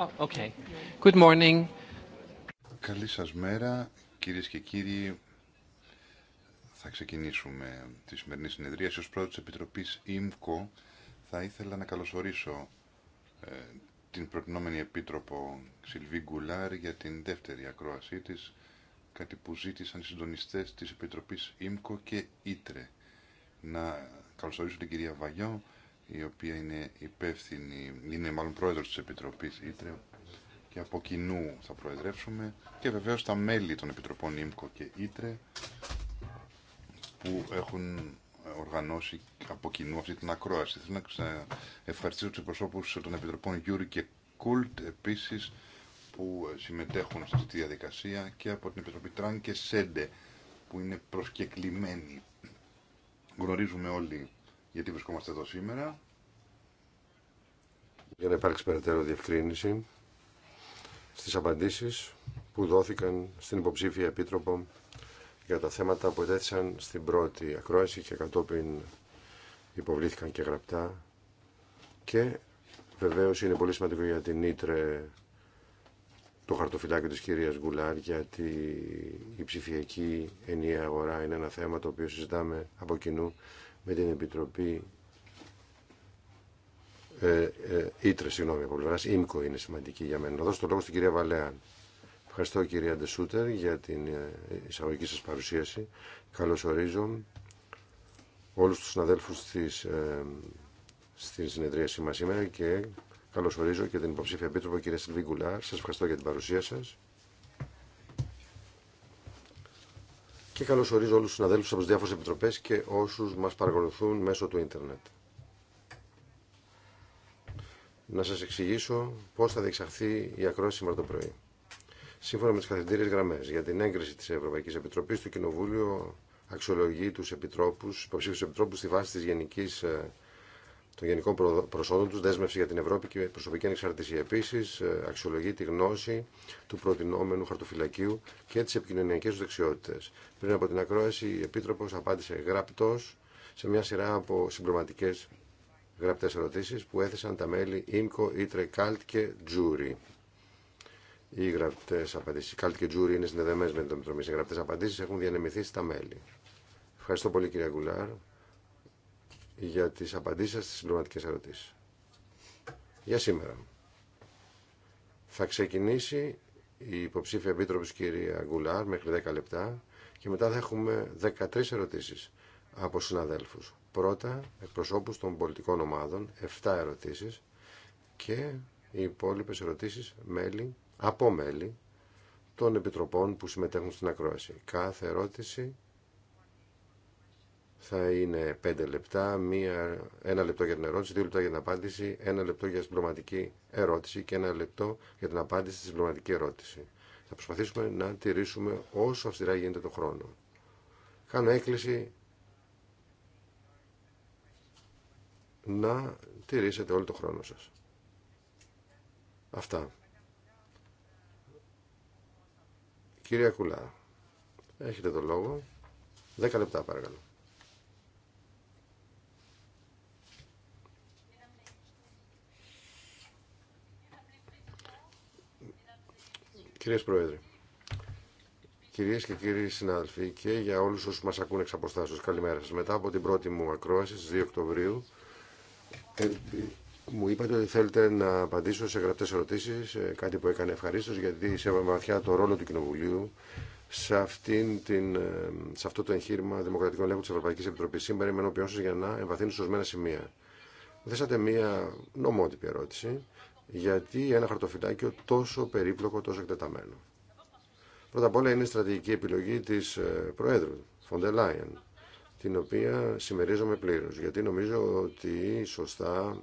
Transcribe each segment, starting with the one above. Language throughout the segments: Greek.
Oh, Good morning. Καλή σας μέρα, κυρίες και κύριοι. Θα ξεκινήσουμε τη σημερινή συνεδρία. Ως πρώτη της Επιτροπής ΙΜΚΟ θα ήθελα να καλωσορίσω ε, την προτινόμενη Επίτροπο Σιλβί Γκουλάρ για την δεύτερη ακρόασή της, κάτι που ζήτησαν οι συντονιστές της Επιτροπής ΙΜΚΟ και ΙΤΡΕ. Να καλωσορίσω την κυρία Βαγιόν, η οποία είναι υπεύθυνη, είναι μάλλον πρόεδρος της Επιτροπής Ήτρε και από κοινού θα προεδρεύσουμε και βεβαίως τα μέλη των Επιτροπών Ίμκο και Ήτρε που έχουν οργανώσει από κοινού αυτή την ακρόαση. Θέλω να ευχαριστήσω τους προσώπους των Επιτροπών Γιούρι και Κούλτ επίσης που συμμετέχουν σε αυτή τη διαδικασία και από την Επιτροπή Τραν και Σέντε που είναι προσκεκλημένοι. Γνωρίζουμε όλοι γιατί βρισκόμαστε εδώ σήμερα. Για να υπάρξει περαιτέρω διευκρίνηση στις απαντήσεις που δόθηκαν στην υποψήφια επίτροπο για τα θέματα που ετέθησαν στην πρώτη ακρόαση και κατόπιν υποβλήθηκαν και γραπτά και βεβαίως είναι πολύ σημαντικό για την Ήτρε το χαρτοφυλάκιο της κυρίας Γκουλάρ γιατί η ψηφιακή ενιαία αγορά είναι ένα θέμα το οποίο συζητάμε από κοινού με την Επιτροπή ε, ε Ήτρε, συγγνώμη, από πλευρά ΙΜΚΟ είναι σημαντική για μένα. Να δώσω το λόγο στην κυρία Βαλέαν. Ευχαριστώ κυρία Ντεσούτερ για την ε, εισαγωγική σας παρουσίαση. Καλώς ορίζω όλους τους συναδέλφους ε, στην συνεδρίασή μας σήμερα και καλώς ορίζω και την υποψήφια επίτροπο κυρία Σιλβί Γκουλάρ. Σας ευχαριστώ για την παρουσία σας. και καλωσορίζω όλους τους συναδέλφους από τις διάφορες επιτροπές και όσους μας παρακολουθούν μέσω του ίντερνετ. Να σας εξηγήσω πώς θα διεξαχθεί η ακρόαση σήμερα το πρωί. Σύμφωνα με τις καθεντήριες γραμμές για την έγκριση της Ευρωπαϊκής Επιτροπής, του Κοινοβούλιο αξιολογεί τους επιτρόπους, υποψήφιους επιτρόπους στη βάση της Γενικής ε, των γενικών προσόντων του, δέσμευση για την Ευρώπη και προσωπική ανεξαρτησία. Επίση, ε, αξιολογεί τη γνώση του προτινόμενου χαρτοφυλακίου και τι επικοινωνιακέ του δεξιότητε. Πριν από την ακρόαση, η Επίτροπο απάντησε γραπτό σε μια σειρά από συμπληρωματικέ γραπτέ ερωτήσει που έθεσαν τα μέλη ΙΜΚΟ, ΙΤΡΕ, ΚΑΛΤ και Τζούρι. Οι γραπτέ απαντήσει, ΚΑΛΤ και Τζούρι είναι συνδεδεμένε με την Επιτροπή. Οι γραπτέ απαντήσει έχουν διανεμηθεί στα μέλη. Ευχαριστώ πολύ, κύριε Γκουλάρ για τις απαντήσεις σας στις συμπληρωματικές ερωτήσεις. Για σήμερα. Θα ξεκινήσει η υποψήφια επίτροπης κυρία Γκουλάρ μέχρι 10 λεπτά και μετά θα έχουμε 13 ερωτήσεις από συναδέλφους. Πρώτα εκπροσώπους των πολιτικών ομάδων, 7 ερωτήσεις και οι υπόλοιπε ερωτήσεις μέλη, από μέλη των επιτροπών που συμμετέχουν στην ακρόαση. Κάθε ερώτηση θα είναι 5 λεπτά, μία, ένα λεπτό για την ερώτηση, δύο λεπτά για την απάντηση, ένα λεπτό για την συμπληρωματική ερώτηση και ένα λεπτό για την απάντηση στη συμπληρωματική ερώτηση. Θα προσπαθήσουμε να τηρήσουμε όσο αυστηρά γίνεται το χρόνο. Κάνω έκκληση να τηρήσετε όλο το χρόνο σας. Αυτά. Κυρία Κουλά, έχετε το λόγο. Δέκα λεπτά παρακαλώ. Κυρίες Πρόεδρε, κυρίες και κύριοι συνάδελφοι και για όλους όσους μας ακούν εξ αποστάσεως, καλημέρα σας. Μετά από την πρώτη μου ακρόαση στις 2 Οκτωβρίου, ε, μου είπατε ότι θέλετε να απαντήσω σε γραπτές ερωτήσεις, ε, κάτι που έκανε ευχαρίστω γιατί σέβαμε βαθιά το ρόλο του Κοινοβουλίου σε, αυτήν την, ε, σε αυτό το εγχείρημα δημοκρατικών ελέγχων τη Ευρωπαϊκή Επιτροπή. Σήμερα είμαι ενώπιον για να εμβαθύνω σωσμένα σημεία. Θέσατε μία νομότυπη ερώτηση γιατί ένα χαρτοφυλάκιο τόσο περίπλοκο, τόσο εκτεταμένο. Πρώτα απ' όλα είναι η στρατηγική επιλογή της ε, Προέδρου, Φοντε Λάιεν, την οποία συμμερίζομαι πλήρως, γιατί νομίζω ότι σωστά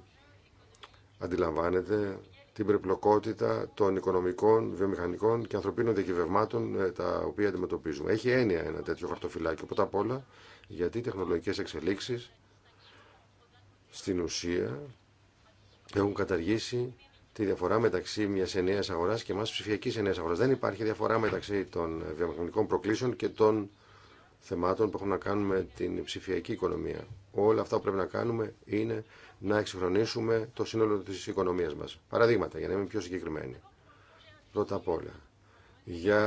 αντιλαμβάνεται την περιπλοκότητα των οικονομικών, βιομηχανικών και ανθρωπίνων διακυβευμάτων ε, τα οποία αντιμετωπίζουμε. Έχει έννοια ένα τέτοιο χαρτοφυλάκιο, πρώτα απ' όλα, γιατί οι τεχνολογικές εξελίξεις στην ουσία έχουν καταργήσει τη διαφορά μεταξύ μια ενιαίας αγορά και μια ψηφιακή ενιαίας αγοράς. Δεν υπάρχει διαφορά μεταξύ των ε, βιομηχανικών προκλήσεων και των θεμάτων που έχουν να κάνουν με την ψηφιακή οικονομία. Όλα αυτά που πρέπει να κάνουμε είναι να εξυγχρονίσουμε το σύνολο τη οικονομία μα. Παραδείγματα για να είμαι πιο συγκεκριμένοι. Πρώτα απ' όλα, για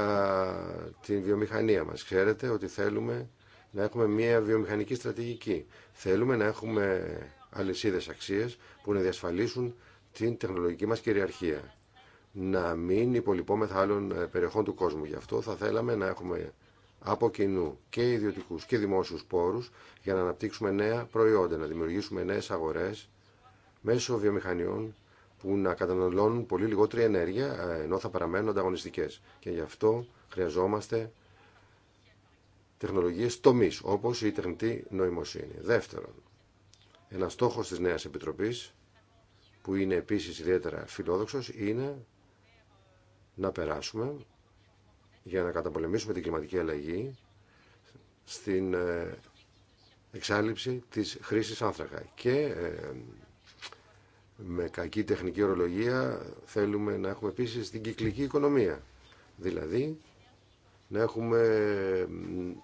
την βιομηχανία μα, Ξέρετε ότι θέλουμε να έχουμε μια βιομηχανική στρατηγική. Θέλουμε να έχουμε αλυσίδε αξίε που να διασφαλίσουν την τεχνολογική μας κυριαρχία. Να μην υπολοιπόμεθα άλλων ε, περιοχών του κόσμου. Γι' αυτό θα θέλαμε να έχουμε από κοινού και ιδιωτικούς και δημόσιους πόρους για να αναπτύξουμε νέα προϊόντα, να δημιουργήσουμε νέες αγορές μέσω βιομηχανιών που να καταναλώνουν πολύ λιγότερη ενέργεια ε, ενώ θα παραμένουν ανταγωνιστικές. Και γι' αυτό χρειαζόμαστε τεχνολογίες τομής, όπως η τεχνητή νοημοσύνη. Δεύτερον, ένα στόχος της νέας επιτροπής που είναι επίσης ιδιαίτερα φιλόδοξος είναι να περάσουμε για να καταπολεμήσουμε την κλιματική αλλαγή στην ε, εξάλληψη της χρήσης άνθρακα. Και ε, με κακή τεχνική ορολογία θέλουμε να έχουμε επίσης την κυκλική οικονομία. Δηλαδή να έχουμε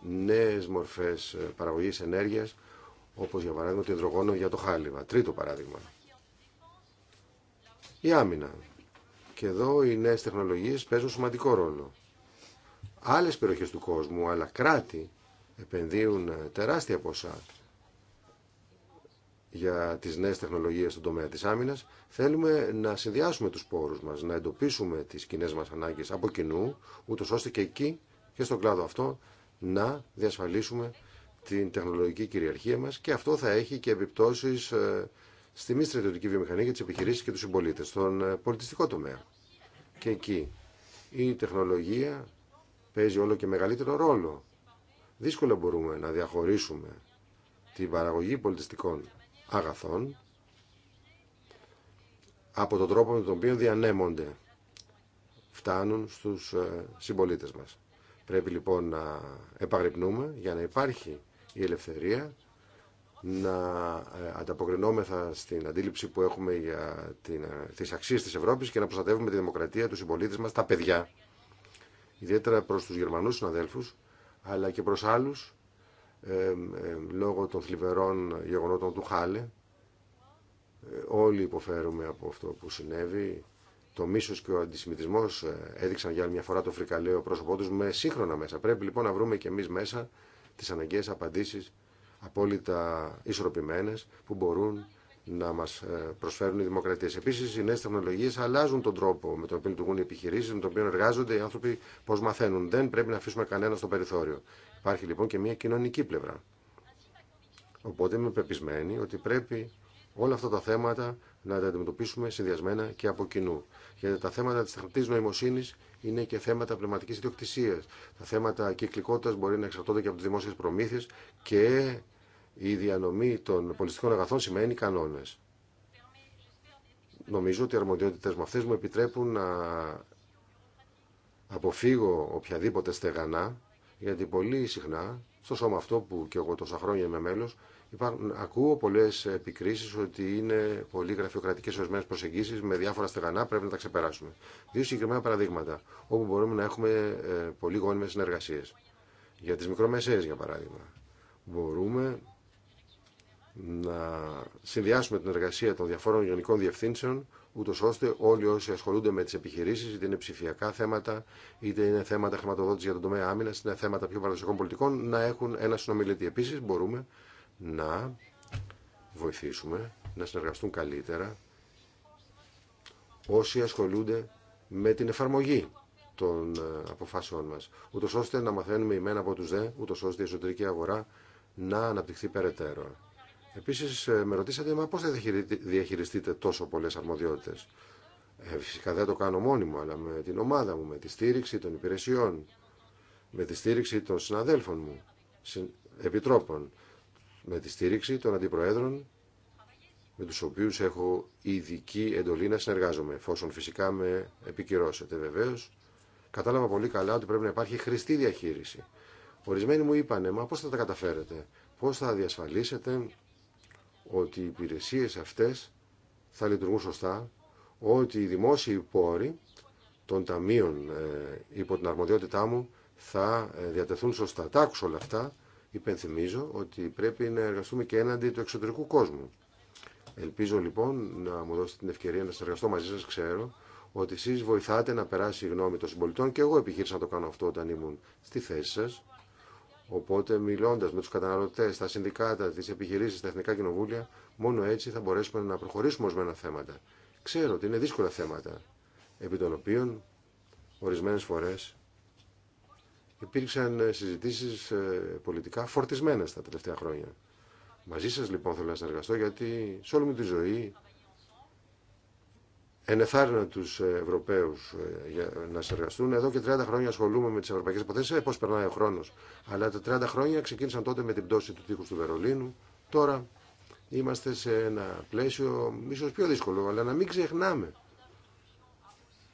νέες μορφές ε, παραγωγής ενέργειας όπως για παράδειγμα το υδρογόνο για το χάλιβα. Τρίτο παράδειγμα. Η άμυνα. Και εδώ οι νέες τεχνολογίες παίζουν σημαντικό ρόλο. Άλλες περιοχές του κόσμου, άλλα κράτη, επενδύουν ε, τεράστια ποσά για τις νέες τεχνολογίες στον τομέα της άμυνας. Θέλουμε να συνδυάσουμε τους πόρους μας, να εντοπίσουμε τις κοινέ μας ανάγκες από κοινού, ούτως ώστε και εκεί και στον κλάδο αυτό να διασφαλίσουμε την τεχνολογική κυριαρχία μας και αυτό θα έχει και επιπτώσεις ε, στη μη στρατιωτική βιομηχανία για τι επιχειρήσει και του συμπολίτε, στον ε, πολιτιστικό τομέα. Και εκεί η τεχνολογία παίζει όλο και μεγαλύτερο ρόλο. Δύσκολα μπορούμε να διαχωρίσουμε την παραγωγή πολιτιστικών αγαθών από τον τρόπο με τον οποίο διανέμονται, φτάνουν στους ε, συμπολίτες μας. Πρέπει λοιπόν να επαγρυπνούμε για να υπάρχει η ελευθερία να ε, ανταποκρινόμεθα στην αντίληψη που έχουμε για τι ε, τις τη Ευρώπη και να προστατεύουμε τη δημοκρατία, του συμπολίτε μα τα παιδιά, ιδιαίτερα προ του Γερμανού συναδέλφου, αλλά και προ άλλου ε, ε, λόγω των θλιβερών γεγονότων του Χάλε. όλοι υποφέρουμε από αυτό που συνέβη. Το μίσο και ο αντισημιτισμό έδειξαν για άλλη μια φορά το φρικαλαίο πρόσωπό του με σύγχρονα μέσα. Πρέπει λοιπόν να βρούμε και εμεί μέσα τι αναγκαίε απαντήσει απόλυτα ισορροπημένες που μπορούν να μα ε, προσφέρουν οι δημοκρατίε. Επίση, οι νέε τεχνολογίε αλλάζουν τον τρόπο με τον οποίο λειτουργούν οι επιχειρήσει, με τον οποίο εργάζονται οι άνθρωποι, πω μαθαίνουν. Δεν πρέπει να αφήσουμε κανένα στο περιθώριο. Υπάρχει λοιπόν και μια κοινωνική πλευρά. Οπότε είμαι πεπισμένη ότι πρέπει όλα αυτά τα θέματα να τα αντιμετωπίσουμε συνδυασμένα και από κοινού. Γιατί τα θέματα τη τεχνητή νοημοσύνη είναι και θέματα πνευματική ιδιοκτησία. Τα θέματα κυκλικότητα μπορεί να εξαρτώνται και από τι δημόσιε προμήθειε και η διανομή των πολιτιστικών αγαθών σημαίνει κανόνε. Νομίζω ότι οι αρμοδιότητε μου αυτέ μου επιτρέπουν να αποφύγω οποιαδήποτε στεγανά, γιατί πολύ συχνά, στο σώμα αυτό που και εγώ τόσα χρόνια είμαι μέλο, ακούω πολλέ επικρίσεις ότι είναι πολύ γραφειοκρατικέ ορισμένε προσεγγίσεις με διάφορα στεγανά, πρέπει να τα ξεπεράσουμε. Δύο συγκεκριμένα παραδείγματα, όπου μπορούμε να έχουμε ε, πολύ γόνιμε συνεργασίε. Για τι μικρομεσαίε, για παράδειγμα, μπορούμε να συνδυάσουμε την εργασία των διαφόρων γενικών διευθύνσεων, ούτω ώστε όλοι όσοι ασχολούνται με τι επιχειρήσει, είτε είναι ψηφιακά θέματα, είτε είναι θέματα χρηματοδότηση για τον τομέα άμυνα, είτε είναι θέματα πιο παραδοσιακών πολιτικών, να έχουν ένα συνομιλητή. Επίση, μπορούμε να βοηθήσουμε να συνεργαστούν καλύτερα όσοι ασχολούνται με την εφαρμογή των ε, αποφάσεών μας, ούτως ώστε να μαθαίνουμε ημένα από τους δε, ούτως ώστε η εσωτερική αγορά να αναπτυχθεί περαιτέρω. Επίση, ε, με ρωτήσατε, μα πώ θα διαχειριστείτε τόσο πολλέ αρμοδιότητε. Ε, φυσικά δεν το κάνω μόνη μου, αλλά με την ομάδα μου, με τη στήριξη των υπηρεσιών, με τη στήριξη των συναδέλφων μου, επιτρόπων, με τη στήριξη των αντιπροέδρων, με τους οποίους έχω ειδική εντολή να συνεργάζομαι, εφόσον φυσικά με επικυρώσετε βεβαίως. Κατάλαβα πολύ καλά ότι πρέπει να υπάρχει χρηστή διαχείριση. Ορισμένοι μου είπανε, μα πώς θα τα καταφέρετε, πώς θα διασφαλίσετε ότι οι υπηρεσίες αυτές θα λειτουργούν σωστά, ότι οι δημόσιοι πόροι των ταμείων ε, υπό την αρμοδιότητά μου θα ε, διατεθούν σωστά. Τα άκουσα όλα αυτά, υπενθυμίζω ότι πρέπει να εργαστούμε και έναντι του εξωτερικού κόσμου. Ελπίζω λοιπόν να μου δώσετε την ευκαιρία να συνεργαστώ μαζί σας, ξέρω ότι εσείς βοηθάτε να περάσει η γνώμη των συμπολιτών και εγώ επιχείρησα να το κάνω αυτό όταν ήμουν στη θέση σας Οπότε μιλώντας με τους καταναλωτές, τα συνδικάτα, τι επιχειρήσεις, τα εθνικά κοινοβούλια, μόνο έτσι θα μπορέσουμε να προχωρήσουμε ορισμένα θέματα. Ξέρω ότι είναι δύσκολα θέματα, επί των οποίων ορισμένες φορές υπήρξαν ε, συζητήσει ε, πολιτικά φορτισμένες τα τελευταία χρόνια. Μαζί σας λοιπόν θέλω να συνεργαστώ γιατί σε όλη μου τη ζωή ενεθάρρυνα του ε, Ευρωπαίου ε, να συνεργαστούν. Εδώ και 30 χρόνια ασχολούμαι με τι ευρωπαϊκέ υποθέσει. Ε, Πώ περνάει ο χρόνο. Αλλά τα 30 χρόνια ξεκίνησαν τότε με την πτώση του τείχου του Βερολίνου. Τώρα είμαστε σε ένα πλαίσιο ίσω πιο δύσκολο, αλλά να μην ξεχνάμε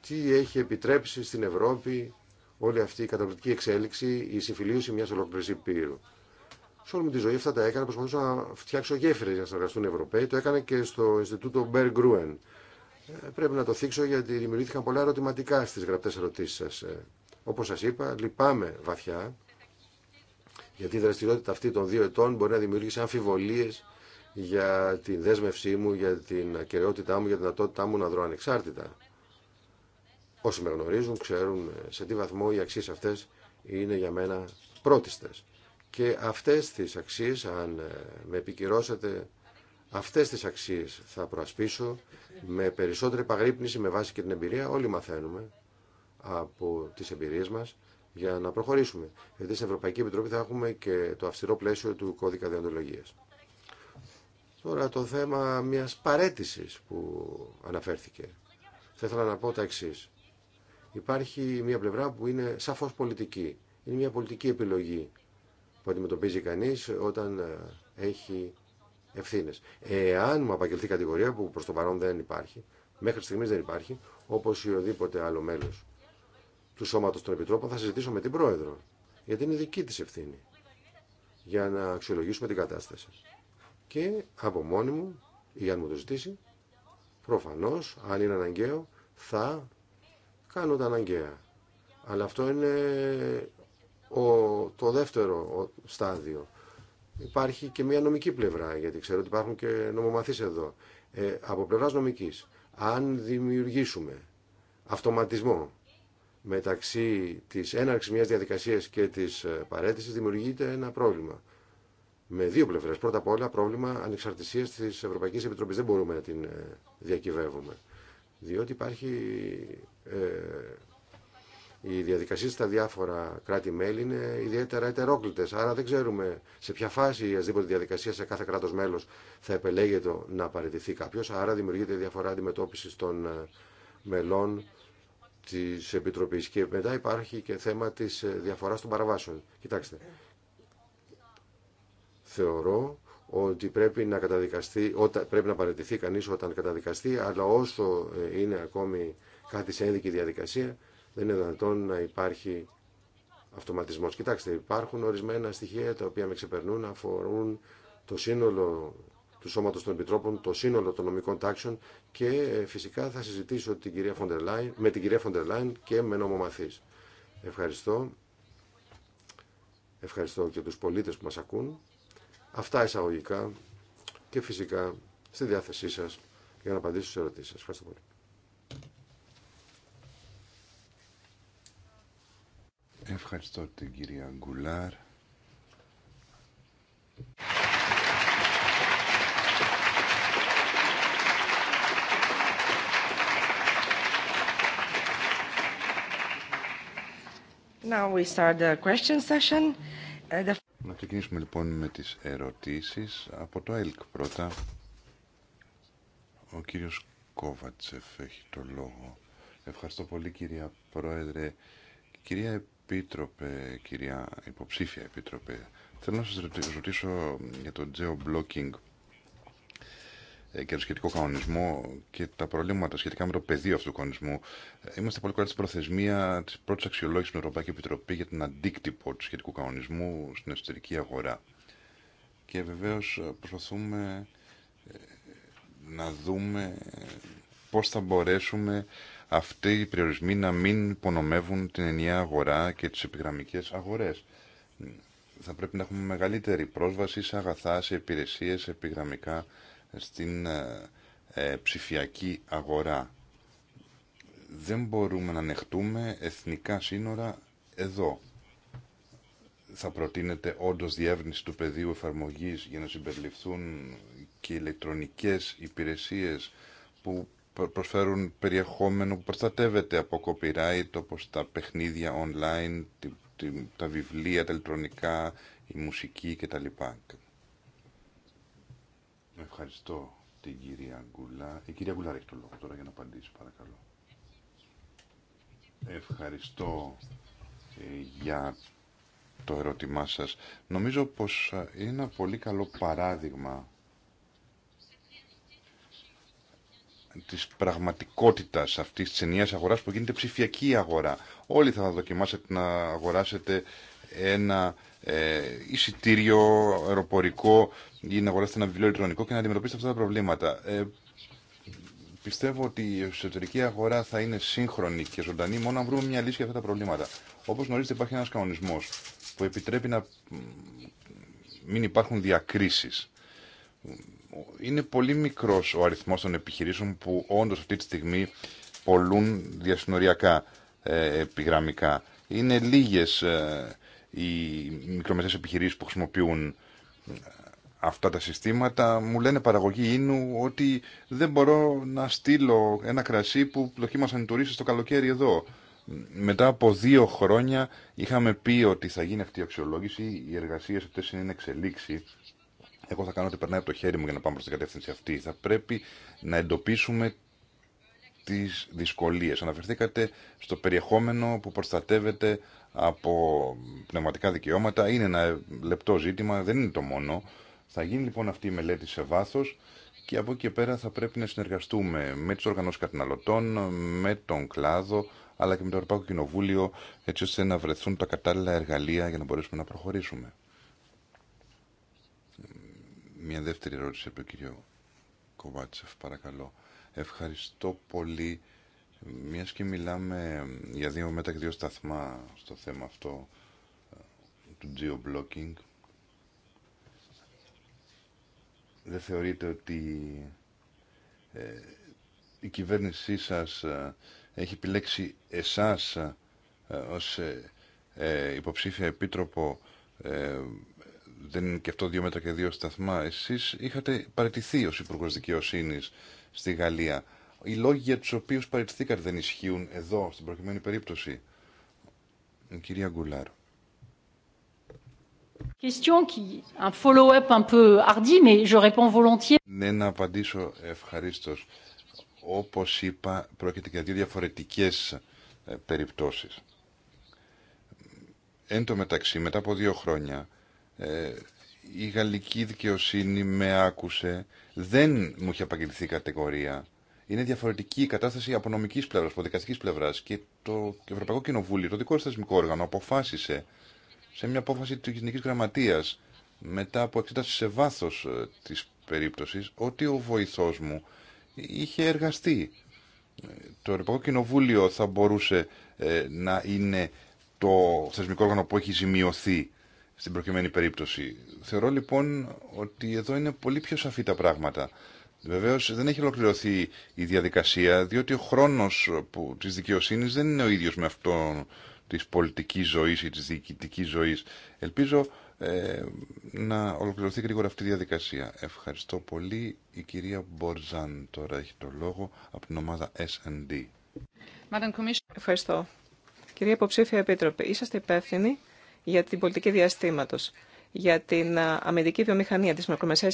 τι έχει επιτρέψει στην Ευρώπη όλη αυτή η καταπληκτική εξέλιξη, η συμφιλίωση μια ολόκληρη πύρου. Σε όλη μου τη ζωή αυτά τα έκανα, προσπαθούσα να φτιάξω γέφυρε για να συνεργαστούν Ευρωπαίοι. Το έκανα και στο Ινστιτούτο Μπέρ ε, πρέπει να το θίξω γιατί δημιουργήθηκαν πολλά ερωτηματικά στις γραπτές ερωτήσεις σας. Ε, όπως σας είπα, λυπάμαι βαθιά γιατί η δραστηριότητα αυτή των δύο ετών μπορεί να δημιουργήσει αμφιβολίες για την δέσμευσή μου, για την ακαιρεότητά μου, για την δυνατότητά μου να δρω ανεξάρτητα. Όσοι με γνωρίζουν ξέρουν ε, σε τι βαθμό οι αξίες αυτές είναι για μένα πρότιστες. Και αυτές τις αξίες, αν με επικυρώσετε Αυτές τις αξίες θα προασπίσω με περισσότερη παγρύπνηση, με βάση και την εμπειρία. Όλοι μαθαίνουμε από τις εμπειρίες μας για να προχωρήσουμε. Γιατί στην Ευρωπαϊκή Επιτροπή θα έχουμε και το αυστηρό πλαίσιο του κώδικα διοντολογίας. Τώρα το θέμα μιας παρέτησης που αναφέρθηκε. Θα ήθελα να πω τα εξή. Υπάρχει μια πλευρά που είναι σαφώς πολιτική. Είναι μια πολιτική επιλογή που αντιμετωπίζει κανείς όταν ε, έχει ευθύνε. Εάν μου απαγγελθεί κατηγορία που προ το παρόν δεν υπάρχει, μέχρι στιγμή δεν υπάρχει, όπω ή οδήποτε άλλο μέλο του Σώματο των Επιτρόπων, θα συζητήσω με την Πρόεδρο. Γιατί είναι δική τη ευθύνη. Για να αξιολογήσουμε την κατάσταση. Και από μόνη μου, ή αν μου το ζητήσει, προφανώ, αν είναι αναγκαίο, θα κάνω τα αναγκαία. Αλλά αυτό είναι ο, το δεύτερο στάδιο υπάρχει και μια νομική πλευρά, γιατί ξέρω ότι υπάρχουν και νομομαθείς εδώ. Ε, από πλευράς νομικής, αν δημιουργήσουμε αυτοματισμό μεταξύ της έναρξης μιας διαδικασίας και της ε, παρέτησης, δημιουργείται ένα πρόβλημα. Με δύο πλευρές. Πρώτα απ' όλα πρόβλημα ανεξαρτησίας της Ευρωπαϊκής Επιτροπής. Δεν μπορούμε να την ε, διακυβεύουμε. Διότι υπάρχει ε, οι διαδικασίε στα διάφορα κράτη-μέλη είναι ιδιαίτερα ετερόκλητε. Άρα δεν ξέρουμε σε ποια φάση η ασδήποτε διαδικασία σε κάθε κράτο μέλο θα επελέγεται να παραιτηθεί κάποιο. Άρα δημιουργείται διαφορά αντιμετώπιση των ε, μελών τη Επιτροπή. Και μετά υπάρχει και θέμα τη ε, διαφορά των παραβάσεων. Κοιτάξτε. Θεωρώ ότι πρέπει να καταδικαστεί, πρέπει να παραιτηθεί κανείς όταν καταδικαστεί, αλλά όσο ε, είναι ακόμη κάτι σε ένδικη διαδικασία, δεν είναι δυνατόν να υπάρχει αυτοματισμός. Κοιτάξτε, υπάρχουν ορισμένα στοιχεία τα οποία με ξεπερνούν, αφορούν το σύνολο του Σώματο των Επιτρόπων, το σύνολο των νομικών τάξεων και ε, φυσικά θα συζητήσω με την κυρία Φοντερ Λάιν και με νομομαθεί. Ευχαριστώ. Ευχαριστώ και τους πολίτες που μας ακούν. Αυτά εισαγωγικά και φυσικά στη διάθεσή σας για να απαντήσω στις ερωτήσεις σας. Ευχαριστώ πολύ. Ευχαριστώ την κυρία Γκουλάρ. Uh, Να ξεκινήσουμε λοιπόν με τις ερωτήσεις. Από το ΕΛΚ πρώτα, ο κύριος Κόβατσεφ έχει το λόγο. Ευχαριστώ πολύ κυρία Πρόεδρε. Κυρία Επίτροπε, κυρία υποψήφια Επίτροπε, θέλω να σας ρωτήσω για το geo-blocking ε, και το σχετικό κανονισμό και τα προβλήματα σχετικά με το πεδίο αυτού του κανονισμού. Ε, είμαστε πολύ κοντά στην προθεσμία τη πρώτη αξιολόγηση στην Ευρωπαϊκή Επιτροπή για την αντίκτυπο του σχετικού κανονισμού στην εσωτερική αγορά. Και βεβαίω ε, προσπαθούμε να δούμε πώ θα μπορέσουμε αυτοί οι περιορισμοί να μην υπονομεύουν την ενιαία αγορά και τις επιγραμμικές αγορές. Θα πρέπει να έχουμε μεγαλύτερη πρόσβαση σε αγαθά, σε υπηρεσίες, σε επιγραμμικά στην ε, ε, ψηφιακή αγορά. Δεν μπορούμε να ανεχτούμε εθνικά σύνορα εδώ. Θα προτείνεται όντω διεύρυνση του πεδίου εφαρμογής για να συμπεριληφθούν και ηλεκτρονικές υπηρεσίες που προσφέρουν περιεχόμενο που προστατεύεται από copyright όπως τα παιχνίδια online, τα βιβλία, τα ηλεκτρονικά, η μουσική κτλ. Ευχαριστώ την κυρία Γκουλά. Η κυρία Γκουλά έχει το λόγο τώρα για να απαντήσει παρακαλώ. Ευχαριστώ ε, για το ερώτημά σας. Νομίζω πως ε, είναι ένα πολύ καλό παράδειγμα της πραγματικότητα αυτή τη ενιαίας αγοράς που γίνεται ψηφιακή αγορά. Όλοι θα δοκιμάσετε να αγοράσετε ένα ε, εισιτήριο αεροπορικό ή να αγοράσετε ένα βιβλίο ηλεκτρονικό και να αντιμετωπίσετε αυτά τα προβλήματα. Ε, πιστεύω ότι η εσωτερική αγορά θα είναι σύγχρονη και ζωντανή μόνο αν βρούμε μια λύση για αυτά τα προβλήματα. Όπως γνωρίζετε υπάρχει ένας κανονισμός που επιτρέπει να μην υπάρχουν διακρίσεις είναι πολύ μικρός ο αριθμός των επιχειρήσεων που όντως αυτή τη στιγμή πολλούν διασυνοριακά ε, επιγραμμικά. Είναι λίγες ε, οι μικρομεσαίες επιχειρήσεις που χρησιμοποιούν ε, αυτά τα συστήματα. Μου λένε παραγωγή ίνου ότι δεν μπορώ να στείλω ένα κρασί που δοκίμασαν οι τουρίστες το καλοκαίρι εδώ. Μετά από δύο χρόνια είχαμε πει ότι θα γίνει αυτή η αξιολόγηση, οι εργασίες αυτές είναι εξελίξη εγώ θα κάνω ό,τι περνάει από το χέρι μου για να πάμε προς την κατεύθυνση αυτή. Θα πρέπει να εντοπίσουμε τις δυσκολίες. Αναφερθήκατε στο περιεχόμενο που προστατεύεται από πνευματικά δικαιώματα. Είναι ένα λεπτό ζήτημα, δεν είναι το μόνο. Θα γίνει λοιπόν αυτή η μελέτη σε βάθος και από εκεί και πέρα θα πρέπει να συνεργαστούμε με τις οργανώσεις καταναλωτών, με τον κλάδο, αλλά και με το Ευρωπαϊκό Κοινοβούλιο, έτσι ώστε να βρεθούν τα κατάλληλα εργαλεία για να μπορέσουμε να προχωρήσουμε. Μια δεύτερη ερώτηση από τον κύριο Κοβάτσεφ, παρακαλώ. Ευχαριστώ πολύ. Μια και μιλάμε για δύο μέτρα και δύο σταθμά στο θέμα αυτό ε, του geo δεν θεωρείτε ότι ε, η κυβέρνησή σας ε, έχει επιλέξει εσάς ε, ως υποψήφια επίτροπο δεν είναι και αυτό δύο μέτρα και δύο σταθμά. Εσεί είχατε παραιτηθεί ω υπουργό δικαιοσύνη στη Γαλλία. Οι λόγοι για του οποίου παραιτηθήκατε δεν ισχύουν εδώ, στην προκειμένη περίπτωση. κυρία Γκουλάρ. Ναι, να απαντήσω ευχαριστώ. Όπω είπα, πρόκειται για δύο διαφορετικέ ε, περιπτώσει. Εν τω μεταξύ, μετά από δύο χρόνια, ε, η γαλλική δικαιοσύνη με άκουσε, δεν μου είχε απαγγελθεί κατηγορία. Είναι διαφορετική η κατάσταση από νομική πλευρά, από δικαστική πλευρά. Και το Ευρωπαϊκό Κοινοβούλιο, το δικό θεσμικό όργανο, αποφάσισε σε μια απόφαση τη Γενική Γραμματεία, μετά από εξέταση σε βάθο ε, τη περίπτωση, ότι ο βοηθό μου είχε εργαστεί. Το Ευρωπαϊκό Κοινοβούλιο θα μπορούσε ε, να είναι το θεσμικό όργανο που έχει ζημιωθεί στην προκειμένη περίπτωση. Θεωρώ λοιπόν ότι εδώ είναι πολύ πιο σαφή τα πράγματα. Βεβαίω δεν έχει ολοκληρωθεί η διαδικασία, διότι ο χρόνο τη δικαιοσύνη δεν είναι ο ίδιο με αυτό τη πολιτική ζωή ή τη διοικητική ζωή. Ελπίζω ε, να ολοκληρωθεί γρήγορα αυτή η διαδικασία. Ευχαριστώ πολύ. Η κυρία Μπορζάν τώρα έχει το λόγο από την ομάδα SD. Ευχαριστώ. Κυρία Υποψήφια Επίτροπε, είσαστε υπεύθυνοι για την πολιτική διαστήματος, για την αμυντική βιομηχανία, τι μικρομεσαίε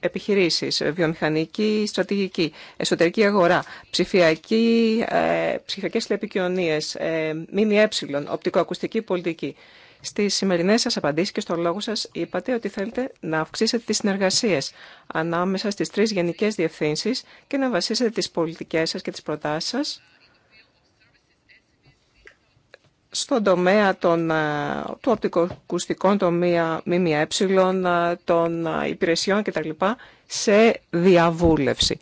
επιχειρήσει, ε, βιομηχανική στρατηγική, εσωτερική αγορά, ψηφιακή, ε, ψηφιακές τηλεπικοινωνίε, ε, ΜΜΕ, οπτικοακουστική πολιτική. Στι σημερινέ σα απαντήσει και στον λόγο σα, είπατε ότι θέλετε να αυξήσετε τι συνεργασίε ανάμεσα στι τρει γενικέ διευθύνσει και να βασίσετε τι πολιτικέ σα και τι προτάσει σα στον τομέα των, ε, του οπτικοακουστικών, των ΜΜΕ, των ε, υπηρεσιών κτλ. σε διαβούλευση.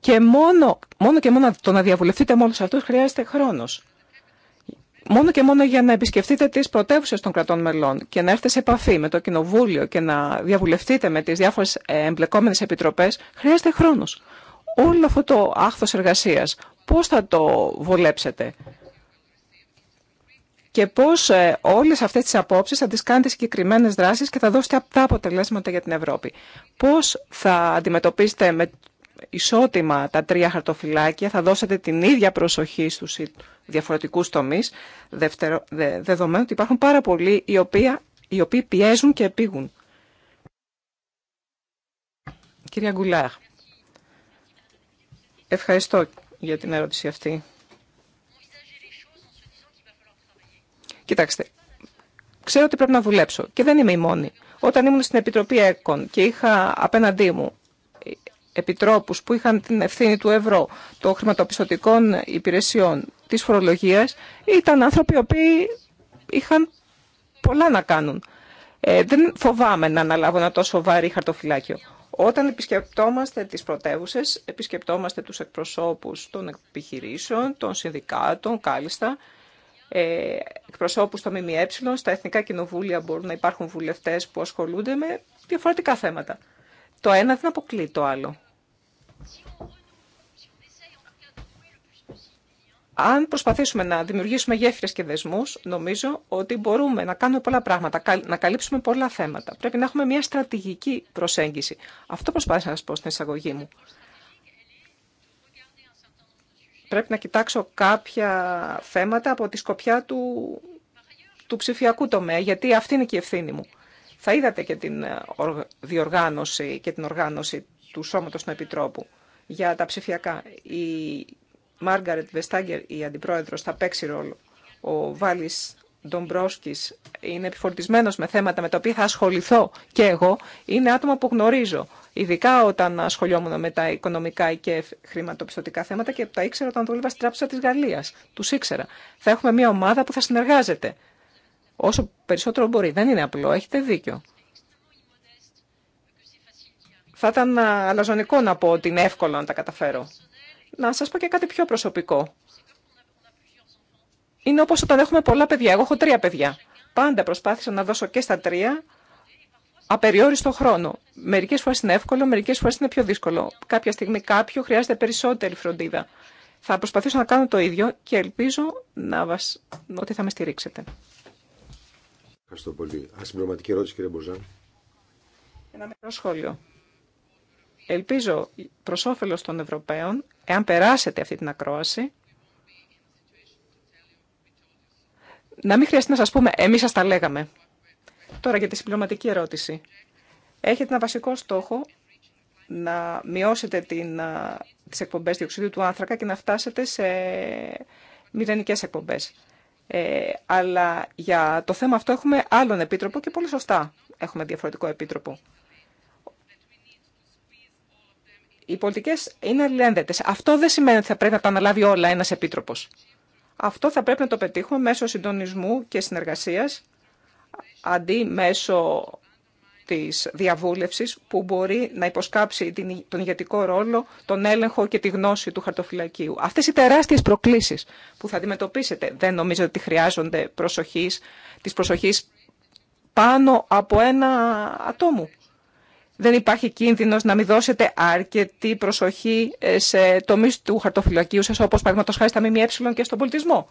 Και μόνο, μόνο και μόνο το να διαβουλευτείτε με όλους αυτούς χρειάζεται χρόνος. Μόνο και μόνο για να επισκεφτείτε τις πρωτεύουσες των κρατών μελών και να έρθετε σε επαφή με το Κοινοβούλιο και να διαβουλευτείτε με τις διάφορες εμπλεκόμενες επιτροπές, χρειάζεται χρόνος. Όλο αυτό το άχθος εργασίας, πώς θα το βολέψετε, και πώς ε, όλες αυτές τις απόψεις θα τις κάνετε συγκεκριμένες δράσεις και θα δώσετε αυτά αποτελέσματα για την Ευρώπη. Πώς θα αντιμετωπίσετε με ισότιμα τα τρία χαρτοφυλάκια, θα δώσετε την ίδια προσοχή στους διαφορετικούς τομείς, δεδομένου ότι υπάρχουν πάρα πολλοί οι, οποίοι πιέζουν και επίγουν. Κύριε Γκουλάγ, ευχαριστώ για την ερώτηση αυτή. Κοιτάξτε, ξέρω ότι πρέπει να δουλέψω και δεν είμαι η μόνη. Όταν ήμουν στην Επιτροπή ΕΚΟΝ και είχα απέναντί μου επιτρόπους που είχαν την ευθύνη του ευρώ, των χρηματοπιστωτικών υπηρεσιών, της φορολογίας, ήταν άνθρωποι οι οποίοι είχαν πολλά να κάνουν. Ε, δεν φοβάμαι να αναλάβω ένα τόσο βαρύ χαρτοφυλάκιο. Όταν επισκεπτόμαστε τις πρωτεύουσε, επισκεπτόμαστε τους εκπροσώπους των επιχειρήσεων, των συνδικάτων, κάλλιστα, ε, εκπροσώπους στο ΜΜΕ, στα Εθνικά Κοινοβούλια μπορούν να υπάρχουν βουλευτές που ασχολούνται με διαφορετικά θέματα. Το ένα δεν αποκλεί το άλλο. Αν προσπαθήσουμε να δημιουργήσουμε γέφυρες και δεσμούς, νομίζω ότι μπορούμε να κάνουμε πολλά πράγματα, να καλύψουμε πολλά θέματα. Πρέπει να έχουμε μια στρατηγική προσέγγιση. Αυτό προσπάθησα να σας πω στην εισαγωγή μου πρέπει να κοιτάξω κάποια θέματα από τη σκοπιά του, του ψηφιακού τομέα, γιατί αυτή είναι και η ευθύνη μου. Θα είδατε και την ε, διοργάνωση και την οργάνωση του Σώματος του Επιτρόπου για τα ψηφιακά. Η Μάργαρετ Βεστάγκερ, η Αντιπρόεδρος, θα παίξει ρόλο. Ο Βάλης Ντομπρόσκη είναι επιφορτισμένος με θέματα με τα οποία θα ασχοληθώ και εγώ, είναι άτομα που γνωρίζω. Ειδικά όταν ασχολιόμουν με τα οικονομικά και χρηματοπιστωτικά θέματα και τα ήξερα όταν δούλευα στη Τράπεζα τη Γαλλία. Του ήξερα. Θα έχουμε μια ομάδα που θα συνεργάζεται. Όσο περισσότερο μπορεί. Δεν είναι απλό. Έχετε δίκιο. Θα ήταν αλαζονικό να πω ότι είναι εύκολο να τα καταφέρω. Να σας πω και κάτι πιο προσωπικό είναι όπως όταν έχουμε πολλά παιδιά. Εγώ έχω τρία παιδιά. Πάντα προσπάθησα να δώσω και στα τρία απεριόριστο χρόνο. Μερικές φορές είναι εύκολο, μερικές φορές είναι πιο δύσκολο. Κάποια στιγμή κάποιο χρειάζεται περισσότερη φροντίδα. Θα προσπαθήσω να κάνω το ίδιο και ελπίζω να ότι θα με στηρίξετε. Ευχαριστώ πολύ. Ασυμπληρωματική ερώτηση, κύριε Μποζάν. Ένα μικρό σχόλιο. Ελπίζω προ όφελο των Ευρωπαίων, εάν περάσετε αυτή την ακρόαση, να μην χρειαστεί να σας πούμε «εμείς σας τα λέγαμε». Τώρα για τη συμπληρωματική ερώτηση. Έχετε ένα βασικό στόχο να μειώσετε την, τις εκπομπές διοξιδίου του άνθρακα και να φτάσετε σε μηδενικές εκπομπές. Ε, αλλά για το θέμα αυτό έχουμε άλλον επίτροπο και πολύ σωστά έχουμε διαφορετικό επίτροπο. Οι πολιτικές είναι αλληλένδετες. Αυτό δεν σημαίνει ότι θα πρέπει να τα αναλάβει όλα ένας επίτροπος. Αυτό θα πρέπει να το πετύχουμε μέσω συντονισμού και συνεργασίας, αντί μέσω της διαβούλευσης που μπορεί να υποσκάψει τον ηγετικό ρόλο, τον έλεγχο και τη γνώση του χαρτοφυλακίου. Αυτές οι τεράστιες προκλήσεις που θα αντιμετωπίσετε δεν νομίζω ότι χρειάζονται προσοχής, της προσοχής πάνω από ένα ατόμου δεν υπάρχει κίνδυνος να μην δώσετε αρκετή προσοχή ε, σε τομείς του χαρτοφυλακίου σας, όπως παραδείγματος χάρη στα ΜΜΕ και στον πολιτισμό.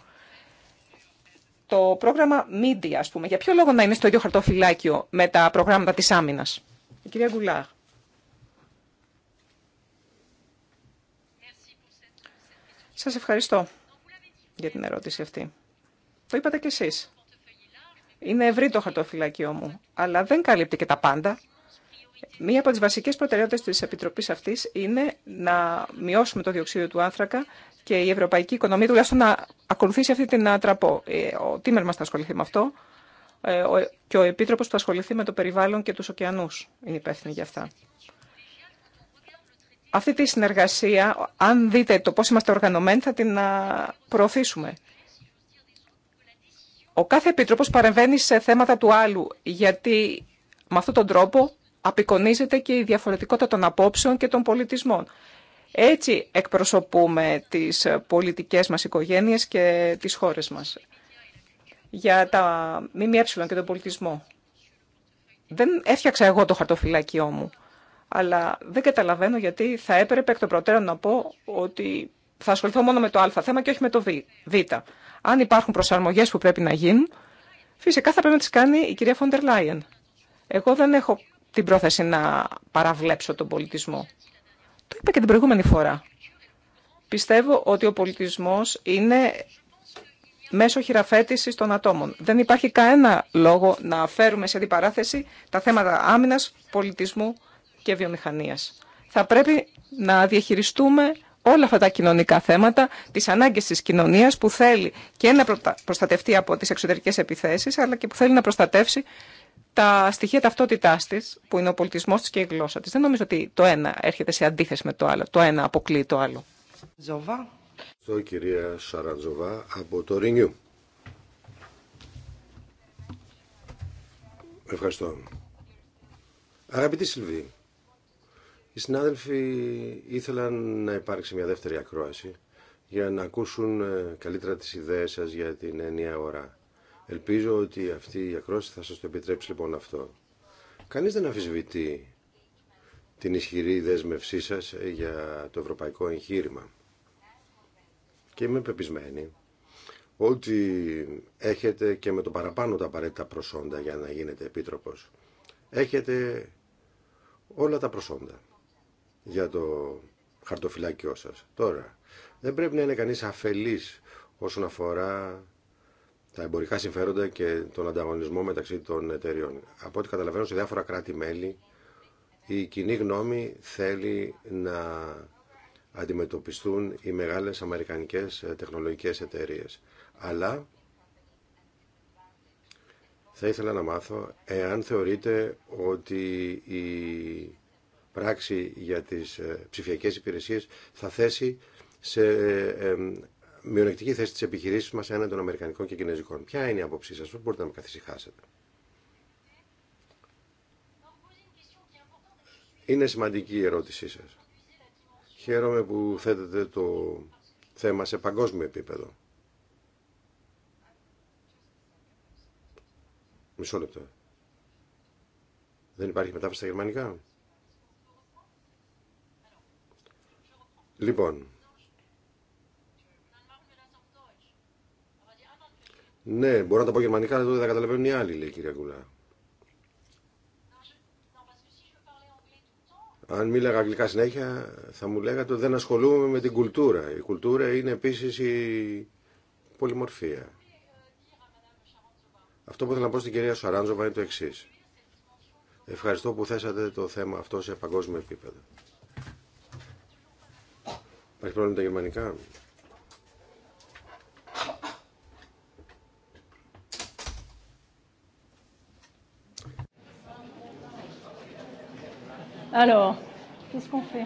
Το πρόγραμμα Media, ας πούμε, για ποιο λόγο να είναι στο ίδιο χαρτοφυλάκιο με τα προγράμματα της άμυνας. Η κυρία Γκουλάχ. Σας ευχαριστώ για την ερώτηση αυτή. Το είπατε κι εσείς. Είναι ευρύ το χαρτοφυλάκιό μου, αλλά δεν καλύπτει και τα πάντα. Μία από τις βασικές προτεραιότητες της Επιτροπής αυτής είναι να μειώσουμε το διοξείδιο του άνθρακα και η ευρωπαϊκή οικονομία τουλάχιστον να ακολουθήσει αυτή την τραπώ. Ε, ο Τίμερ μας θα ασχοληθεί με αυτό ε, και ο Επίτροπος που θα ασχοληθεί με το περιβάλλον και τους ωκεανούς είναι υπεύθυνοι για αυτά. Αυτή τη συνεργασία, αν δείτε το πώς είμαστε οργανωμένοι, θα την προωθήσουμε. Ο κάθε Επίτροπος παρεμβαίνει σε θέματα του άλλου, γιατί με αυτόν τον τρόπο απεικονίζεται και η διαφορετικότητα των απόψεων και των πολιτισμών. Έτσι εκπροσωπούμε τις πολιτικές μας οικογένειες και τις χώρες μας. Για τα ΜΜΕ και τον πολιτισμό. Δεν έφτιαξα εγώ το χαρτοφυλάκιό μου, αλλά δεν καταλαβαίνω γιατί θα έπρεπε εκ των προτέρων να πω ότι θα ασχοληθώ μόνο με το α θέμα και όχι με το β. Αν υπάρχουν προσαρμογέ που πρέπει να γίνουν, φυσικά θα πρέπει να τι κάνει η κυρία Φόντερ Λάιεν. Εγώ δεν έχω την πρόθεση να παραβλέψω τον πολιτισμό. Το είπα και την προηγούμενη φορά. Πιστεύω ότι ο πολιτισμός είναι μέσω χειραφέτησης των ατόμων. Δεν υπάρχει κανένα λόγο να φέρουμε σε αντιπαράθεση τα θέματα άμυνας, πολιτισμού και βιομηχανίας. Θα πρέπει να διαχειριστούμε όλα αυτά τα κοινωνικά θέματα, τις ανάγκες της κοινωνίας που θέλει και να προστατευτεί από τις εξωτερικές επιθέσεις, αλλά και που θέλει να προστατεύσει τα στοιχεία ταυτότητά τη, που είναι ο πολιτισμό τη και η γλώσσα τη. Δεν νομίζω ότι το ένα έρχεται σε αντίθεση με το άλλο. Το ένα αποκλείει το άλλο. Ζωβά. Στο κυρία Σαραντζοβά από το Ρινιού. Ευχαριστώ. Αγαπητή Σιλβή, οι συνάδελφοι ήθελαν να υπάρξει μια δεύτερη ακρόαση για να ακούσουν ε, καλύτερα τις ιδέες σας για την ενιαία ώρα. Ελπίζω ότι αυτή η ακρόαση θα σας το επιτρέψει λοιπόν αυτό. Κανείς δεν αφισβητεί την ισχυρή δέσμευσή σας ε, για το ευρωπαϊκό εγχείρημα. Και είμαι πεπισμένη ότι έχετε και με το παραπάνω τα απαραίτητα προσόντα για να γίνετε επίτροπος. Έχετε όλα τα προσόντα για το χαρτοφυλάκιό σας. Τώρα, δεν πρέπει να είναι κανείς αφελής όσον αφορά τα εμπορικά συμφέροντα και τον ανταγωνισμό μεταξύ των εταιριών. Από ό,τι καταλαβαίνω, σε διάφορα κράτη-μέλη η κοινή γνώμη θέλει να αντιμετωπιστούν οι μεγάλες αμερικανικές τεχνολογικές εταιρείες. Αλλά θα ήθελα να μάθω εάν θεωρείτε ότι η πράξη για τις ψηφιακές υπηρεσίες θα θέσει σε ε, ε, μειονεκτική θέση τη επιχειρήση μα έναντι των Αμερικανικών και Κινέζικων. Ποια είναι η άποψή σα, πώ μπορείτε να με καθησυχάσετε. Είναι σημαντική η ερώτησή σας. Χαίρομαι που θέτετε το θέμα σε παγκόσμιο επίπεδο. Μισό λεπτό. Δεν υπάρχει μετάφραση στα γερμανικά. Λοιπόν, Ναι, μπορώ να τα πω γερμανικά, αλλά δεν τα καταλαβαίνουν οι άλλοι, λέει η κυρία Κουλά. Αν μίλαγα αγγλικά συνέχεια, θα μου λέγατε ότι δεν ασχολούμαι με την κουλτούρα. Η κουλτούρα είναι επίση η πολυμορφία. Αυτό που θέλω να πω στην κυρία Σαράντζοβα είναι το εξή. Ευχαριστώ που θέσατε το θέμα αυτό σε παγκόσμιο επίπεδο. Υπάρχει πρόβλημα με τα γερμανικά. Alors, qu'est-ce qu'on fait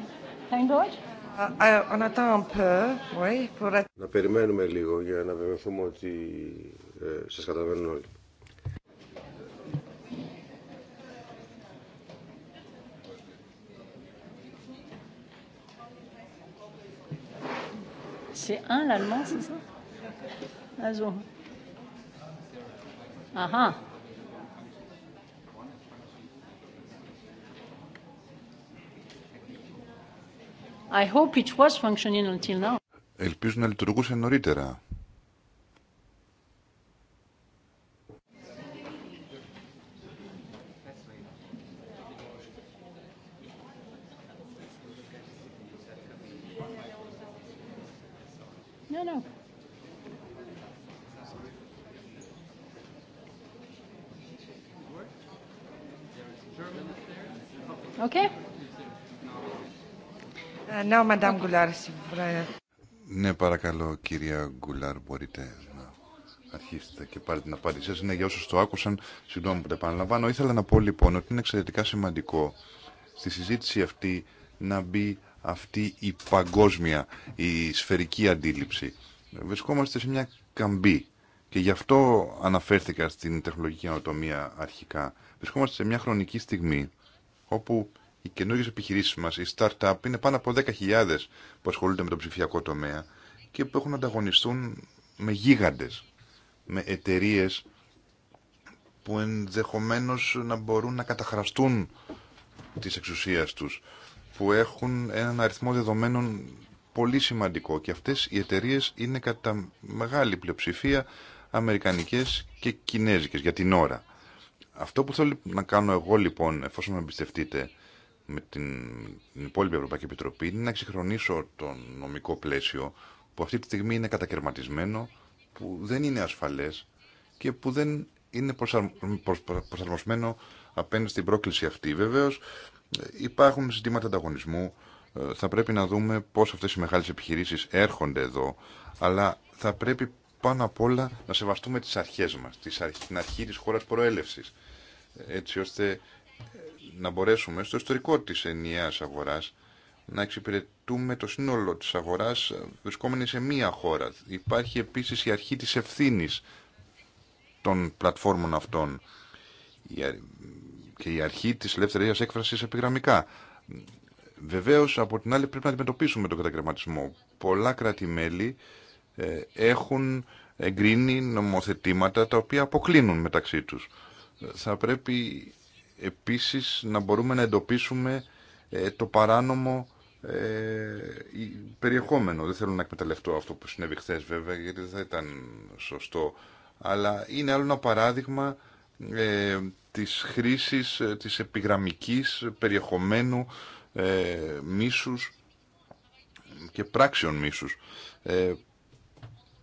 Time On attend un peu, oui, pour Να περιμένουμε λίγο για να βεβαιωθούμε ότι ε, σας καταλαβαίνουν όλοι. C'est un l'allemand, c'est ça Ah ah I hope it was functioning until now. Ελπίζω να λειτουργούσε νωρίτερα. No, no. Okay ναι, παρακαλώ, κυρία Γκουλάρ, μπορείτε να αρχίσετε και πάρετε την απάντησή σα. Ναι, για όσου το άκουσαν, συγγνώμη που τα επαναλαμβάνω. Ήθελα να πω λοιπόν ότι είναι εξαιρετικά σημαντικό στη συζήτηση αυτή να μπει αυτή η παγκόσμια, η σφαιρική αντίληψη. Βρισκόμαστε σε μια καμπή και γι' αυτό αναφέρθηκα στην τεχνολογική ανατομία αρχικά. Βρισκόμαστε σε μια χρονική στιγμή όπου οι καινούριε επιχειρήσει μα, οι startup, είναι πάνω από 10.000 που ασχολούνται με το ψηφιακό τομέα και που έχουν ανταγωνιστούν με γίγαντες, με εταιρείε που ενδεχομένως να μπορούν να καταχραστούν της εξουσία τους, που έχουν έναν αριθμό δεδομένων πολύ σημαντικό και αυτές οι εταιρείε είναι κατά μεγάλη πλειοψηφία αμερικανικές και κινέζικες για την ώρα. Αυτό που θέλω να κάνω εγώ λοιπόν, εφόσον με εμπιστευτείτε, με την, υπόλοιπη Ευρωπαϊκή Επιτροπή είναι να ξεχρονίσω το νομικό πλαίσιο που αυτή τη στιγμή είναι κατακαιρματισμένο, που δεν είναι ασφαλές και που δεν είναι προσαρμοσμένο απέναντι στην πρόκληση αυτή. Βεβαίως υπάρχουν ζητήματα ανταγωνισμού, ε, θα πρέπει να δούμε πώς αυτές οι μεγάλες επιχειρήσεις έρχονται εδώ, αλλά θα πρέπει πάνω απ' όλα να σεβαστούμε τις αρχές μας, την αρχή της χώρας προέλευσης, έτσι ώστε να μπορέσουμε στο ιστορικό της ενιαίας αγοράς να εξυπηρετούμε το σύνολο της αγοράς ε, βρισκόμενη σε μία χώρα. Υπάρχει επίσης η αρχή της ευθύνης των πλατφόρμων αυτών και η αρχή της ελευθερίας έκφρασης επιγραμμικά. Βεβαίως, από την άλλη, πρέπει να αντιμετωπίσουμε τον κατακρεματισμό. Πολλά κράτη-μέλη ε, έχουν εγκρίνει νομοθετήματα τα οποία αποκλίνουν μεταξύ τους. Θα πρέπει επίσης να μπορούμε να εντοπίσουμε ε, το παράνομο ε, περιεχόμενο. Δεν θέλω να εκμεταλλευτώ αυτό που συνέβη χθε βέβαια γιατί δεν θα ήταν σωστό. Αλλά είναι άλλο ένα παράδειγμα ε, της χρήσης της επιγραμμικής περιεχομένου μίσους και πράξεων μίσους.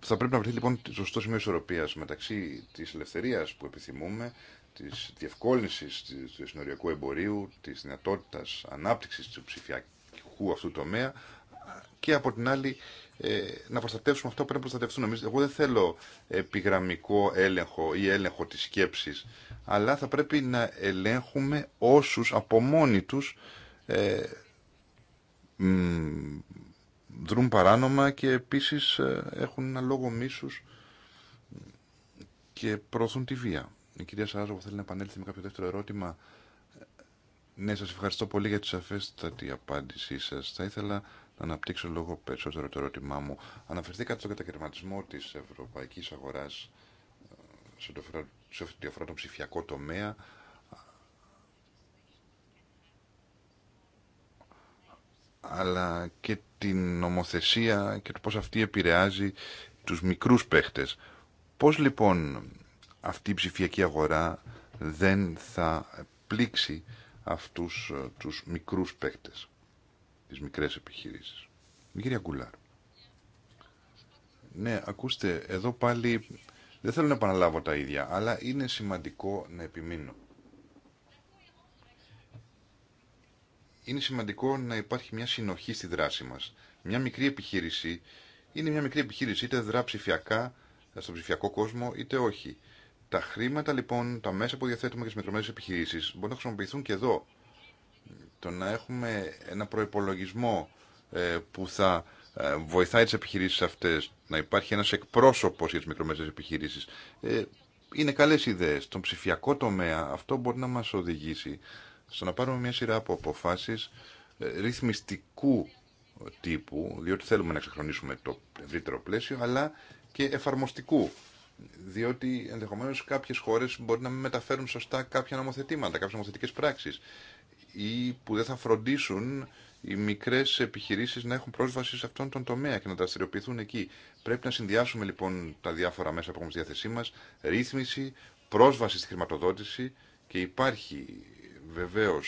Θα πρέπει να βρεθεί λοιπόν το σωστό σημείο ισορροπίας μεταξύ της ελευθερίας που επιθυμούμε τη διευκόλυνση του συνοριακού εμπορίου, της δυνατότητας ανάπτυξης του ψηφιακού αυτού τομέα και από την άλλη ε, να προστατεύσουμε αυτό που πρέπει να προστατευτούν. εγώ δεν θέλω επιγραμμικό έλεγχο ή έλεγχο της σκέψης, αλλά θα πρέπει να ελέγχουμε όσους από μόνοι τους ε, δρούν παράνομα και επίσης ε, έχουν ένα λόγο μίσους και προωθούν τη βία. Η κυρία Σαράζο θέλει να επανέλθει με κάποιο δεύτερο ερώτημα. Ναι, σα ευχαριστώ πολύ για τη σαφέστατη απάντησή σας. Θα ήθελα να αναπτύξω λόγο περισσότερο το ερώτημά μου. Αναφερθήκατε στον κατακαιρματισμό της ευρωπαϊκής αγοράς ε, σε ό,τι αφορά τον ψηφιακό τομέα. αλλά και την νομοθεσία και το πώς αυτή επηρεάζει τους μικρούς παίχτες. Πώς λοιπόν αυτή η ψηφιακή αγορά δεν θα πλήξει αυτούς ε, τους μικρούς παίκτες, τις μικρές επιχειρήσεις. Η κυρία Ναι, ακούστε, εδώ πάλι δεν θέλω να επαναλάβω τα ίδια, αλλά είναι σημαντικό να επιμείνω. Είναι σημαντικό να υπάρχει μια συνοχή στη δράση μας. Μια μικρή επιχείρηση είναι μια μικρή επιχείρηση, είτε δρά ψηφιακά, ε, στον ψηφιακό κόσμο, είτε όχι. Τα χρήματα λοιπόν, τα μέσα που διαθέτουμε για τι μικρομεσαίε επιχειρήσει μπορούν να χρησιμοποιηθούν και εδώ. Το να έχουμε ένα προπολογισμό ε, που θα ε, βοηθάει τι επιχειρήσει αυτέ, να υπάρχει ένα εκπρόσωπο για τι μικρομεσαίε επιχειρήσει. Ε, είναι καλέ ιδέε. Στον ψηφιακό τομέα αυτό μπορεί να μα οδηγήσει στο να πάρουμε μια σειρά από αποφάσει ρυθμιστικού τύπου, διότι θέλουμε να ξεχρονίσουμε το ευρύτερο πλαίσιο, αλλά και εφαρμοστικού διότι ενδεχομένω κάποιε χώρε μπορεί να μην μεταφέρουν σωστά κάποια νομοθετήματα, κάποιε νομοθετικές πράξει ή που δεν θα φροντίσουν οι μικρέ επιχειρήσει να έχουν πρόσβαση σε αυτόν τον τομέα και να δραστηριοποιηθούν εκεί. Πρέπει να συνδυάσουμε λοιπόν τα διάφορα μέσα που έχουμε στη διάθεσή μα ρύθμιση, πρόσβαση στη χρηματοδότηση και υπάρχει βεβαίω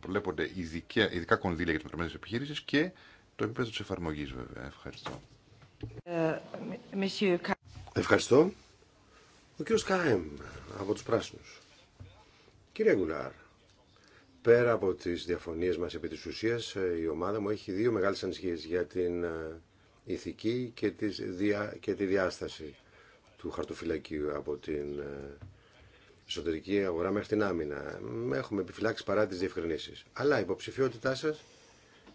προβλέπονται ειδικά, ειδικά κονδύλια για τις μικρομεσαίες επιχειρήσεις και το επίπεδο τη εφαρμογή, βέβαια. Ευχαριστώ. Ευχαριστώ. Ο κ. Κάεμ από τους Πράσινους. Κύριε Γκουλάρ, πέρα από τις διαφωνίες μας επί της ουσίας, ε, η ομάδα μου έχει δύο μεγάλες ανησυχίες για την ε, ηθική και, τις δια... και τη διάσταση του χαρτοφυλακίου από την ε, εσωτερική αγορά μέχρι την άμυνα. Έχουμε επιφυλάξει παρά τις διευκρινήσεις. Αλλά η υποψηφιότητά σας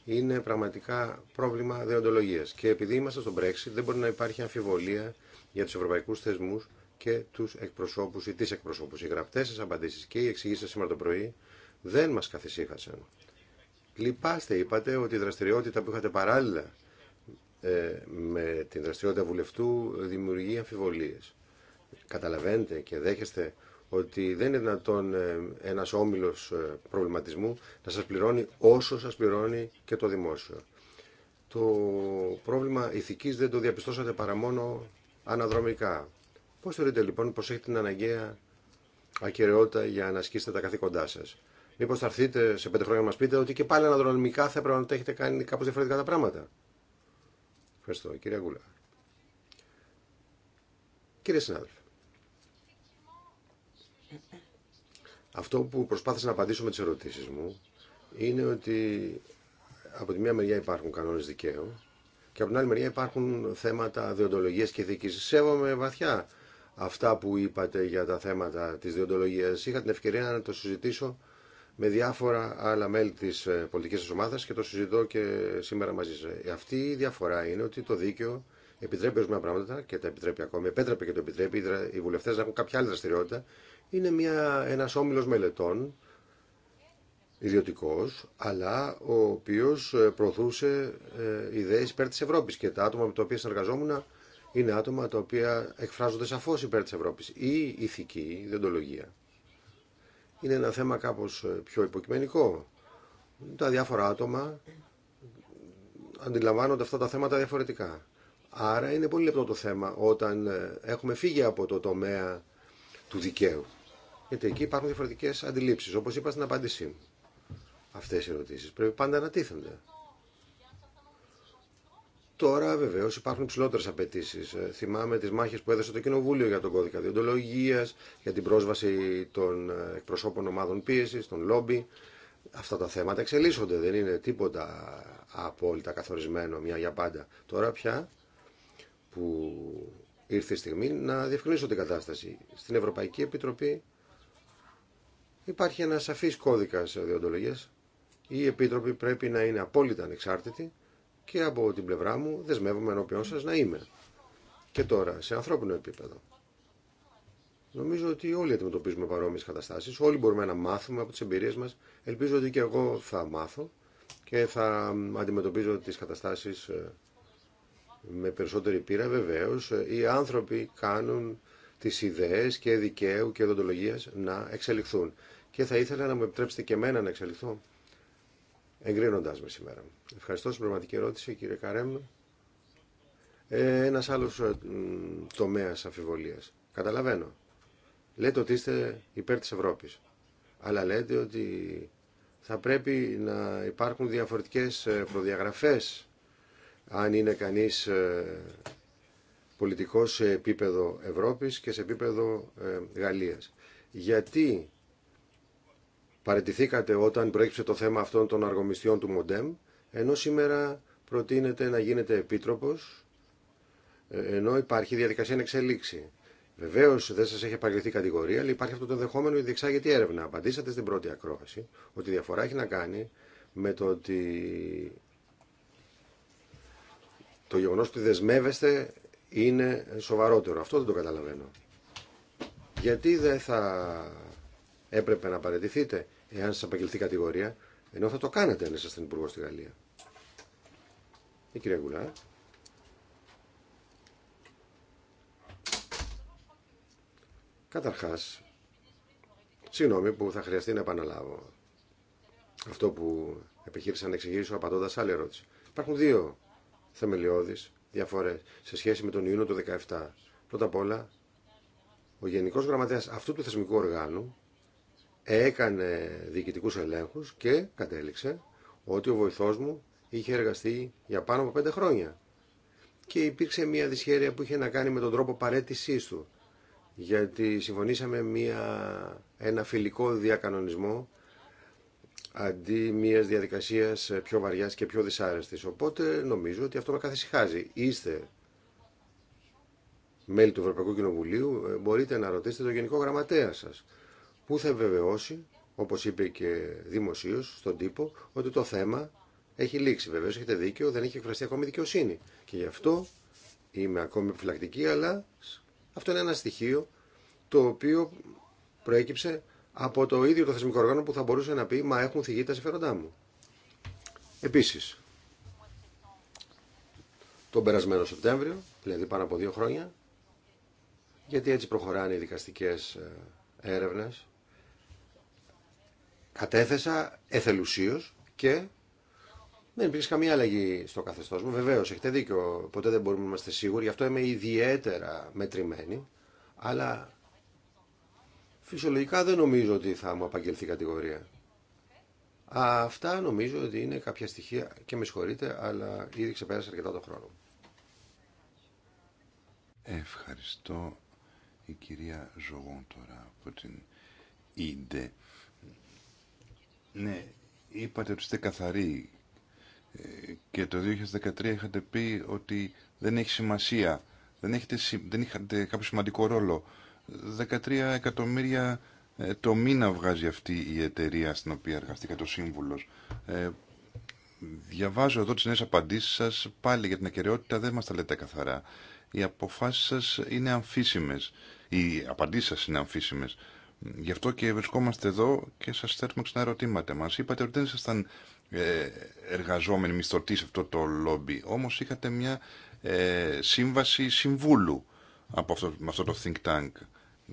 είναι πραγματικά πρόβλημα δεοντολογίας. Και επειδή είμαστε στο Brexit δεν μπορεί να υπάρχει αμφιβολία για τους ευρωπαϊκούς θεσμούς και του εκπροσώπου ή τι εκπροσώπου. Οι γραπτέ σα απαντήσει και οι εξηγήσεις σήμερα το πρωί δεν μα καθησύχασαν. Λυπάστε, είπατε, ότι η δραστηριότητα που είχατε παράλληλα ε, με την δραστηριότητα βουλευτού δημιουργεί αμφιβολίε. Καταλαβαίνετε και δέχεστε ότι δεν είναι δυνατόν ε, ένας όμιλος ε, προβληματισμού να σα πληρώνει όσο σα πληρώνει και το δημόσιο. Το πρόβλημα ηθικής δεν το διαπιστώσατε παρά μόνο αναδρομικά. Πώς θεωρείτε λοιπόν πως έχετε την αναγκαία ακαιρεότητα για να ασκήσετε τα καθήκοντά σας. Μήπω θα έρθετε σε πέντε χρόνια να μα πείτε ότι και πάλι αναδρομικά θα έπρεπε να τα έχετε κάνει κάπω διαφορετικά τα πράγματα. Ευχαριστώ, κύριε Αγκούλα. Κύριε συνάδελφε, αυτό που προσπάθησα να απαντήσω με τις ερωτήσεις μου είναι ότι από τη μία μεριά υπάρχουν κανόνες δικαίου και από την άλλη μεριά υπάρχουν θέματα διοντολογίας και δίκης. Σέβομαι βαθιά αυτά που είπατε για τα θέματα της διοντολογίας. Είχα την ευκαιρία να το συζητήσω με διάφορα άλλα μέλη της ε, πολιτικής σας και το συζητώ και σήμερα μαζί σας. Ε, αυτή η διαφορά είναι ότι το δίκαιο επιτρέπει ορισμένα πράγματα και τα επιτρέπει ακόμη, επέτρεπε και το επιτρέπει, οι βουλευτές να έχουν κάποια άλλη δραστηριότητα. Είναι μια, ένας όμιλος μελετών, ιδιωτικός, αλλά ο οποίος ε, προωθούσε ιδέες υπέρ της Ευρώπης και τα άτομα με τα οποία συνεργαζόμουν είναι άτομα τα οποία εκφράζονται σαφώς υπέρ της Ευρώπης. Η ηθική, η είναι ένα θέμα κάπως ε, πιο υποκειμενικό. Τα διάφορα άτομα αντιλαμβάνονται αυτά τα θέματα διαφορετικά. Άρα είναι πολύ λεπτό το θέμα όταν ε, έχουμε φύγει από το τομέα του δικαίου. Γιατί εκεί υπάρχουν διαφορετικές αντιλήψεις, όπως είπα στην απάντησή μου. Αυτές οι ερωτήσει, πρέπει πάντα να τίθενται. Τώρα βεβαίω υπάρχουν υψηλότερε απαιτήσει. Ε, θυμάμαι τι μάχε που έδωσε το Κοινοβούλιο για τον κώδικα διοντολογία, για την πρόσβαση των ε, εκπροσώπων ομάδων πίεση, των λόμπι. Αυτά τα θέματα εξελίσσονται. Δεν είναι τίποτα απόλυτα καθορισμένο μια για πάντα. Τώρα πια που ήρθε η στιγμή να διευκρινίσω την κατάσταση. Στην Ευρωπαϊκή Επιτροπή υπάρχει ένα σαφή κώδικα διοντολογία. Οι Επίτροπη πρέπει να είναι απόλυτα ανεξάρτητοι και από την πλευρά μου δεσμεύομαι ενώπιον σας να είμαι. Και τώρα, σε ανθρώπινο επίπεδο. Νομίζω ότι όλοι αντιμετωπίζουμε παρόμοιες καταστάσεις, όλοι μπορούμε να μάθουμε από τις εμπειρίες μας. Ελπίζω ότι και εγώ θα μάθω και θα αντιμετωπίζω τις καταστάσεις ε, με περισσότερη πείρα βεβαίω, ε, Οι άνθρωποι κάνουν τις ιδέες και δικαίου και οδοντολογίας να εξελιχθούν. Και θα ήθελα να μου επιτρέψετε και εμένα να εξελιχθώ εγκρίνοντάς με σήμερα. Ευχαριστώ στην πραγματική ερώτηση, κύριε Καρέμ. Ε, ένας άλλος ε, τομέας αφιβολίας. Καταλαβαίνω. Λέτε ότι είστε υπέρ της Ευρώπης. Αλλά λέτε ότι θα πρέπει να υπάρχουν διαφορετικές ε, προδιαγραφές αν είναι κανείς ε, πολιτικός σε επίπεδο Ευρώπης και σε επίπεδο ε, Γαλλίας. Γιατί Παρετηθήκατε όταν προέκυψε το θέμα αυτών των αργομιστιών του Μοντέμ, ενώ σήμερα προτείνεται να γίνετε επίτροπος, ε, ενώ υπάρχει διαδικασία να εξελίξει. Βεβαίω δεν σα έχει απαγγελθεί κατηγορία, αλλά υπάρχει αυτό το ενδεχόμενο ότι διεξάγεται έρευνα. Απαντήσατε στην πρώτη ακρόαση ότι η διαφορά έχει να κάνει με το ότι το γεγονό ότι δεσμεύεστε είναι σοβαρότερο. Αυτό δεν το καταλαβαίνω. Γιατί δεν θα έπρεπε να παραιτηθείτε εάν σα απαγγελθεί κατηγορία, ενώ θα το κάνατε αν είσαστε υπουργό στη Γαλλία. Η κυρία Γκουλά. Καταρχάς, συγγνώμη που θα χρειαστεί να επαναλάβω αυτό που επιχείρησα να εξηγήσω απαντώντας άλλη ερώτηση. Υπάρχουν δύο θεμελιώδεις διαφορές σε σχέση με τον Ιούνιο του 2017. Πρώτα απ' όλα, ο Γενικός Γραμματέας αυτού του θεσμικού οργάνου έκανε διοικητικούς ελέγχους και κατέληξε ότι ο βοηθός μου είχε εργαστεί για πάνω από πέντε χρόνια και υπήρξε μια δυσχέρεια που είχε να κάνει με τον τρόπο παρέτησής του γιατί συμφωνήσαμε μια, ένα φιλικό διακανονισμό αντί μιας διαδικασίας πιο βαριάς και πιο δυσάρεστης. Οπότε νομίζω ότι αυτό με καθησυχάζει. Είστε μέλη του Ευρωπαϊκού Κοινοβουλίου, ε, μπορείτε να ρωτήσετε τον Γενικό Γραμματέα σας που θα βεβαιώσει, όπως είπε και δημοσίως στον τύπο, ότι το θέμα έχει λήξει. Βεβαίως έχετε δίκιο, δεν έχει εκφραστεί ακόμη δικαιοσύνη. Και γι' αυτό είμαι ακόμη επιφυλακτική, αλλά αυτό είναι ένα στοιχείο το οποίο προέκυψε από το ίδιο το θεσμικό οργάνο που θα μπορούσε να πει «Μα έχουν θυγεί τα συμφέροντά μου». Επίσης, τον περασμένο Σεπτέμβριο, δηλαδή πάνω από δύο χρόνια, γιατί έτσι προχωράνε οι δικαστικές ε, έρευνες κατέθεσα εθελουσίω και δεν υπήρξε καμία αλλαγή στο καθεστώ μου. Βεβαίω, έχετε δίκιο, ποτέ δεν μπορούμε να είμαστε σίγουροι, γι' αυτό είμαι ιδιαίτερα μετρημένη. Αλλά φυσιολογικά δεν νομίζω ότι θα μου απαγγελθεί η κατηγορία. Αυτά νομίζω ότι είναι κάποια στοιχεία και με συγχωρείτε, αλλά ήδη ξεπέρασα αρκετά τον χρόνο. Ευχαριστώ η κυρία Ζωγόν τώρα από την ΙΝΤΕ. Ναι, είπατε ότι είστε καθαροί ε, και το 2013 είχατε πει ότι δεν έχει σημασία, δεν, έχετε, δεν είχατε κάποιο σημαντικό ρόλο. 13 εκατομμύρια ε, το μήνα βγάζει αυτή η εταιρεία στην οποία εργαστήκα το σύμβουλος. Ε, διαβάζω εδώ τις νέες απαντήσεις σας, πάλι για την ακαιρεότητα δεν μας τα λέτε καθαρά. Οι αποφάσεις σας είναι αμφίσιμες, οι απαντήσεις σας είναι αμφίσιμες. Γι' αυτό και βρισκόμαστε εδώ και σας θέτουμε ξανά ερωτήματα μας. Είπατε ότι δεν ήσασταν ε, εργαζόμενοι μισθωτοί σε αυτό το λόμπι, όμως είχατε μια ε, σύμβαση συμβούλου από αυτό, με αυτό το think tank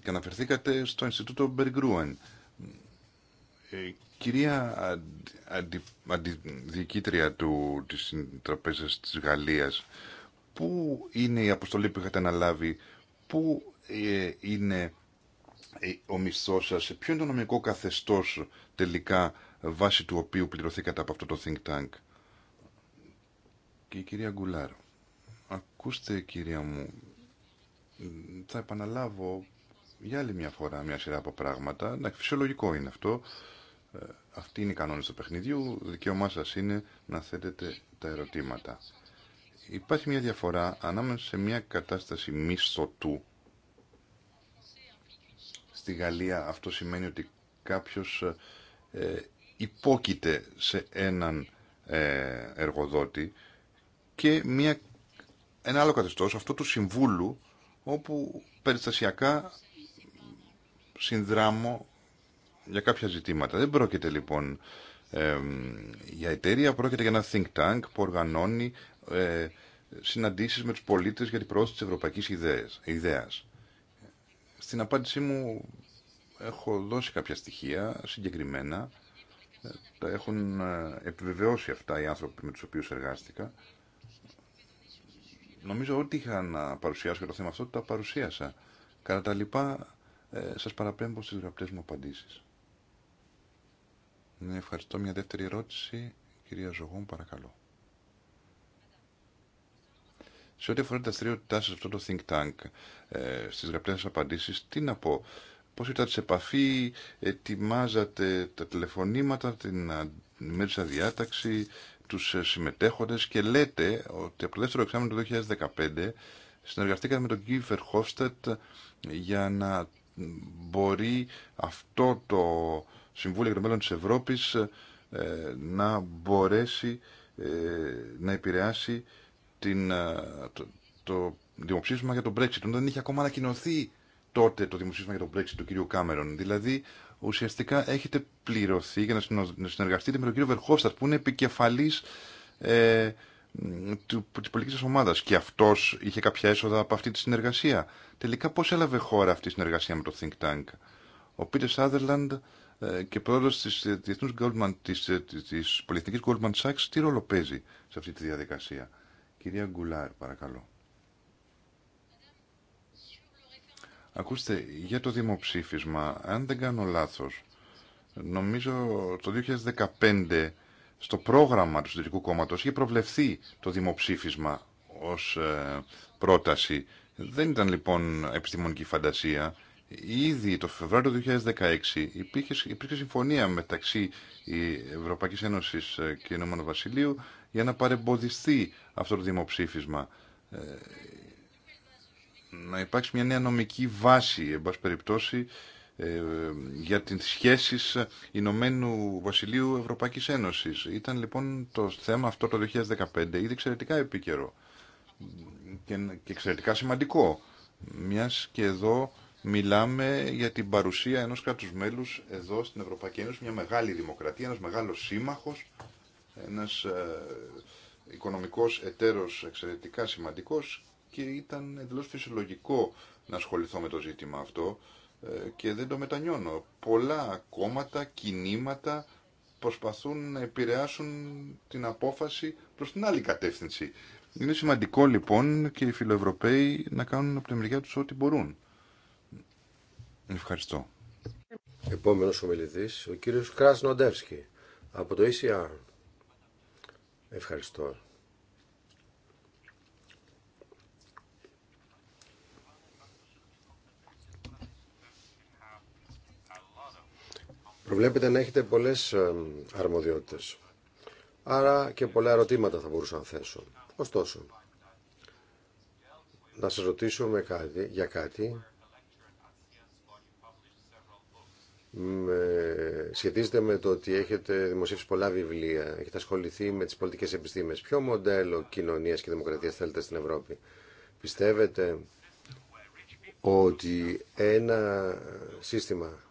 και αναφερθήκατε στο Ινστιτούτο Μπεργκρούεν. κυρία αντι, του, της τραπέζας της Γαλλίας, πού είναι η αποστολή που είχατε αναλάβει, πού ε, είναι ε, ο μισθό σα, ποιο είναι το νομικό καθεστώ τελικά βάσει του οποίου πληρωθήκατε από αυτό το think tank. Και η κυρία Γκουλάρ, ακούστε κυρία μου, θα επαναλάβω για άλλη μια φορά μια σειρά από πράγματα. Να, φυσιολογικό είναι αυτό. Ε, Αυτή είναι η κανόνε του παιχνιδιού. Δικαίωμά σα είναι να θέτετε τα ερωτήματα. Υπάρχει μια διαφορά ανάμεσα σε μια κατάσταση μισθωτού στη Γαλλία αυτό σημαίνει ότι κάποιος ε, υπόκειται σε έναν ε, εργοδότη και μια, ένα άλλο καθεστώς, αυτό του συμβούλου, όπου περιστασιακά συνδράμω για κάποια ζητήματα. Δεν πρόκειται λοιπόν ε, για εταιρεία, πρόκειται για ένα think tank που οργανώνει ε, συναντήσεις με τους πολίτες για την προώθηση της ευρωπαϊκής ιδέας. Στην απάντησή μου έχω δώσει κάποια στοιχεία συγκεκριμένα. Ε, τα έχουν ε, επιβεβαιώσει αυτά οι άνθρωποι με τους οποίους εργάστηκα. Νομίζω ό,τι είχα να παρουσιάσω το θέμα αυτό, τα παρουσίασα. Κατά τα λοιπά, ε, σας παραπέμπω στις γραπτές μου απαντήσεις. Ναι, ευχαριστώ. Μια δεύτερη ερώτηση. Κυρία Ζωγόν, παρακαλώ. Σε ό,τι αφορά τα δραστηριότητά σα, αυτό το think tank, ε, στι γραπτέ σα απαντήσει, τι να πω. Πώ ήταν σε επαφή, ετοιμάζατε τα τηλεφωνήματα, την σα διάταξη, του ε, συμμετέχοντε και λέτε ότι από το δεύτερο εξάμεινο του 2015 συνεργαστήκατε με τον Κίφερ Χόφστατ για να μπορεί αυτό το Συμβούλιο για το Μέλλον της Ευρώπης ε, να μπορέσει ε, να επηρεάσει την, ε, το, το δημοψήφισμα για τον Brexit, όταν είχε ακόμα ανακοινωθεί τότε το δημοψήφισμα για τον Brexit του κυρίου Κάμερον. Δηλαδή, ουσιαστικά έχετε πληρωθεί για να συνεργαστείτε με τον κύριο Βερχόφστατ, που είναι επικεφαλή ε, τη πολιτική σα ομάδα. Και αυτό είχε κάποια έσοδα από αυτή τη συνεργασία. Τελικά, πώ έλαβε χώρα αυτή η συνεργασία με το Think Tank. Ο Πίτερ Σάδερλαντ ε, και πρόεδρο τη Πολυεθνική Goldman Sachs, τι ρόλο παίζει σε αυτή τη διαδικασία. Κυρία Γκουλάρ, παρακαλώ. Ακούστε, για το δημοψήφισμα, αν δεν κάνω λάθος, νομίζω το 2015 στο πρόγραμμα του Συντηρητικού Κόμματος είχε προβλεφθεί το δημοψήφισμα ως ε, πρόταση. Δεν ήταν λοιπόν επιστημονική φαντασία. Ήδη το Φεβρουάριο του 2016 υπήρχε, υπήρχε συμφωνία μεταξύ η Ευρωπαϊκής Ένωσης ε, και Ηνωμένου Βασιλείου για να παρεμποδιστεί αυτό το δημοψήφισμα. Ε, να υπάρξει μια νέα νομική βάση, εν πάση περιπτώσει, ε, για τις σχέσεις Ηνωμένου Βασιλείου Ευρωπαϊκής Ένωσης. Ήταν λοιπόν το θέμα αυτό το 2015 ήδη εξαιρετικά επίκαιρο και, και εξαιρετικά σημαντικό. Μιας και εδώ μιλάμε για την παρουσία ενός κράτους μέλους εδώ στην Ευρωπαϊκή Ένωση, μια μεγάλη δημοκρατία, ένας μεγάλος σύμμαχος ένας ε, οικονομικός εταίρος εξαιρετικά σημαντικός και ήταν εντελώς φυσιολογικό να ασχοληθώ με το ζήτημα αυτό ε, και δεν το μετανιώνω. Πολλά κόμματα, κινήματα προσπαθούν να επηρεάσουν την απόφαση προς την άλλη κατεύθυνση. Είναι σημαντικό λοιπόν και οι φιλοευρωπαίοι να κάνουν από τη μεριά τους ό,τι μπορούν. Ευχαριστώ. Επόμενος ομιλητής, ο κύριος Κράσνοντεύσκη από το ECR. Ευχαριστώ. Προβλέπετε να έχετε πολλές αρμοδιότητες. Άρα και πολλά ερωτήματα θα μπορούσα να θέσω. Ωστόσο, να σας ρωτήσω με κάτι, για κάτι σχετίζεται με το ότι έχετε δημοσίευσει πολλά βιβλία, έχετε ασχοληθεί με τις πολιτικές επιστήμες. Ποιο μοντέλο κοινωνίας και δημοκρατίας θέλετε στην Ευρώπη. Πιστεύετε ότι ένα σύστημα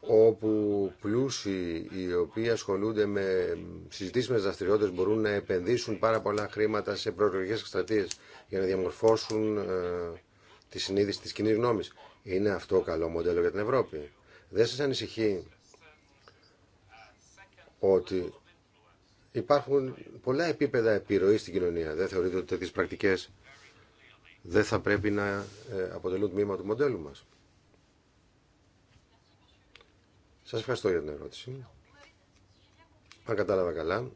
όπου πλούσιοι οι οποίοι ασχολούνται με συζητήσιμες δραστηριότητες μπορούν να επενδύσουν πάρα πολλά χρήματα σε προεκλογικές εκστρατείες για να διαμορφώσουν ε, τη συνείδηση της κοινή γνώμης. Είναι αυτό καλό μοντέλο για την Ευρώπη. Δεν σας ανησυχεί ότι υπάρχουν πολλά επίπεδα επιρροή στην κοινωνία. Δεν θεωρείτε ότι τέτοιες πρακτικές δεν θα πρέπει να ε, αποτελούν τμήμα του μοντέλου μας. Σας ευχαριστώ για την ερώτηση. Αν κατάλαβα καλά,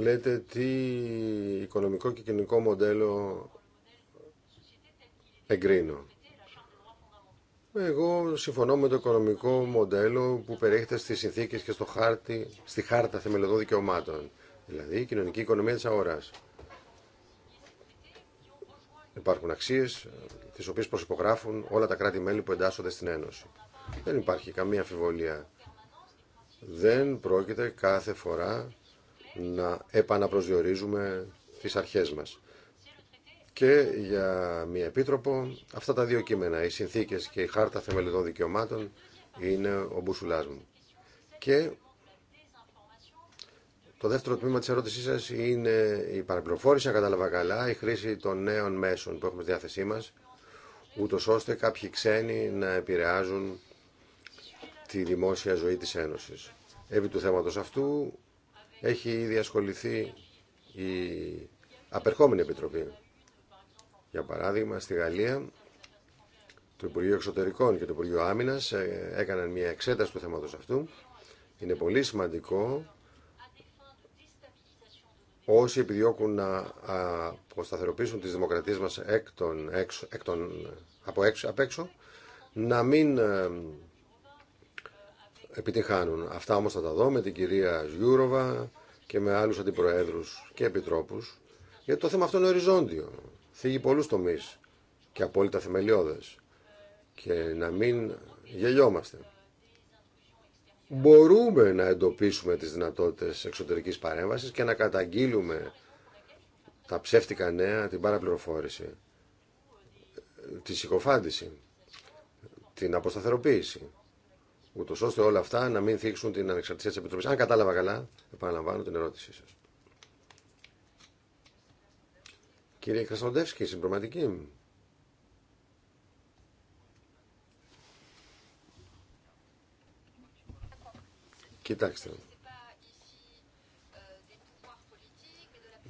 λέτε τι οικονομικό και κοινωνικό μοντέλο εγκρίνω. Εγώ συμφωνώ με το οικονομικό μοντέλο που περιέχεται στις συνθήκες και στο χάρτη, στη χάρτα θεμελιωδών δικαιωμάτων, δηλαδή η κοινωνική οικονομία της αγοράς. Υπάρχουν αξίες τις οποίες προσυπογράφουν όλα τα κράτη-μέλη που εντάσσονται στην Ένωση. Δεν υπάρχει καμία αμφιβολία. Δεν πρόκειται κάθε φορά να επαναπροσδιορίζουμε τις αρχές μας. Και για μια επίτροπο, αυτά τα δύο κείμενα, οι συνθήκες και η χάρτα θεμελιδών δικαιωμάτων, είναι ο μπουσουλάς μου. Και το δεύτερο τμήμα της ερώτησής σας είναι η παραπληροφόρηση, αν κατάλαβα καλά, η χρήση των νέων μέσων που έχουμε στη διάθεσή μας, ούτω ώστε κάποιοι ξένοι να επηρεάζουν τη δημόσια ζωή της Ένωσης. Επί του θέματος αυτού έχει ήδη ασχοληθεί η απερχόμενη επιτροπή. Για παράδειγμα, στη Γαλλία, το Υπουργείο Εξωτερικών και το Υπουργείο Άμυνα, ε, έκαναν μια εξέταση του θέματος αυτού. Είναι πολύ σημαντικό όσοι επιδιώκουν να αποσταθεροποιήσουν τις δημοκρατίες μας από απ' έξω, να μην ε, επιτυχάνουν. Αυτά όμως θα τα δω με την κυρία Ζιούροβα και με άλλους αντιπροέδρους και επιτρόπους, γιατί το θέμα αυτό είναι οριζόντιο. Θίγει πολλούς τομείς και απόλυτα θεμελιώδες. Και να μην γελιόμαστε. Μπορούμε να εντοπίσουμε τις δυνατότητες εξωτερικής παρέμβασης και να καταγγείλουμε τα ψεύτικα νέα, την παραπληροφόρηση, τη συκοφάντηση, την αποσταθεροποίηση ούτω ώστε όλα αυτά να μην θίξουν την ανεξαρτησία τη Επιτροπή. Αν κατάλαβα καλά, επαναλαμβάνω την ερώτησή σα. Κύριε Κρασνοντεύσκη, συμπροματική. Κοιτάξτε.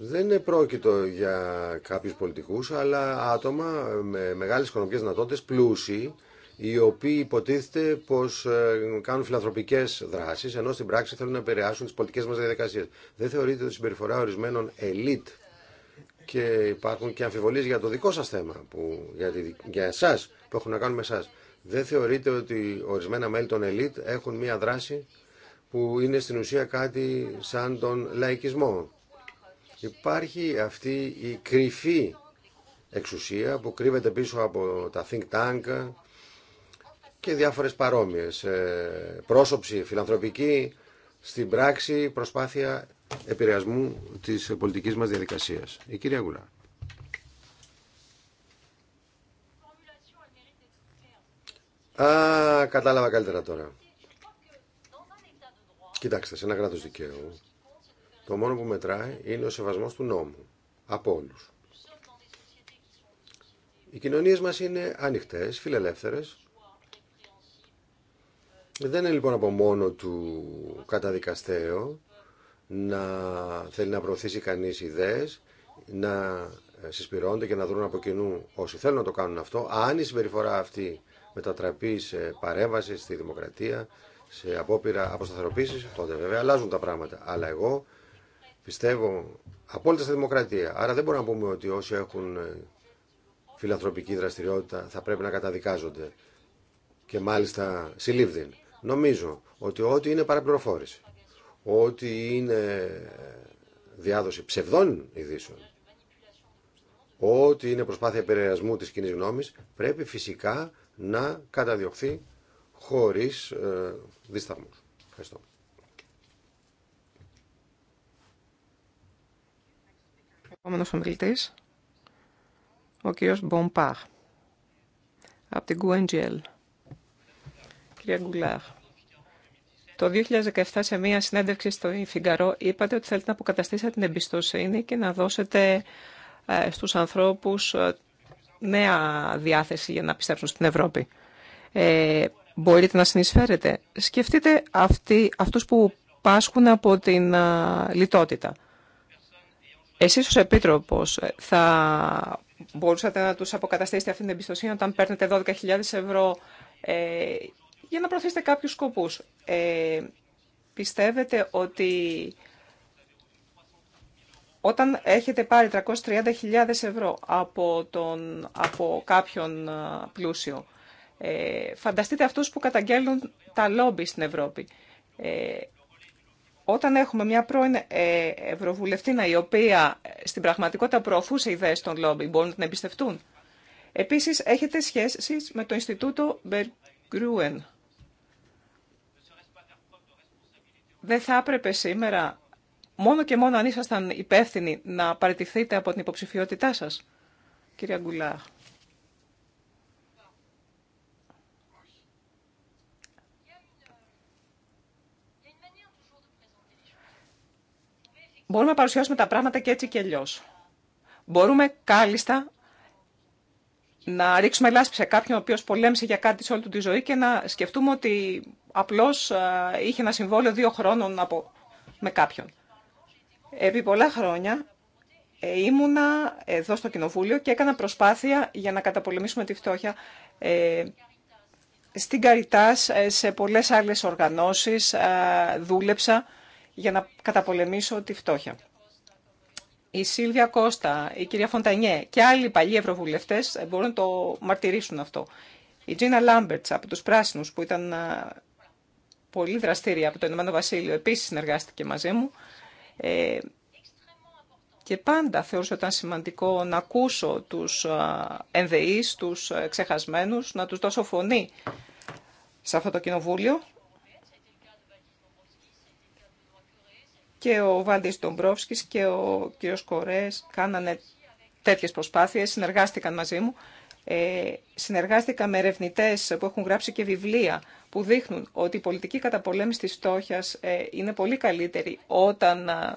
Δεν πρόκειτο για κάποιους πολιτικούς, αλλά άτομα με μεγάλες οικονομικές δυνατότητες, πλούσιοι, οι οποίοι υποτίθεται πω ε, κάνουν φιλανθρωπικέ δράσει, ενώ στην πράξη θέλουν να επηρεάσουν τι πολιτικέ μα διαδικασίε. Δεν θεωρείτε ότι συμπεριφορά ορισμένων ελίτ και υπάρχουν και αμφιβολίε για το δικό σα θέμα, που, για, για εσάς που έχουν να κάνουν με εσά. Δεν θεωρείτε ότι ορισμένα μέλη των ελίτ έχουν μία δράση που είναι στην ουσία κάτι σαν τον λαϊκισμό. Υπάρχει αυτή η κρυφή εξουσία που κρύβεται πίσω από τα think tank, και διάφορες παρόμοιες. Ε, πρόσωψη, φιλανθρωπική, στην πράξη προσπάθεια επηρεασμού της πολιτικής μας διαδικασίας. Η κυρία Γουλά. Α, κατάλαβα καλύτερα τώρα. Κοιτάξτε, σε ένα κράτο δικαίου το μόνο που μετράει είναι ο σεβασμός του νόμου. Από όλους. Οι κοινωνίες μας είναι άνοιχτες, φιλελεύθερες, δεν είναι λοιπόν από μόνο του καταδικαστέο να θέλει να προωθήσει κανείς ιδέες, να ε, συσπηρώνονται και να δρουν από κοινού όσοι θέλουν να το κάνουν αυτό. Αν η συμπεριφορά αυτή μετατραπεί σε παρέμβαση στη δημοκρατία, σε απόπειρα αποσταθεροποίηση, τότε βέβαια αλλάζουν τα πράγματα. Αλλά εγώ πιστεύω απόλυτα στη δημοκρατία. Άρα δεν μπορούμε να πούμε ότι όσοι έχουν ε, φιλανθρωπική δραστηριότητα θα πρέπει να καταδικάζονται. Και μάλιστα συλλήβδην. Νομίζω ότι ό,τι είναι παραπληροφόρηση, ό,τι είναι διάδοση ψευδών ειδήσεων, ό,τι είναι προσπάθεια περιερασμού της κοινή γνώμης, πρέπει φυσικά να καταδιωχθεί χωρίς ε, δισταγμούς. Ευχαριστώ. Επόμενος ομιλητής, ο κύριος Μπομπάχ, από την το 2017 σε μία συνέντευξη στο Φιγκαρό είπατε ότι θέλετε να αποκαταστήσετε την εμπιστοσύνη και να δώσετε ε, στους ανθρώπους ε, νέα διάθεση για να πιστέψουν στην Ευρώπη. Ε, μπορείτε να συνεισφέρετε. Σκεφτείτε αυτοί, αυτούς που πάσχουν από την ε, λιτότητα. Εσείς ως Επίτροπος θα μπορούσατε να τους αποκαταστήσετε αυτή την εμπιστοσύνη όταν παίρνετε 12.000 ευρώ ε, για να προωθήσετε κάποιους σκοπούς. Ε, πιστεύετε ότι όταν έχετε πάρει 330.000 ευρώ από, τον, από κάποιον πλούσιο, ε, φανταστείτε αυτούς που καταγγέλνουν τα λόμπι στην Ευρώπη. Ε, όταν έχουμε μια πρώην ε, ευρωβουλευτήνα η οποία ε, στην πραγματικότητα προωθούσε ιδέες των λόμπι, μπορούν να την εμπιστευτούν. Επίσης, έχετε σχέσεις με το Ινστιτούτο Μπεργκρούεν. δεν θα έπρεπε σήμερα, μόνο και μόνο αν ήσασταν υπεύθυνοι, να παραιτηθείτε από την υποψηφιότητά σας, κύριε Αγκουλά. Μπορούμε να παρουσιάσουμε τα πράγματα και έτσι και αλλιώ. Μπορούμε κάλλιστα να ρίξουμε λάσπη σε κάποιον ο οποίο πολέμησε για κάτι σε όλη του τη ζωή και να σκεφτούμε ότι απλώς ε, είχε ένα συμβόλαιο δύο χρόνων από... με κάποιον. Επί πολλά χρόνια ε, ήμουνα εδώ στο Κοινοβούλιο και έκανα προσπάθεια για να καταπολεμήσουμε τη φτώχεια ε, στην Καριτάς, σε πολλές άλλες οργανώσεις δούλεψα για να καταπολεμήσω τη φτώχεια η Σίλβια Κώστα, η κυρία Φοντανιέ και άλλοι παλιοί ευρωβουλευτέ μπορούν να το μαρτυρήσουν αυτό. Η Τζίνα Λάμπερτ από του Πράσινου, που ήταν πολύ δραστήρια από το Ηνωμένο Βασίλειο, επίση συνεργάστηκε μαζί μου. Ε, και πάντα θεωρούσα ήταν σημαντικό να ακούσω του ενδεεί, του ε, ξεχασμένου, να του δώσω φωνή σε αυτό το κοινοβούλιο. και ο τον Ντομπρόφσκης και ο κ. Κορές κάνανε τέτοιες προσπάθειες, συνεργάστηκαν μαζί μου. Ε, συνεργάστηκα με ερευνητέ που έχουν γράψει και βιβλία που δείχνουν ότι η πολιτική καταπολέμηση της φτώχειας ε, είναι πολύ καλύτερη όταν ε,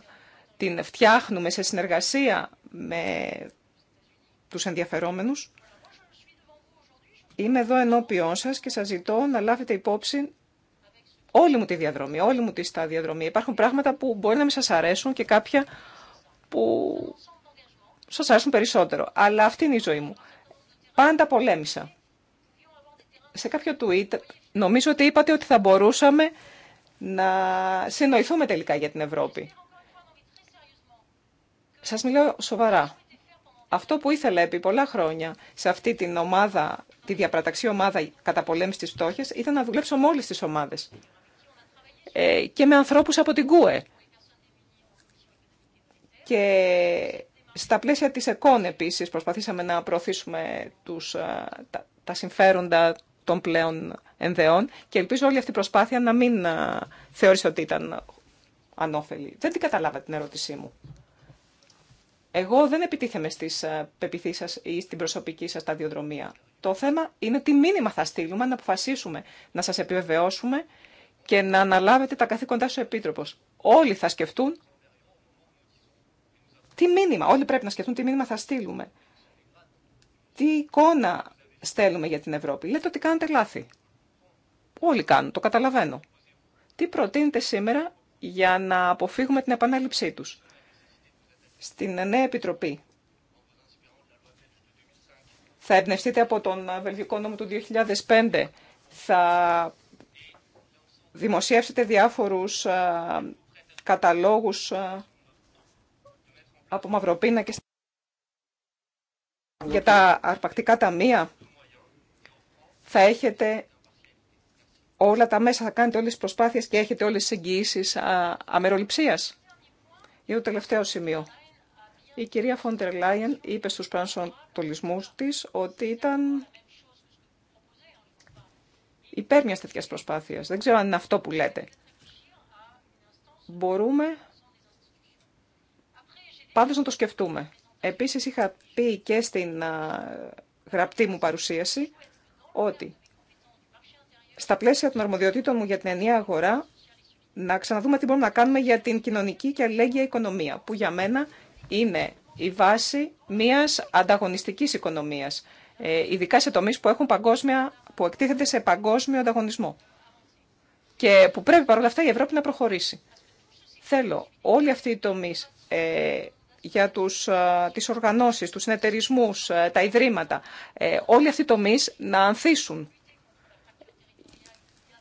την φτιάχνουμε σε συνεργασία με τους ενδιαφερόμενους. Είμαι εδώ ενώπιόν σας και σας ζητώ να λάβετε υπόψη όλη μου τη διαδρομή, όλη μου τη σταδιαδρομή. Υπάρχουν πράγματα που μπορεί να μην σας αρέσουν και κάποια που σας αρέσουν περισσότερο. Αλλά αυτή είναι η ζωή μου. Πάντα πολέμησα. Σε κάποιο tweet νομίζω ότι είπατε ότι θα μπορούσαμε να συνοηθούμε τελικά για την Ευρώπη. Σας μιλάω σοβαρά. Αυτό που ήθελα επί πολλά χρόνια σε αυτή την ομάδα, τη διαπραταξή ομάδα κατά πολέμηση της φτώχειας, ήταν να δουλέψω με όλες τις ομάδες. Ε, και με ανθρώπους από την ΚΟΕ. Και στα πλαίσια της ΕΚΟΝ επίσης προσπαθήσαμε να προωθήσουμε τους, τα, τα συμφέροντα των πλέον ενδεών και ελπίζω όλη αυτή η προσπάθεια να μην θεώρησε ότι ήταν ανώφελη. Δεν την καταλάβα την ερώτησή μου. Εγώ δεν επιτίθεμαι στις πεπιθήσεις σας ή στην προσωπική σας ταδιοδρομία. Το θέμα είναι τι μήνυμα θα στείλουμε να αποφασίσουμε, να σας επιβεβαιώσουμε και να αναλάβετε τα καθήκοντά σου επίτροπος. Όλοι θα σκεφτούν τι μήνυμα, όλοι πρέπει να σκεφτούν τι μήνυμα θα στείλουμε. Τι εικόνα στέλνουμε για την Ευρώπη. Λέτε ότι κάνετε λάθη. Όλοι κάνουν, το καταλαβαίνω. Τι προτείνετε σήμερα για να αποφύγουμε την επανάληψή τους. Στην νέα επιτροπή. Θα εμπνευστείτε από τον Βελγικό νόμο του 2005. Θα δημοσιεύσετε διάφορους ε, καταλόγους ε, από Μαυροπίνα και για τα αρπακτικά ταμεία. Θα έχετε όλα τα μέσα, θα κάνετε όλες τις προσπάθειες και έχετε όλες τις εγγυήσεις αμεροληψίας. Για το τελευταίο σημείο. Η κυρία Φόντερ Λάιεν είπε στους πρανσοντολισμούς της ότι ήταν υπέρ μιας τέτοιας προσπάθειας. Δεν ξέρω αν είναι αυτό που λέτε. Μπορούμε πάντως να το σκεφτούμε. Επίσης είχα πει και στην γραπτή μου παρουσίαση ότι στα πλαίσια των αρμοδιοτήτων μου για την ενιαία αγορά να ξαναδούμε τι μπορούμε να κάνουμε για την κοινωνική και αλληλέγγυα οικονομία, που για μένα είναι η βάση μιας ανταγωνιστικής οικονομίας, ε, ειδικά σε τομείς που έχουν παγκόσμια που εκτίθεται σε παγκόσμιο ανταγωνισμό και που πρέπει παρόλα αυτά η Ευρώπη να προχωρήσει. Θέλω όλοι αυτοί οι τομείς ε, για τους, ε, τις οργανώσεις, τους συνεταιρισμούς, ε, τα ιδρύματα, ε, όλοι αυτοί οι τομείς να ανθίσουν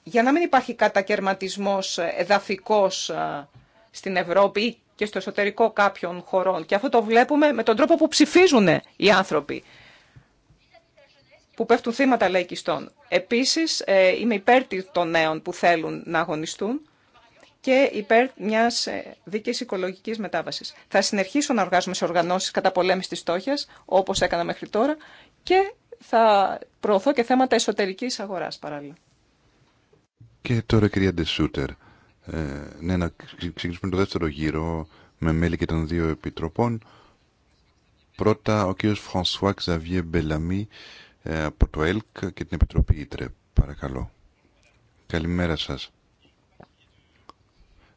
για να μην υπάρχει κατακαιρματισμός εδαφικός ε, στην Ευρώπη και στο εσωτερικό κάποιων χωρών. Και αυτό το βλέπουμε με τον τρόπο που ψηφίζουν οι άνθρωποι που πέφτουν θύματα λαϊκιστών. Επίσης, ε, είμαι υπέρ των νέων που θέλουν να αγωνιστούν και υπέρ μια ε, δίκαιη οικολογική μετάβαση. Θα συνεχίσω να εργάζομαι σε οργανώσει κατά πολέμηση τη στόχια, όπω έκανα μέχρι τώρα, και θα προωθώ και θέματα εσωτερική αγορά παράλληλα. Και τώρα, κυρία Ντεσούτερ, ε, ναι, να ξεκινήσουμε το δεύτερο γύρο με μέλη και των δύο επιτροπών. Πρώτα, ο κύριος Φρανσουά Ξαβιέ Μπελαμή ε, από το ΕΛΚ και την Επιτροπή ΙΤΡΕ, Παρακαλώ. Καλημέρα σας.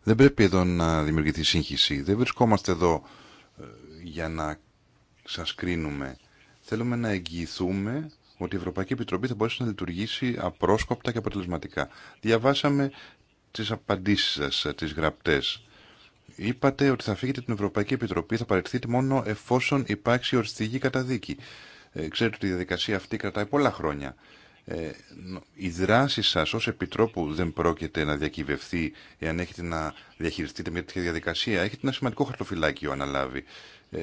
Δεν πρέπει εδώ να δημιουργηθεί σύγχυση. Δεν βρισκόμαστε εδώ ε, για να σας κρίνουμε. Θέλουμε να εγγυηθούμε ότι η Ευρωπαϊκή Επιτροπή θα μπορέσει να λειτουργήσει απρόσκοπτα και αποτελεσματικά. Διαβάσαμε τις απαντήσεις σας, τις γραπτές. Είπατε ότι θα φύγετε την Ευρωπαϊκή Επιτροπή, θα παρεχθείτε μόνο εφόσον υπάρξει οριστική καταδίκη. Ε, ξέρετε ότι η διαδικασία αυτή κρατάει πολλά χρόνια. Ε, η δράση σας ως Επιτρόπου δεν πρόκειται να διακυβευτεί εάν έχετε να διαχειριστείτε μια τέτοια διαδικασία. Έχετε ένα σημαντικό χαρτοφυλάκιο αναλάβει. Ε,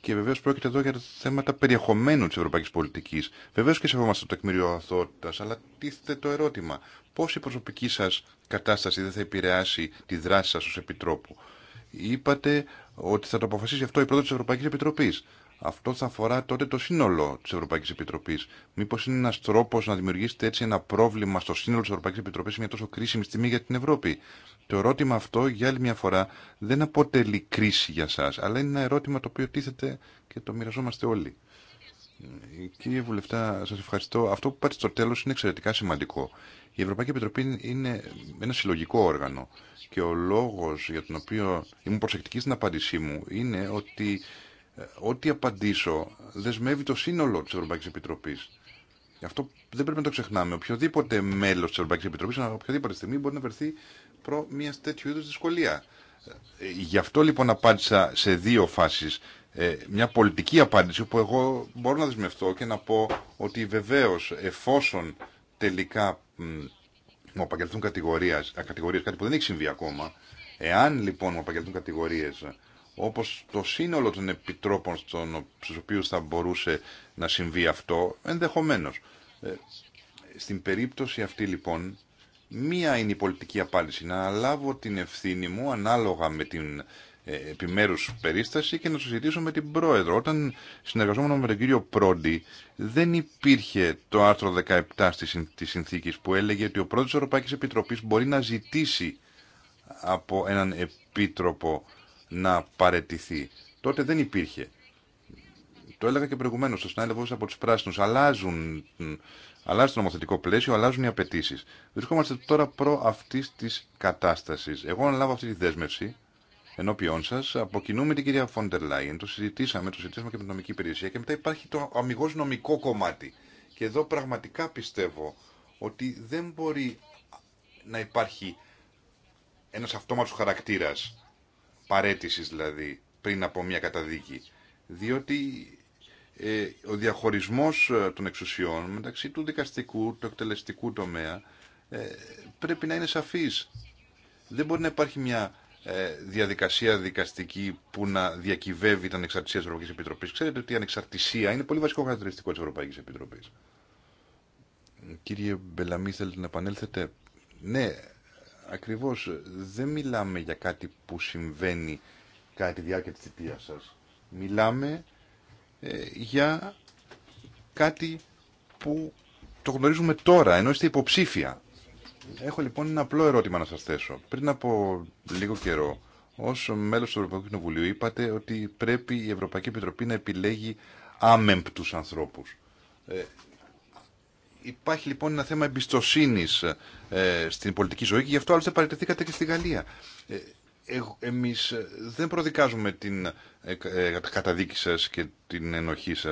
και βεβαίω πρόκειται εδώ για τα θέματα περιεχομένου τη ευρωπαϊκή πολιτική. Βεβαίω και σεβόμαστε το τεκμήριο αθότητα, αλλά τίθεται το ερώτημα. Πώ η προσωπική σα κατάσταση δεν θα επηρεάσει τη δράση σα ω Επιτρόπου. Είπατε ότι θα το αποφασίσει αυτό η πρόεδρο τη Ευρωπαϊκή Επιτροπή αυτό θα αφορά τότε το σύνολο τη Ευρωπαϊκή Επιτροπή. Μήπω είναι ένα τρόπο να δημιουργήσετε έτσι ένα πρόβλημα στο σύνολο τη Ευρωπαϊκή Επιτροπή σε μια τόσο κρίσιμη στιγμή για την Ευρώπη. Το ερώτημα αυτό, για άλλη μια φορά, δεν αποτελεί κρίση για εσά, αλλά είναι ένα ερώτημα το οποίο τίθεται και το μοιραζόμαστε όλοι. Κύριε Βουλευτά, σα ευχαριστώ. Αυτό που πάτε στο τέλο είναι εξαιρετικά σημαντικό. Η Ευρωπαϊκή Επιτροπή είναι ένα συλλογικό όργανο. Και ο λόγο για τον οποίο ήμουν προσεκτική στην απάντησή μου είναι ότι ε, ό,τι απαντήσω δεσμεύει το σύνολο τη Ευρωπαϊκή Επιτροπή. Γι' αυτό δεν πρέπει να το ξεχνάμε. Οποιοδήποτε μέλο τη Ευρωπαϊκή Επιτροπή, οποιαδήποτε στιγμή, μπορεί να βρεθεί προ μια τέτοιου είδου δυσκολία. Ε, γι' αυτό λοιπόν απάντησα σε δύο φάσει. Ε, μια πολιτική απάντηση που εγώ μπορώ να δεσμευτώ και να πω ότι βεβαίω εφόσον τελικά μου απαγγελθούν κατηγορίε, κάτι που δεν έχει συμβεί ακόμα, εάν λοιπόν μου απαγγελθούν κατηγορίε όπως το σύνολο των επιτρόπων στον, στους θα μπορούσε να συμβεί αυτό, ενδεχομένως. Ε, στην περίπτωση αυτή λοιπόν, μία είναι η πολιτική απάντηση, να λάβω την ευθύνη μου ανάλογα με την ε, επιμέρους περίσταση και να συζητήσω με την πρόεδρο. Όταν συνεργαζόμουν με τον κύριο Πρόντι, δεν υπήρχε το άρθρο 17 της συνθήκης που έλεγε ότι ο πρόεδρος της Ευρωπαϊκής Επιτροπής μπορεί να ζητήσει από έναν επίτροπο να παρετηθεί. Τότε δεν υπήρχε. Το έλεγα και προηγουμένω, ο συνάδελφο από του πράσινου. Αλλάζουν, αλλάζει το νομοθετικό πλαίσιο, αλλάζουν οι απαιτήσει. Βρισκόμαστε τώρα προ αυτή τη κατάσταση. Εγώ λάβω αυτή τη δέσμευση ενώπιον σα, αποκοινούμε την κυρία Φόντερ Λάιεν, το συζητήσαμε, το συζητήσαμε και με την νομική υπηρεσία και μετά υπάρχει το αμυγό νομικό κομμάτι. Και εδώ πραγματικά πιστεύω ότι δεν μπορεί να υπάρχει ένα αυτόματος χαρακτήρα παρέτησης δηλαδή πριν από μια καταδίκη. Διότι ε, ο διαχωρισμός ε, των εξουσιών μεταξύ του δικαστικού, του εκτελεστικού τομέα ε, πρέπει να είναι σαφής. Δεν μπορεί να υπάρχει μια ε, διαδικασία δικαστική που να διακυβεύει την ανεξαρτησία της Ευρωπαϊκής Επιτροπής. Ξέρετε ότι η ανεξαρτησία είναι πολύ βασικό χαρακτηριστικό της Ευρωπαϊκής Επιτροπής. Κύριε Μπελαμή, θέλετε να επανέλθετε. Ναι, ακριβώς δεν μιλάμε για κάτι που συμβαίνει κατά τη διάρκεια της θητείας σας. Μιλάμε ε, για κάτι που το γνωρίζουμε τώρα, ενώ είστε υποψήφια. Έχω λοιπόν ένα απλό ερώτημα να σας θέσω. Πριν από λίγο καιρό, ως μέλος του Ευρωπαϊκού Κοινοβουλίου, είπατε ότι πρέπει η Ευρωπαϊκή Επιτροπή να επιλέγει άμεμπτους ανθρώπους. Ε, Υπάρχει λοιπόν ένα θέμα εμπιστοσύνη ε, στην πολιτική ζωή και γι' αυτό άλλωστε παραιτηθήκατε και στη Γαλλία. Ε, ε, Εμεί δεν προδικάζουμε την ε, ε, καταδίκη σα και την ενοχή σα,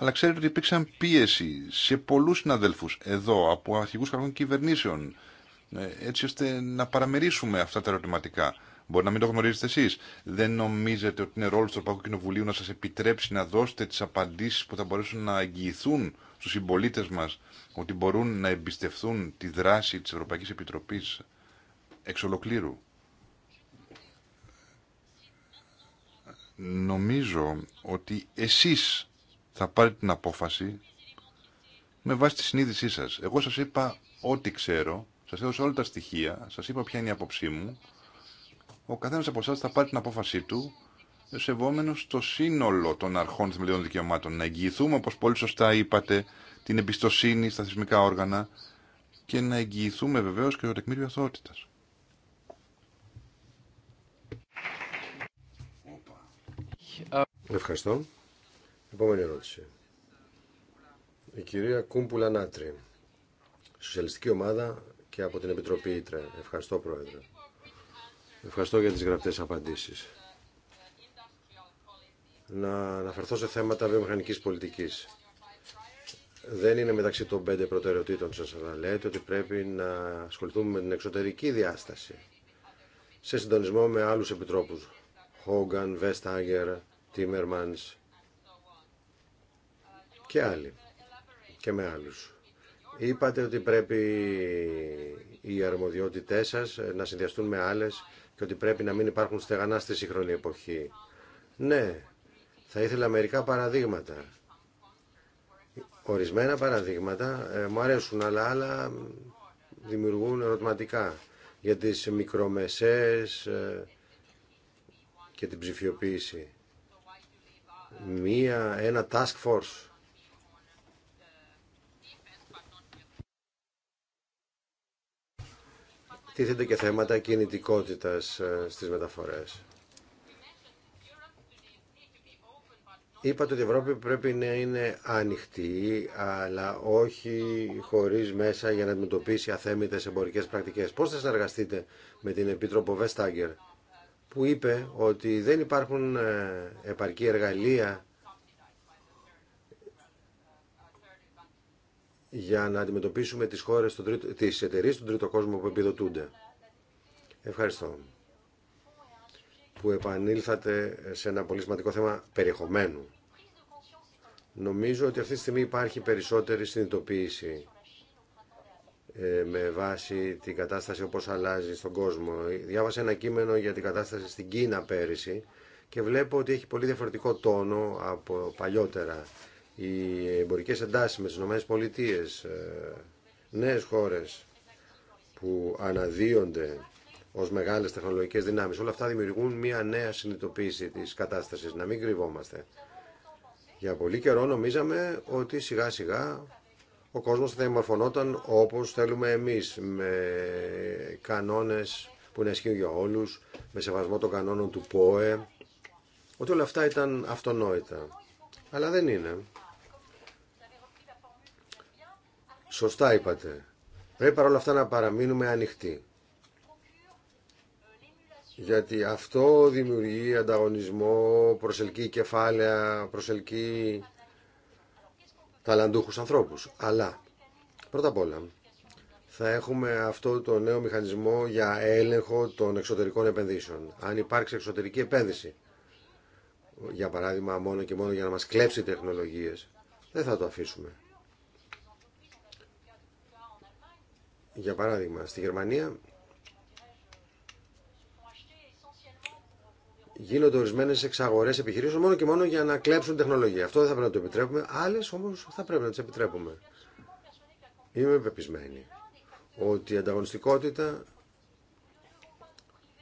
αλλά ξέρετε ότι υπήρξαν πίεση σε πολλού συναδέλφου εδώ από αρχηγού κρατών κυβερνήσεων, έτσι ώστε να παραμερίσουμε αυτά τα ερωτηματικά. Μπορεί να μην το γνωρίζετε εσεί. Δεν νομίζετε ότι είναι ρόλο του Ευρωπαϊκού Κοινοβουλίου να σα επιτρέψει να δώσετε τι απαντήσει που θα μπορέσουν να εγγυηθούν στους συμπολίτες μας ότι μπορούν να εμπιστευθούν τη δράση της Ευρωπαϊκής Επιτροπής εξ ολοκλήρου. Νομίζω ότι εσείς θα πάρετε την απόφαση με βάση τη συνείδησή σας. Εγώ σας είπα ό,τι ξέρω, σας έδωσα όλα τα στοιχεία, σας είπα ποια είναι η άποψή μου. Ο καθένας από εσάς θα πάρει την απόφασή του σεβόμενο το σύνολο των αρχών θεμελιών δικαιωμάτων. Να εγγυηθούμε, όπω πολύ σωστά είπατε, την εμπιστοσύνη στα θεσμικά όργανα και να εγγυηθούμε βεβαίως και το τεκμήριο αθωότητα. Ευχαριστώ. Επόμενη ερώτηση. Η κυρία Κούμπουλα Νάτρη, Σοσιαλιστική Ομάδα και από την Επιτροπή Ήτρε. Ευχαριστώ, Πρόεδρε. Ευχαριστώ για τις γραπτές απαντήσεις να αναφερθώ σε θέματα βιομηχανικής πολιτικής. Δεν είναι μεταξύ των πέντε προτεραιοτήτων σας, αλλά λέτε ότι πρέπει να ασχοληθούμε με την εξωτερική διάσταση σε συντονισμό με άλλους επιτρόπους. Χόγκαν, Βέσταγερ, Τίμερμανς και άλλοι. Και με άλλους. Είπατε ότι πρέπει οι αρμοδιότητές σας να συνδυαστούν με άλλες και ότι πρέπει να μην υπάρχουν στεγανά στη σύγχρονη εποχή. Ναι, θα ήθελα μερικά παραδείγματα. Ορισμένα παραδείγματα ε, μου αρέσουν, αλλά δημιουργούν ερωτηματικά για τις μικρομεσές ε, και την ψηφιοποίηση. Μία, ένα task force τίθενται και θέματα κινητικότητας ε, στις μεταφορές. Είπατε ότι η Ευρώπη πρέπει να είναι ανοιχτή, αλλά όχι χωρίς μέσα για να αντιμετωπίσει αθέμητες εμπορικές πρακτικές. Πώς θα συνεργαστείτε με την Επίτροπο Βεστάγκερ, που είπε ότι δεν υπάρχουν ε, επαρκή εργαλεία για να αντιμετωπίσουμε τις, χώρες, τις εταιρείες του τρίτου κόσμου που επιδοτούνται. Ευχαριστώ που επανήλθατε σε ένα πολύ σημαντικό θέμα περιεχομένου. Νομίζω ότι αυτή τη στιγμή υπάρχει περισσότερη συνειδητοποίηση ε, με βάση την κατάσταση όπως αλλάζει στον κόσμο. Διάβασα ένα κείμενο για την κατάσταση στην Κίνα πέρυσι και βλέπω ότι έχει πολύ διαφορετικό τόνο από παλιότερα. Οι εμπορικέ εντάσεις με τις νομές Πολιτείες, ε, νέες χώρες που αναδύονται ω μεγάλε τεχνολογικέ δυνάμει. Όλα αυτά δημιουργούν μια νέα συνειδητοποίηση τη κατάσταση. Να μην κρυβόμαστε. Για πολύ καιρό νομίζαμε ότι σιγά σιγά ο κόσμο θα διαμορφωνόταν όπω θέλουμε εμεί, με κανόνε που να ισχύουν για όλου, με σεβασμό των κανόνων του ΠΟΕ, ότι όλα αυτά ήταν αυτονόητα. Αλλά δεν είναι. Σωστά είπατε. Πρέπει παρόλα αυτά να παραμείνουμε ανοιχτοί γιατί αυτό δημιουργεί ανταγωνισμό, προσελκύει κεφάλαια, προσελκύει ταλαντούχους ανθρώπους. Αλλά, πρώτα απ' όλα, θα έχουμε αυτό το νέο μηχανισμό για έλεγχο των εξωτερικών επενδύσεων. Αν υπάρξει εξωτερική επένδυση, για παράδειγμα μόνο και μόνο για να μας κλέψει τεχνολογίες, δεν θα το αφήσουμε. Για παράδειγμα, στη Γερμανία γίνονται ορισμένε εξαγορέ επιχειρήσεων μόνο και μόνο για να κλέψουν τεχνολογία. Αυτό δεν θα πρέπει να το επιτρέπουμε. Άλλε όμω θα πρέπει να τι επιτρέπουμε. Είμαι πεπισμένη ότι η ανταγωνιστικότητα.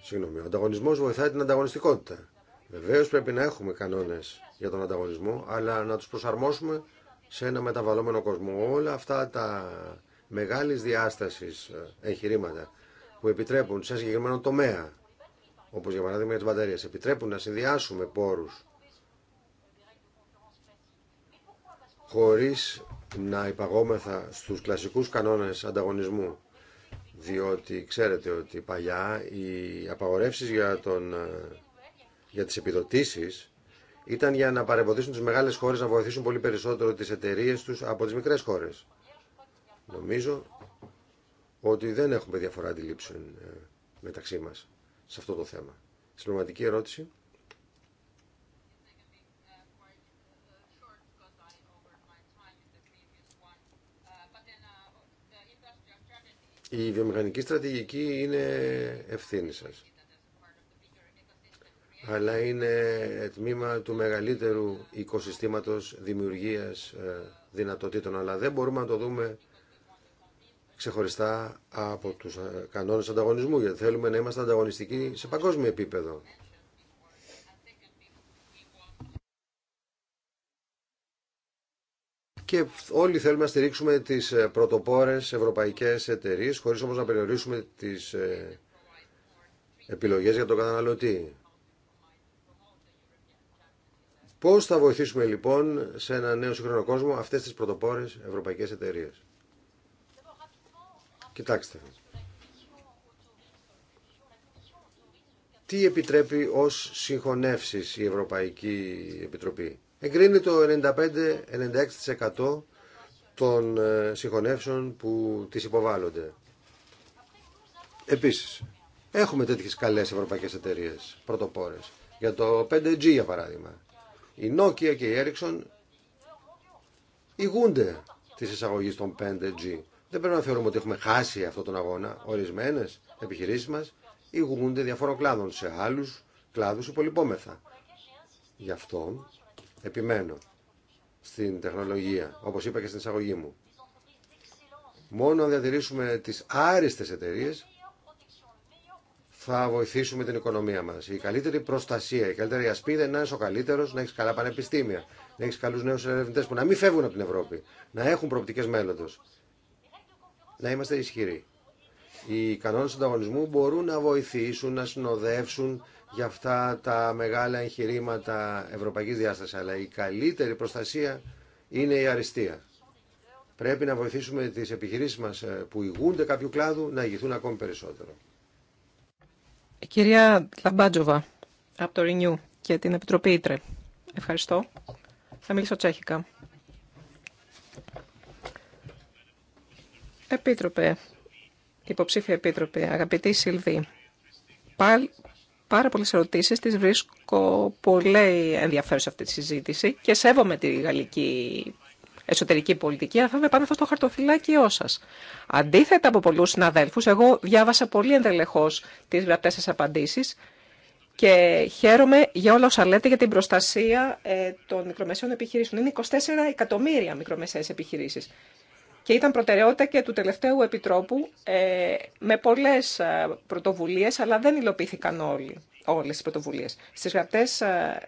Συγγνώμη, ο ανταγωνισμό βοηθάει την ανταγωνιστικότητα. Βεβαίω πρέπει να έχουμε κανόνε για τον ανταγωνισμό, αλλά να του προσαρμόσουμε σε ένα μεταβαλλόμενο κόσμο. Όλα αυτά τα μεγάλη διάσταση ε, εγχειρήματα που επιτρέπουν σε συγκεκριμένο τομέα όπως για παράδειγμα για τις μπαταρίες, επιτρέπουν να συνδυάσουμε πόρους χωρίς να υπαγόμεθα στους κλασικούς κανόνες ανταγωνισμού. Διότι ξέρετε ότι παλιά οι απαγορεύσεις για, τον, για τις επιδοτήσεις ήταν για να παρεμποδίσουν τις μεγάλες χώρες να βοηθήσουν πολύ περισσότερο τις εταιρείε τους από τις μικρές χώρες. Νομίζω ότι δεν έχουμε διαφορά αντιλήψεων ε, μεταξύ μας σε αυτό το θέμα. Συνοματική ερώτηση. Η βιομηχανική στρατηγική είναι ευθύνη σας. Αλλά είναι τμήμα του μεγαλύτερου οικοσυστήματος δημιουργίας ε, δυνατοτήτων. Αλλά δεν μπορούμε να το δούμε ξεχωριστά από τους ε, κανόνες ανταγωνισμού, γιατί θέλουμε να είμαστε ανταγωνιστικοί σε παγκόσμιο επίπεδο. Και όλοι θέλουμε να στηρίξουμε τις ε, πρωτοπόρες ευρωπαϊκές εταιρείες, χωρίς όμως να περιορίσουμε τις ε, επιλογές για τον καταναλωτή. Πώς θα βοηθήσουμε λοιπόν σε ένα νέο σύγχρονο κόσμο αυτές τις πρωτοπόρες ευρωπαϊκές εταιρείες. Κοιτάξτε. Τι επιτρέπει ως συγχωνεύσεις η Ευρωπαϊκή Επιτροπή. Εγκρίνει το 95-96% των ε, συγχωνεύσεων που τις υποβάλλονται. Επίσης, έχουμε τέτοιες καλές ευρωπαϊκές εταιρείες, πρωτοπόρες. Για το 5G, για παράδειγμα. Η Nokia και η Ericsson ηγούνται της εισαγωγής των 5G. Δεν πρέπει να θεωρούμε ότι έχουμε χάσει αυτόν τον αγώνα. Ορισμένε επιχειρήσει μα ηγούνται διαφόρων κλάδων. Σε άλλου κλάδου υπολοιπόμεθα. Γι' αυτό επιμένω στην τεχνολογία, όπω είπα και στην εισαγωγή μου. Μόνο αν διατηρήσουμε τι άριστε εταιρείε θα βοηθήσουμε την οικονομία μα. Η καλύτερη προστασία, η καλύτερη ασπίδα είναι να είσαι ο καλύτερος, να έχει καλά πανεπιστήμια, να έχει καλού νέου ερευνητέ που να μην φεύγουν από την Ευρώπη, να έχουν προοπτικέ μέλλοντο να είμαστε ισχυροί. Οι κανόνες του ανταγωνισμού μπορούν να βοηθήσουν, να συνοδεύσουν για αυτά τα μεγάλα εγχειρήματα ευρωπαϊκής διάστασης, αλλά η καλύτερη προστασία είναι η αριστεία. Πρέπει να βοηθήσουμε τις επιχειρήσεις μας ε, που ηγούνται κάποιου κλάδου να ηγηθούν ακόμη περισσότερο. κυρία από και την Επιτροπή Ευχαριστώ. Θα μιλήσω τσέχικα. Επίτροπε, υποψήφια επίτροπε, αγαπητή Σιλβή, πάρα πολλές ερωτήσεις τις βρίσκω πολύ ενδιαφέρουσα αυτή τη συζήτηση και σέβομαι τη γαλλική εσωτερική πολιτική, αλλά με πάνω αυτό στο χαρτοφυλάκιό σα. Αντίθετα από πολλού συναδέλφου, εγώ διάβασα πολύ εντελεχώ τι γραπτέ σα απαντήσει και χαίρομαι για όλα όσα λέτε για την προστασία ε, των μικρομεσαίων επιχειρήσεων. Είναι 24 εκατομμύρια μικρομεσαίες επιχειρήσεις και ήταν προτεραιότητα και του τελευταίου Επιτρόπου ε, με πολλές ε, πρωτοβουλίες, αλλά δεν υλοποιήθηκαν όλοι, όλες τις πρωτοβουλίες. Στις γραπτές ε,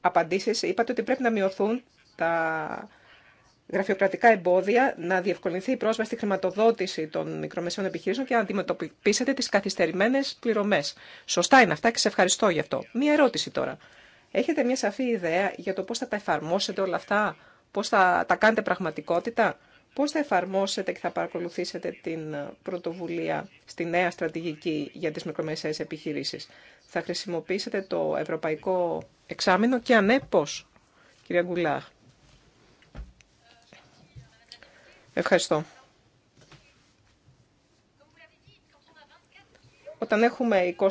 απαντήσεις είπατε ότι πρέπει να μειωθούν τα γραφειοκρατικά εμπόδια, να διευκολυνθεί η πρόσβαση στη χρηματοδότηση των μικρομεσαίων επιχειρήσεων και να αντιμετωπίσετε τις καθυστερημένες πληρωμές. Σωστά είναι αυτά και σε ευχαριστώ γι' αυτό. Μία ερώτηση τώρα. Έχετε μια σαφή ιδέα για το πώς θα τα εφαρμόσετε όλα αυτά, πώς θα τα κάνετε πραγματικότητα Πώς θα εφαρμόσετε και θα παρακολουθήσετε την πρωτοβουλία στη νέα στρατηγική για τις μικρομεσαίες επιχειρήσεις. Θα χρησιμοποιήσετε το ευρωπαϊκό εξάμεινο και ανέπω, ναι, πώς, κυρία Γκουλάχ. Ευχαριστώ. όταν έχουμε 24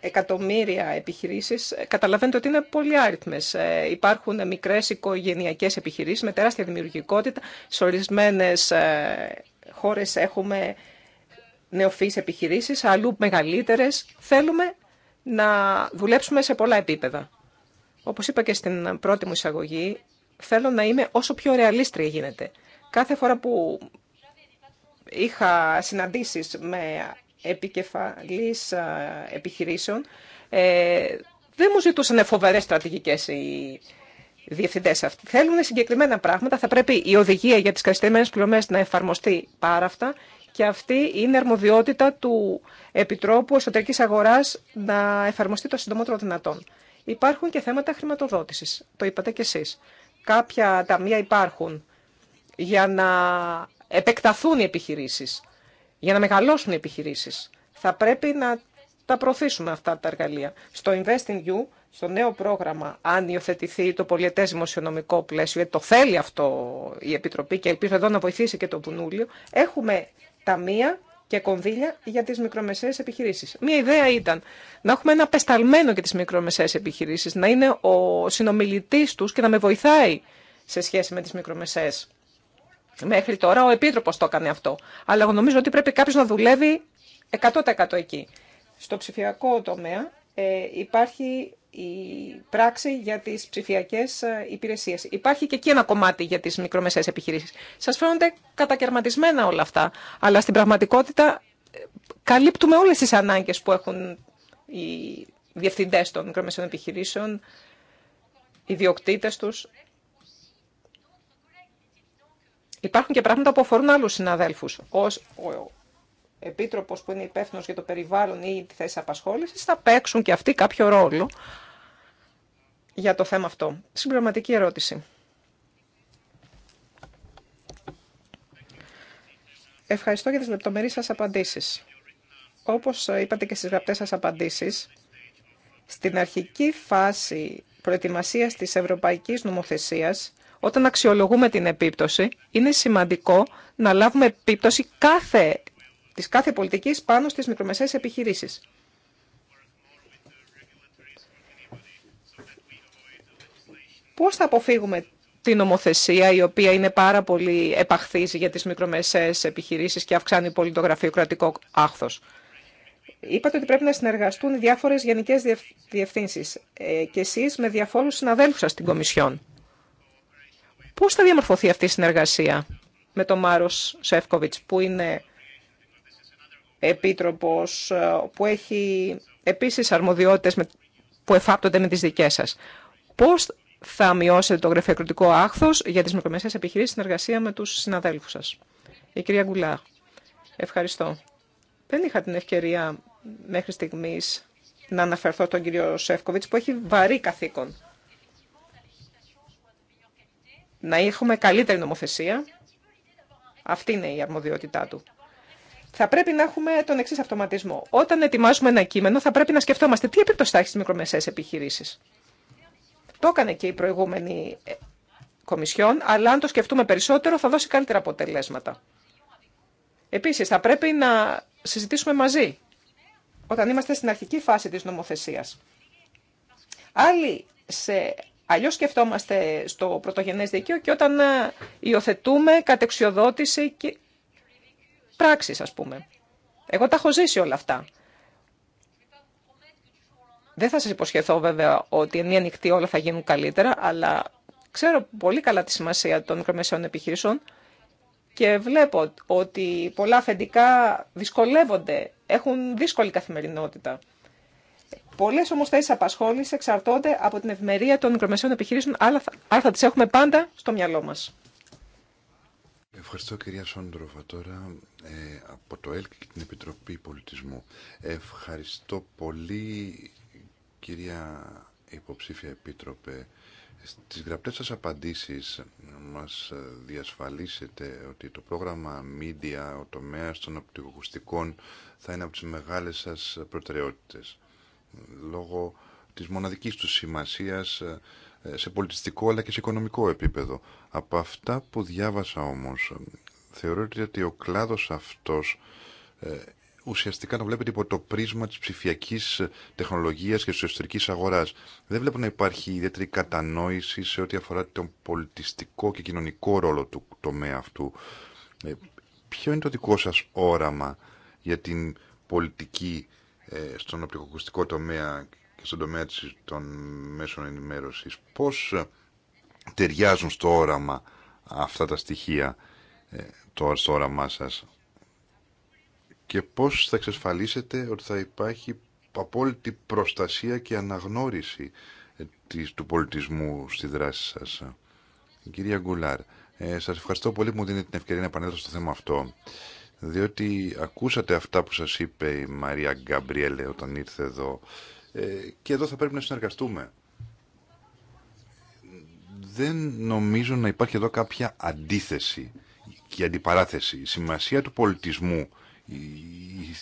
εκατομμύρια επιχειρήσεις, καταλαβαίνετε ότι είναι πολύ άριθμες. Ε, υπάρχουν μικρές οικογενειακές επιχειρήσεις με τεράστια δημιουργικότητα. Σε ορισμένε ε, χώρες έχουμε νεοφύης επιχειρήσεις, αλλού μεγαλύτερες. Θέλουμε να δουλέψουμε σε πολλά επίπεδα. Όπως είπα και στην πρώτη μου εισαγωγή, θέλω να είμαι όσο πιο ρεαλίστρια γίνεται. Κάθε φορά που είχα συναντήσεις με επικεφαλής επιχειρήσεων, ε, δεν μου ζητούσαν φοβερές στρατηγικές οι διευθυντέ αυτοί. Θέλουν συγκεκριμένα πράγματα. Θα πρέπει η οδηγία για τις καθυστερημένες πληρωμές να εφαρμοστεί πάρα αυτά και αυτή είναι αρμοδιότητα του Επιτρόπου Εσωτερικής Αγοράς να εφαρμοστεί το συντομότερο δυνατόν. Υπάρχουν και θέματα χρηματοδότησης. Το είπατε κι εσείς. Κάποια ταμεία υπάρχουν για να επεκταθούν οι επιχειρήσεις για να μεγαλώσουν οι επιχειρήσεις. Θα πρέπει να τα προωθήσουμε αυτά τα εργαλεία. Στο Investing You, στο νέο πρόγραμμα, αν υιοθετηθεί το πολιετέ δημοσιονομικό πλαίσιο, γιατί το θέλει αυτό η Επιτροπή και ελπίζω εδώ να βοηθήσει και το Βουνούλιο, έχουμε ταμεία και κονδύλια για τις μικρομεσαίες επιχειρήσεις. Μία ιδέα ήταν να έχουμε ένα πεσταλμένο για τις μικρομεσαίες επιχειρήσεις, να είναι ο συνομιλητής τους και να με βοηθάει σε σχέση με τις μικρομεσαίες μέχρι τώρα. Ο επίτροπο το έκανε αυτό. Αλλά εγώ νομίζω ότι πρέπει κάποιο να δουλεύει 100% εκεί. Στο ψηφιακό τομέα ε, υπάρχει η πράξη για τι ψηφιακέ ε, υπηρεσίε. Υπάρχει και εκεί ένα κομμάτι για τι μικρομεσαίε επιχειρήσει. Σα φαίνονται κατακαιρματισμένα όλα αυτά, αλλά στην πραγματικότητα ε, καλύπτουμε όλε τι ανάγκε που έχουν οι διευθυντέ των μικρομεσαίων επιχειρήσεων, οι διοκτήτε του. Υπάρχουν και πράγματα που αφορούν άλλου συναδέλφου. Ω ο επίτροπο που είναι υπεύθυνο για το περιβάλλον ή τη θέση απασχόληση, θα παίξουν και αυτοί κάποιο ρόλο για το θέμα αυτό. Συμπληρωματική ερώτηση. Ευχαριστώ για τις λεπτομερείς σας απαντήσεις. Όπως είπατε και στις γραπτές σας απαντήσεις, στην αρχική φάση προετοιμασίας της ευρωπαϊκής νομοθεσίας όταν αξιολογούμε την επίπτωση, είναι σημαντικό να λάβουμε επίπτωση κάθε, της κάθε πολιτικής πάνω στις μικρομεσαίες επιχειρήσεις. Πώς θα αποφύγουμε την νομοθεσία η οποία είναι πάρα πολύ επαχθής για τις μικρομεσαίες επιχειρήσεις και αυξάνει πολύ το γραφειοκρατικό άχθος. Είπατε ότι πρέπει να συνεργαστούν διάφορες γενικές διευθύνσεις ε, και εσείς με διαφόρους συναδέλφους σας στην Κομισιόν. Πώς θα διαμορφωθεί αυτή η συνεργασία με τον Μάρος Σεύκοβιτς, που είναι επίτροπος, ε, που έχει επίσης αρμοδιότητες που εφάπτονται με τις δικές σας. Πώς θα μειώσετε το γραφειοκρατικό άχθος για τις μικρομεσαίες επιχειρήσεις συνεργασία με τους συναδέλφους σας. Η κυρία Γκουλά, ευχαριστώ. Δεν είχα την ευκαιρία μέχρι στιγμής να αναφερθώ τον κύριο Σεύκοβιτς που έχει βαρύ καθήκον να έχουμε καλύτερη νομοθεσία. Αυτή είναι η αρμοδιότητά του. Θα πρέπει να έχουμε τον εξή αυτοματισμό. Όταν ετοιμάζουμε ένα κείμενο, θα πρέπει να σκεφτόμαστε τι επίπτωση θα έχει στι μικρομεσαίε επιχειρήσει. Το έκανε και η προηγούμενη ε, Κομισιόν, αλλά αν το σκεφτούμε περισσότερο, θα δώσει καλύτερα αποτελέσματα. Επίση, θα πρέπει να συζητήσουμε μαζί όταν είμαστε στην αρχική φάση της νομοθεσίας. Άλλοι σε Αλλιώς σκεφτόμαστε στο πρωτογενές δίκαιο και όταν ε, υιοθετούμε κατεξιοδότηση και πράξεις, ας πούμε. Εγώ τα έχω ζήσει όλα αυτά. Δεν θα σας υποσχεθώ βέβαια ότι μια νυχτή όλα θα γίνουν καλύτερα, αλλά ξέρω πολύ καλά τη σημασία των μικρομεσαίων επιχειρήσεων και βλέπω ότι πολλά αφεντικά δυσκολεύονται, έχουν δύσκολη καθημερινότητα. Πολλέ όμω θέσει απασχόληση εξαρτώνται από την ευμερία των μικρομεσαίων επιχειρήσεων, αλλά θα, θα τι έχουμε πάντα στο μυαλό μα. Ευχαριστώ κυρία Σόντροφα τώρα ε, από το ΕΛΚ και την Επιτροπή Πολιτισμού. Ευχαριστώ πολύ κυρία υποψήφια Επίτροπε. Στις γραπτές σας απαντήσεις μας διασφαλίσετε ότι το πρόγραμμα Media, ο τομέας των οπτικοκουστικών θα είναι από τις μεγάλες σας προτεραιότητες λόγω της μοναδικής του σημασίας ε, σε πολιτιστικό αλλά και σε οικονομικό επίπεδο. Από αυτά που διάβασα όμως, θεωρώ ότι ο κλάδος αυτός ε, ουσιαστικά το βλέπετε υπό το πρίσμα της ψηφιακής ε, τεχνολογίας και της εσωτερικής αγοράς. Δεν βλέπω να υπάρχει ιδιαίτερη κατανόηση σε ό,τι αφορά τον πολιτιστικό και κοινωνικό ρόλο του τομέα αυτού. ποιο είναι το δικό σας όραμα για την πολιτική ε, στον οπτικοκουστικό τομέα και στον τομέα των μέσων ενημέρωσης. Πώς ε, ταιριάζουν στο όραμα αυτά τα στοιχεία ε, το, στο όραμά σας και πώς θα εξασφαλίσετε ότι θα υπάρχει απόλυτη προστασία και αναγνώριση της, του πολιτισμού στη δράση σας. Κυρία Γκουλάρ, ε, σας ευχαριστώ πολύ που μου δίνετε την ευκαιρία να επανέλθω στο θέμα αυτό διότι ακούσατε αυτά που σας είπε η Μαρία Γκαμπριέλε όταν ήρθε εδώ ε, και εδώ θα πρέπει να συνεργαστούμε. Δεν νομίζω να υπάρχει εδώ κάποια αντίθεση και αντιπαράθεση. Η σημασία του πολιτισμού, η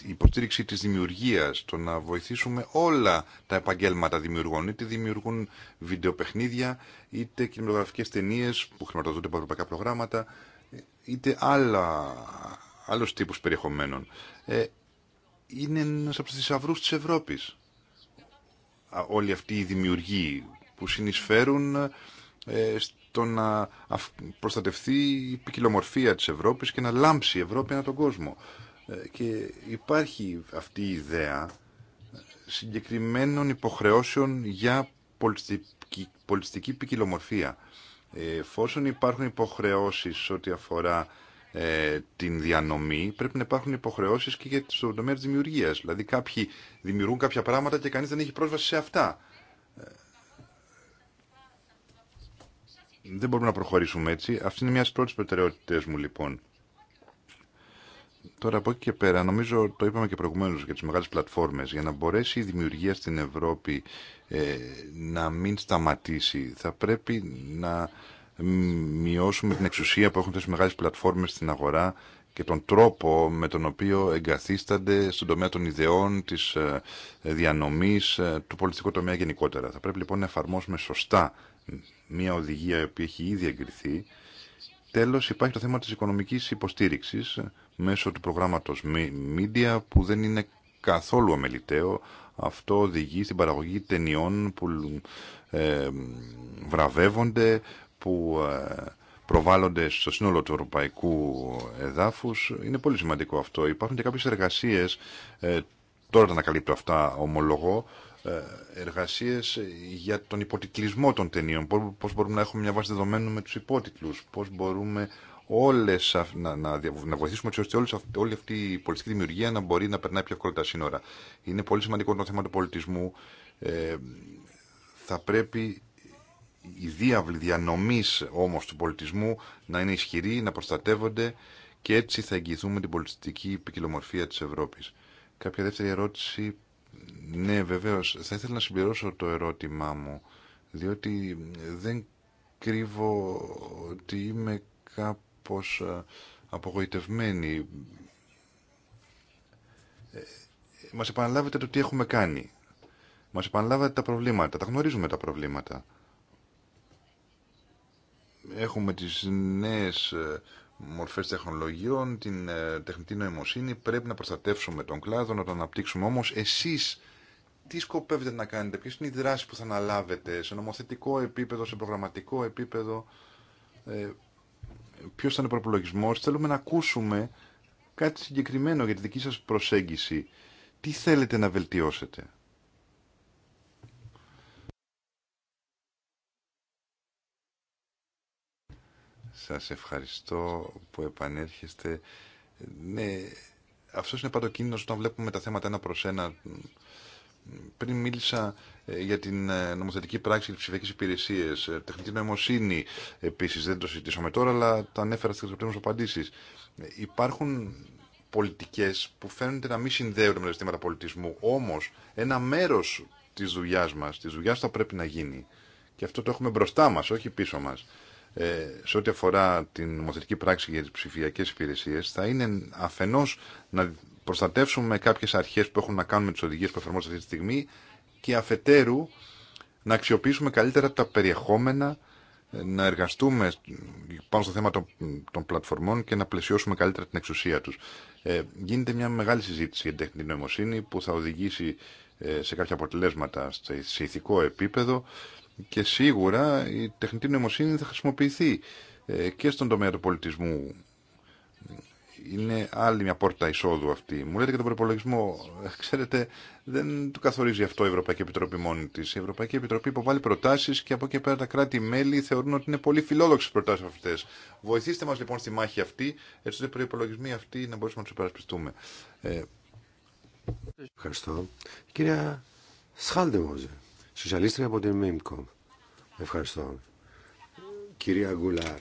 υποστήριξη της δημιουργίας, το να βοηθήσουμε όλα τα επαγγέλματα δημιουργών, είτε δημιουργούν βιντεοπαιχνίδια, είτε κινηματογραφικές ταινίες που χρηματοδοτούνται από ευρωπαϊκά προγράμματα, είτε άλλα άλλους τύπους περιεχομένων. Ε, είναι ένας από τους θησαυρούς της Ευρώπης. Όλοι αυτοί οι δημιουργοί που συνεισφέρουν ε, στο να προστατευτεί η ποικιλομορφία της Ευρώπης και να λάμψει η Ευρώπη ανά τον κόσμο. Ε, και υπάρχει αυτή η ιδέα ε, συγκεκριμένων υποχρεώσεων για πολιτιστική, πολιτιστική ποικιλομορφία. Εφόσον υπάρχουν υποχρεώσεις ό,τι αφορά ε, την διανομή, πρέπει να υπάρχουν υποχρεώσει και για το τομέα τη δημιουργία. Δηλαδή, κάποιοι δημιουργούν κάποια πράγματα και κανεί δεν έχει πρόσβαση σε αυτά. Ε, δεν μπορούμε να προχωρήσουμε έτσι. Αυτή είναι μια στι πρώτε προτεραιότητέ μου, λοιπόν. Τώρα από εκεί και πέρα, νομίζω το είπαμε και προηγουμένω για τι μεγάλε πλατφόρμες, για να μπορέσει η δημιουργία στην Ευρώπη ε, να μην σταματήσει, θα πρέπει να μειώσουμε την εξουσία που έχουν τις μεγάλες πλατφόρμες στην αγορά και τον τρόπο με τον οποίο εγκαθίστανται στον τομέα των ιδεών, της ε, διανομής, ε, του πολιτικού τομέα γενικότερα. Θα πρέπει λοιπόν να εφαρμόσουμε σωστά μια οδηγία η οποία έχει ήδη εγκριθεί. Τέλος υπάρχει το θέμα της οικονομικής υποστήριξης μέσω του προγράμματος Media που δεν είναι καθόλου αμεληταίο. Αυτό οδηγεί στην παραγωγή ταινιών που ε, βραβεύονται, που ε, προβάλλονται στο σύνολο του ευρωπαϊκού εδάφους. Είναι πολύ σημαντικό αυτό. Υπάρχουν και κάποιες εργασίες, ε, τώρα τα ανακαλύπτω αυτά ομολογώ, ε, εργασίες για τον υποτιτλισμό των ταινίων. Πώς μπορούμε να έχουμε μια βάση δεδομένου με τους υπότιτλους. Πώς μπορούμε όλες, να, να, να βοηθήσουμε έτσι ώστε όλη αυτή η πολιτική δημιουργία να μπορεί να περνάει πιο εύκολα τα σύνορα. Είναι πολύ σημαντικό το θέμα του πολιτισμού. Ε, θα πρέπει η διάβλη διανομής όμως του πολιτισμού να είναι ισχυροί, να προστατεύονται και έτσι θα εγγυηθούμε την πολιτιστική ποικιλομορφία της Ευρώπης. Κάποια δεύτερη ερώτηση. Ναι, βεβαίως. Θα ήθελα να συμπληρώσω το ερώτημά μου, διότι δεν κρύβω ότι είμαι κάπως ε, απογοητευμένη. Ε, ε, μας επαναλάβετε το τι έχουμε κάνει. Μας επαναλάβετε τα προβλήματα. Τα γνωρίζουμε τα προβλήματα έχουμε τις νέες ε, μορφές τεχνολογιών, την ε, τεχνητή νοημοσύνη, πρέπει να προστατεύσουμε τον κλάδο, να τον αναπτύξουμε όμως εσείς τι σκοπεύετε να κάνετε, ποιες είναι οι δράσεις που θα αναλάβετε σε νομοθετικό επίπεδο, σε προγραμματικό επίπεδο, ε, ποιος θα είναι ο προπολογισμός. Θέλουμε να ακούσουμε κάτι συγκεκριμένο για τη δική σας προσέγγιση. Τι θέλετε να βελτιώσετε. Σας ευχαριστώ που επανέρχεστε. Ναι, αυτός είναι πάντο κίνδυνος όταν βλέπουμε τα θέματα ένα προς ένα. Πριν μίλησα ε, για την ε, νομοθετική πράξη και τις ψηφιακές υπηρεσίες, ε, Τεχνητή νοημοσύνη επίση δεν το συζητήσαμε τώρα, αλλά τα ανέφερα στι τελευταίε μου απαντήσει. Υπάρχουν πολιτικές που φαίνονται να μην συνδέονται με τα ζητήματα πολιτισμού. όμως ένα μέρος της δουλειά μα, τη δουλειά θα πρέπει να γίνει. Και αυτό το έχουμε μπροστά μα, όχι πίσω μα ε, σε ό,τι αφορά την νομοθετική πράξη για τις ψηφιακές υπηρεσίες θα είναι αφενός να προστατεύσουμε κάποιες αρχές που έχουν να κάνουν με τις οδηγίες που εφαρμόζονται αυτή τη στιγμή και αφετέρου να αξιοποιήσουμε καλύτερα τα περιεχόμενα, ε, να εργαστούμε πάνω στο θέμα των, των πλατφορμών και να πλαισιώσουμε καλύτερα την εξουσία τους. Ε, γίνεται μια μεγάλη συζήτηση για την τεχνητή νοημοσύνη που θα οδηγήσει ε, σε κάποια αποτελέσματα σε ηθικό επίπεδο και σίγουρα η τεχνητή νοημοσύνη θα χρησιμοποιηθεί ε, και στον τομέα του πολιτισμού. Είναι άλλη μια πόρτα εισόδου αυτή. Μου λέτε και τον προπολογισμό. Ε, ξέρετε, δεν του καθορίζει αυτό η Ευρωπαϊκή Επιτροπή μόνη τη. Η Ευρωπαϊκή Επιτροπή υποβάλλει προτάσει και από εκεί πέρα τα κράτη-μέλη θεωρούν ότι είναι πολύ φιλόδοξε προτάσει αυτέ. Βοηθήστε μα λοιπόν στη μάχη αυτή, έτσι ώστε οι προπολογισμοί αυτοί να μπορέσουμε να του υπερασπιστούμε. Ε... Ευχαριστώ. Κυρία Σοσιαλίστρια από την ΜΜΚΟΜ. Ευχαριστώ. Κυρία Γκουλάρ,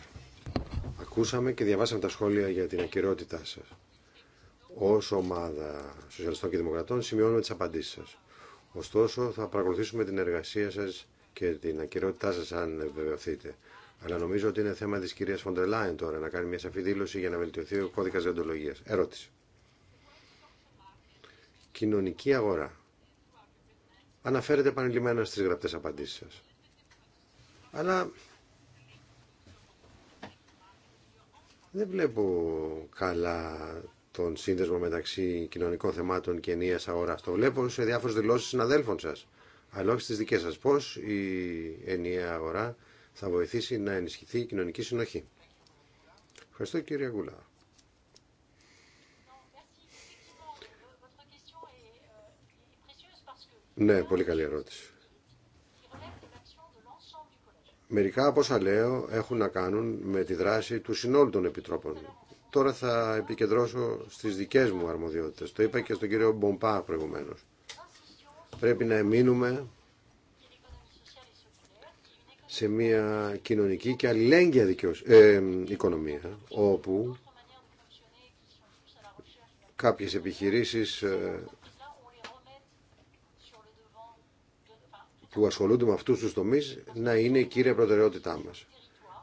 ακούσαμε και διαβάσαμε τα σχόλια για την ακυρότητά σα. Ω ομάδα Σοσιαλιστών και Δημοκρατών σημειώνουμε τι απαντήσει σα. Ωστόσο, θα παρακολουθήσουμε την εργασία σα και την ακυρότητά σα αν βεβαιωθείτε. Αλλά νομίζω ότι είναι θέμα τη κυρία Φοντελάιν τώρα να κάνει μια σαφή δήλωση για να βελτιωθεί ο κώδικα διοντολογία. Ερώτηση. Κοινωνική αγορά αναφέρεται επανειλημμένα στις γραπτές απαντήσεις σας. Αλλά δεν βλέπω καλά τον σύνδεσμο μεταξύ κοινωνικών θεμάτων και ενία αγοράς. Το βλέπω σε διάφορες δηλώσεις συναδέλφων σας, αλλά όχι στις δικές σας. Πώς η ενιαία αγορά θα βοηθήσει να ενισχυθεί η κοινωνική συνοχή. Ευχαριστώ κύριε Γκουλάου. Ναι, πολύ καλή ερώτηση. Μερικά από όσα λέω έχουν να κάνουν με τη δράση του συνόλου των επιτρόπων. Τώρα θα επικεντρώσω στις δικές μου αρμοδιότητες. Το είπα και στον κύριο Μπομπά προηγουμένως. Πρέπει να εμείνουμε σε μια κοινωνική και αλληλέγγυα ε, οικονομία, όπου κάποιες επιχειρήσεις ε, που ασχολούνται με αυτούς τους τομείς να είναι η κύρια προτεραιότητά μας.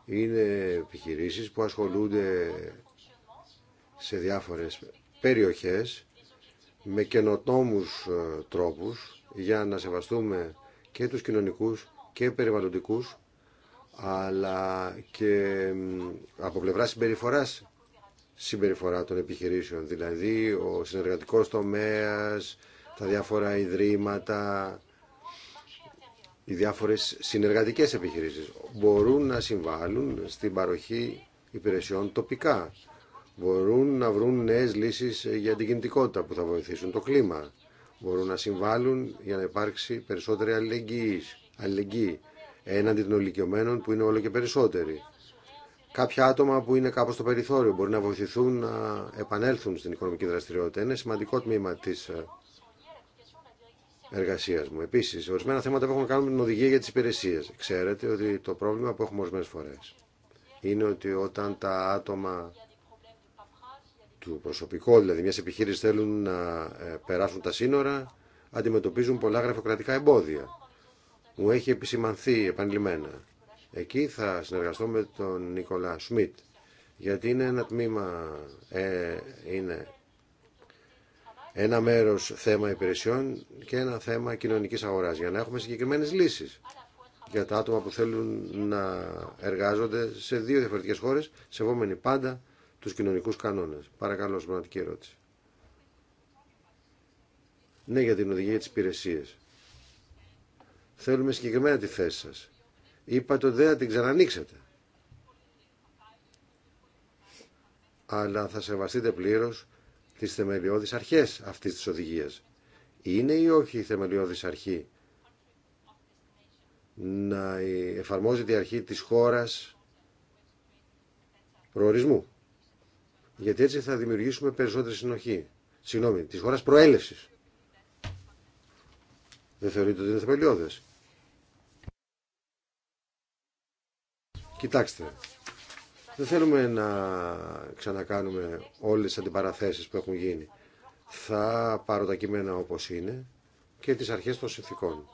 Είναι επιχειρήσεις που ασχολούνται σε διάφορες περιοχές με καινοτόμους ε, τρόπους για να σεβαστούμε και τους κοινωνικούς και περιβαλλοντικούς αλλά και από πλευρά συμπεριφοράς συμπεριφορά των επιχειρήσεων δηλαδή ο συνεργατικός τομέας τα διάφορα ιδρύματα οι διάφορες συνεργατικές επιχειρήσεις μπορούν να συμβάλλουν στην παροχή υπηρεσιών τοπικά. Μπορούν να βρουν νέες λύσεις για την κινητικότητα που θα βοηθήσουν το κλίμα. Μπορούν να συμβάλλουν για να υπάρξει περισσότερη αλληλεγγύη, έναντι των ηλικιωμένων που είναι όλο και περισσότεροι. Κάποια άτομα που είναι κάπως στο περιθώριο μπορεί να βοηθηθούν να επανέλθουν στην οικονομική δραστηριότητα. Είναι σημαντικό τμήμα της ε, εργασία μου. Επίση, ορισμένα θέματα που έχουν να κάνουν με την οδηγία για τι υπηρεσίε. Ξέρετε ότι το πρόβλημα που έχουμε ορισμένε φορέ είναι ότι όταν τα άτομα του προσωπικού, δηλαδή μια επιχείρηση, θέλουν να ε, περάσουν τα σύνορα, αντιμετωπίζουν πολλά γραφειοκρατικά εμπόδια. Μου έχει επισημανθεί επανειλημμένα. Εκεί θα συνεργαστώ με τον Νικολά Σμιτ, γιατί είναι ένα τμήμα, ε, είναι ένα μέρος θέμα υπηρεσιών και ένα θέμα κοινωνικής αγοράς για να έχουμε συγκεκριμένε λύσεις για τα άτομα που θέλουν να εργάζονται σε δύο διαφορετικές χώρες σεβόμενοι πάντα τους κοινωνικούς κανόνες. Παρακαλώ, σημαντική ερώτηση. Ναι, για την οδηγία της υπηρεσία. Θέλουμε συγκεκριμένα τη θέση σα. Είπατε ότι δεν θα την ξανανοίξετε. Αλλά θα σεβαστείτε πλήρως τι θεμελιώδει αρχέ αυτή τη οδηγία. ή όχι η θεμελιώδης αρχή να εφαρμόζεται η θεμελιώδη αρχη να εφαρμοζεται η αρχη της χώρας προορισμού. Γιατί έτσι θα δημιουργήσουμε περισσότερη συνοχή. Συγγνώμη, της χώρας προέλευση. Δεν θεωρείτε ότι είναι θεμελιώδε. Κοιτάξτε, δεν θέλουμε να ξανακάνουμε όλες τις αντιπαραθέσεις που έχουν γίνει. Θα πάρω τα κείμενα όπως είναι και τις αρχές των συνθήκων.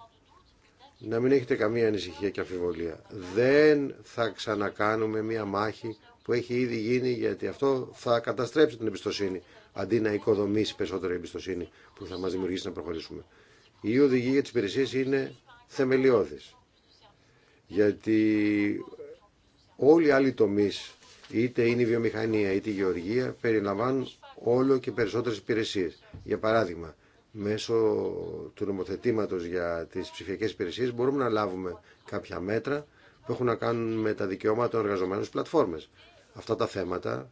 Να μην έχετε καμία ανησυχία και αμφιβολία. Δεν θα ξανακάνουμε μία μάχη που έχει ήδη γίνει γιατί αυτό θα καταστρέψει την εμπιστοσύνη αντί να οικοδομήσει περισσότερη εμπιστοσύνη που θα μας δημιουργήσει να προχωρήσουμε. Η οδηγία για τις υπηρεσίες είναι θεμελιώδης γιατί όλοι οι άλλοι τομείς είτε είναι η βιομηχανία είτε η γεωργία, περιλαμβάνουν όλο και περισσότερες υπηρεσίες. Για παράδειγμα, μέσω του νομοθετήματος για τις ψηφιακές υπηρεσίες μπορούμε να λάβουμε κάποια μέτρα που έχουν να κάνουν με τα δικαιώματα των εργαζομένων πλατφόρμες. Αυτά τα θέματα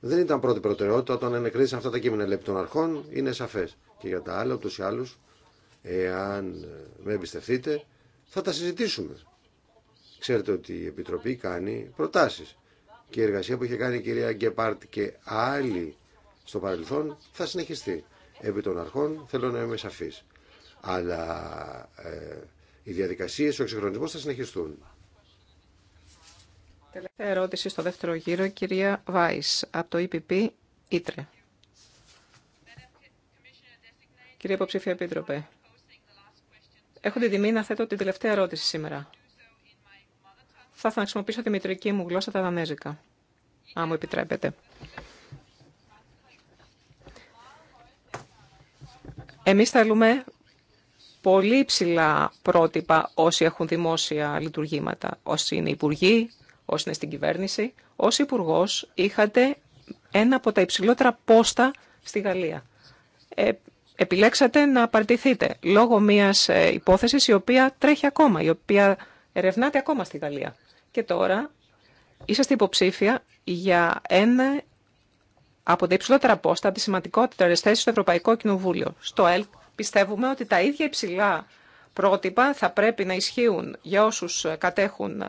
δεν ήταν πρώτη προτεραιότητα όταν ανακρίθησαν αυτά τα κείμενα λεπτών των αρχών, είναι σαφές. Και για τα άλλα, ούτως ή άλλως, εάν με εμπιστευτείτε, θα τα συζητήσουμε Ξέρετε ότι η Επιτροπή κάνει προτάσεις και η εργασία που είχε κάνει η κυρία Γκεπάρτ και άλλοι στο παρελθόν θα συνεχιστεί. Επί των αρχών θέλω να είμαι σαφής. Αλλά ε, οι διαδικασίες, ο εξυγχρονισμός θα συνεχιστούν. Τελευταία ερώτηση στο δεύτερο γύρο, κυρία Βάης, από το EPP Ήτρε. Κυρία Υποψήφια Επίτροπε, έχω την τιμή να θέτω την τελευταία ερώτηση σήμερα θα, να χρησιμοποιήσω τη μητρική μου γλώσσα τα δανέζικα, αν μου επιτρέπετε. Εμείς θέλουμε πολύ ψηλά πρότυπα όσοι έχουν δημόσια λειτουργήματα, όσοι είναι υπουργοί, όσοι είναι στην κυβέρνηση. Ως υπουργό είχατε ένα από τα υψηλότερα πόστα στη Γαλλία. Ε, επιλέξατε να παρτηθείτε λόγω μιας ε, υπόθεσης η οποία τρέχει ακόμα, η οποία ερευνάται ακόμα στη Γαλλία και τώρα είσαστε υποψήφια για ένα από τα υψηλότερα πόστα, τη σημαντικότερε θέσει στο Ευρωπαϊκό Κοινοβούλιο. Στο ΕΛΚ πιστεύουμε ότι τα ίδια υψηλά πρότυπα θα πρέπει να ισχύουν για όσους κατέχουν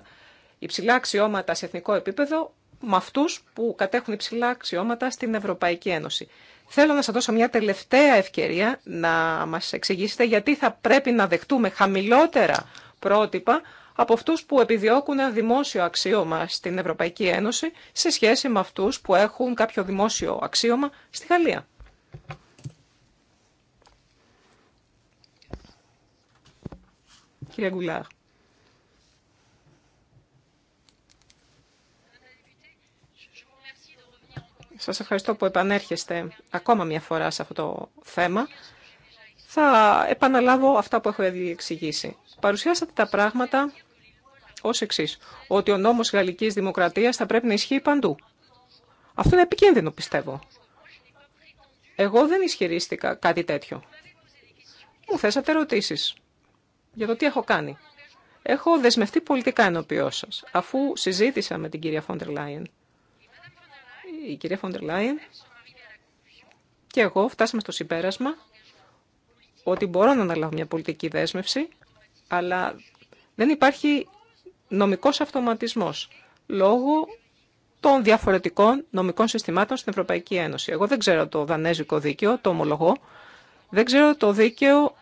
υψηλά αξιώματα σε εθνικό επίπεδο με αυτού που κατέχουν υψηλά αξιώματα στην Ευρωπαϊκή Ένωση. Θέλω να σας δώσω μια τελευταία ευκαιρία να μας εξηγήσετε γιατί θα πρέπει να δεχτούμε χαμηλότερα πρότυπα από αυτού που επιδιώκουν ένα δημόσιο αξίωμα στην Ευρωπαϊκή Ένωση σε σχέση με αυτούς που έχουν κάποιο δημόσιο αξίωμα στη Γαλλία. Κύριε Σας ευχαριστώ που επανέρχεστε ακόμα μια φορά σε αυτό το θέμα. Θα επαναλάβω αυτά που έχω ήδη εξηγήσει. Παρουσιάσατε τα πράγματα ω εξή. Ότι ο νόμο γαλλική δημοκρατία θα πρέπει να ισχύει παντού. Αυτό είναι επικίνδυνο, πιστεύω. Εγώ δεν ισχυρίστηκα κάτι τέτοιο. Μου θέσατε ερωτήσει για το τι έχω κάνει. Έχω δεσμευτεί πολιτικά ενώπιό σα, αφού συζήτησα με την κυρία Φόντερ Λάιεν. Η κυρία Φόντερ Λάιεν και εγώ φτάσαμε στο συμπέρασμα ότι μπορώ να αναλάβω μια πολιτική δέσμευση, αλλά δεν υπάρχει νομικός αυτοματισμός λόγω των διαφορετικών νομικών συστημάτων στην Ευρωπαϊκή Ένωση. Εγώ δεν ξέρω το δανέζικο δίκαιο, το ομολογώ. Δεν ξέρω το δίκαιο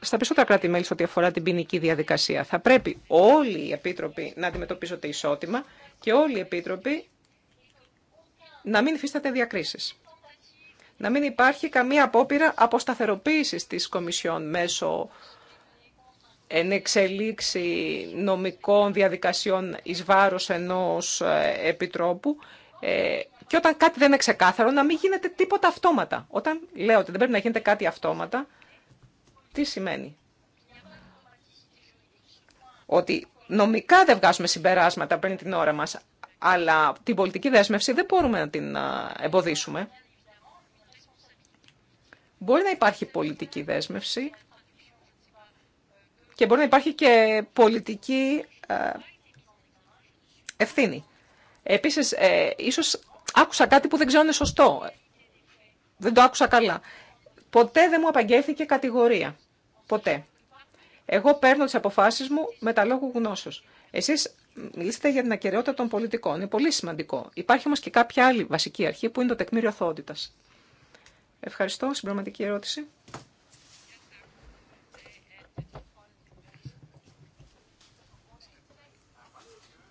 στα περισσότερα κράτη-μέλη ό,τι αφορά την ποινική διαδικασία. Θα πρέπει όλοι οι επίτροποι να αντιμετωπίζονται ισότιμα και όλοι οι επίτροποι να μην υφίσταται διακρίσει. Να μην υπάρχει καμία απόπειρα αποσταθεροποίηση τη Κομισιόν μέσω εν εξελίξη νομικών διαδικασιών εις βάρος ενός ε, επιτρόπου ε, και όταν κάτι δεν είναι ξεκάθαρο να μην γίνεται τίποτα αυτόματα. Όταν λέω ότι δεν πρέπει να γίνεται κάτι αυτόματα, τι σημαίνει. Ότι νομικά δεν βγάζουμε συμπεράσματα πριν την ώρα μας, αλλά την πολιτική δέσμευση δεν μπορούμε να την ε, εμποδίσουμε. Μπορεί να υπάρχει πολιτική δέσμευση, και μπορεί να υπάρχει και πολιτική ε, ευθύνη. Επίσης, ε, ίσως άκουσα κάτι που δεν ξέρω είναι σωστό. Δεν το άκουσα καλά. Ποτέ δεν μου απαγγέλθηκε κατηγορία. Ποτέ. Εγώ παίρνω τις αποφάσεις μου με τα λόγου γνώσεως. Εσείς μιλήσετε για την ακαιρεότητα των πολιτικών. Είναι πολύ σημαντικό. Υπάρχει όμως και κάποια άλλη βασική αρχή που είναι το τεκμήριο αθωότητας. Ευχαριστώ. Συμπληρωματική ερώτηση.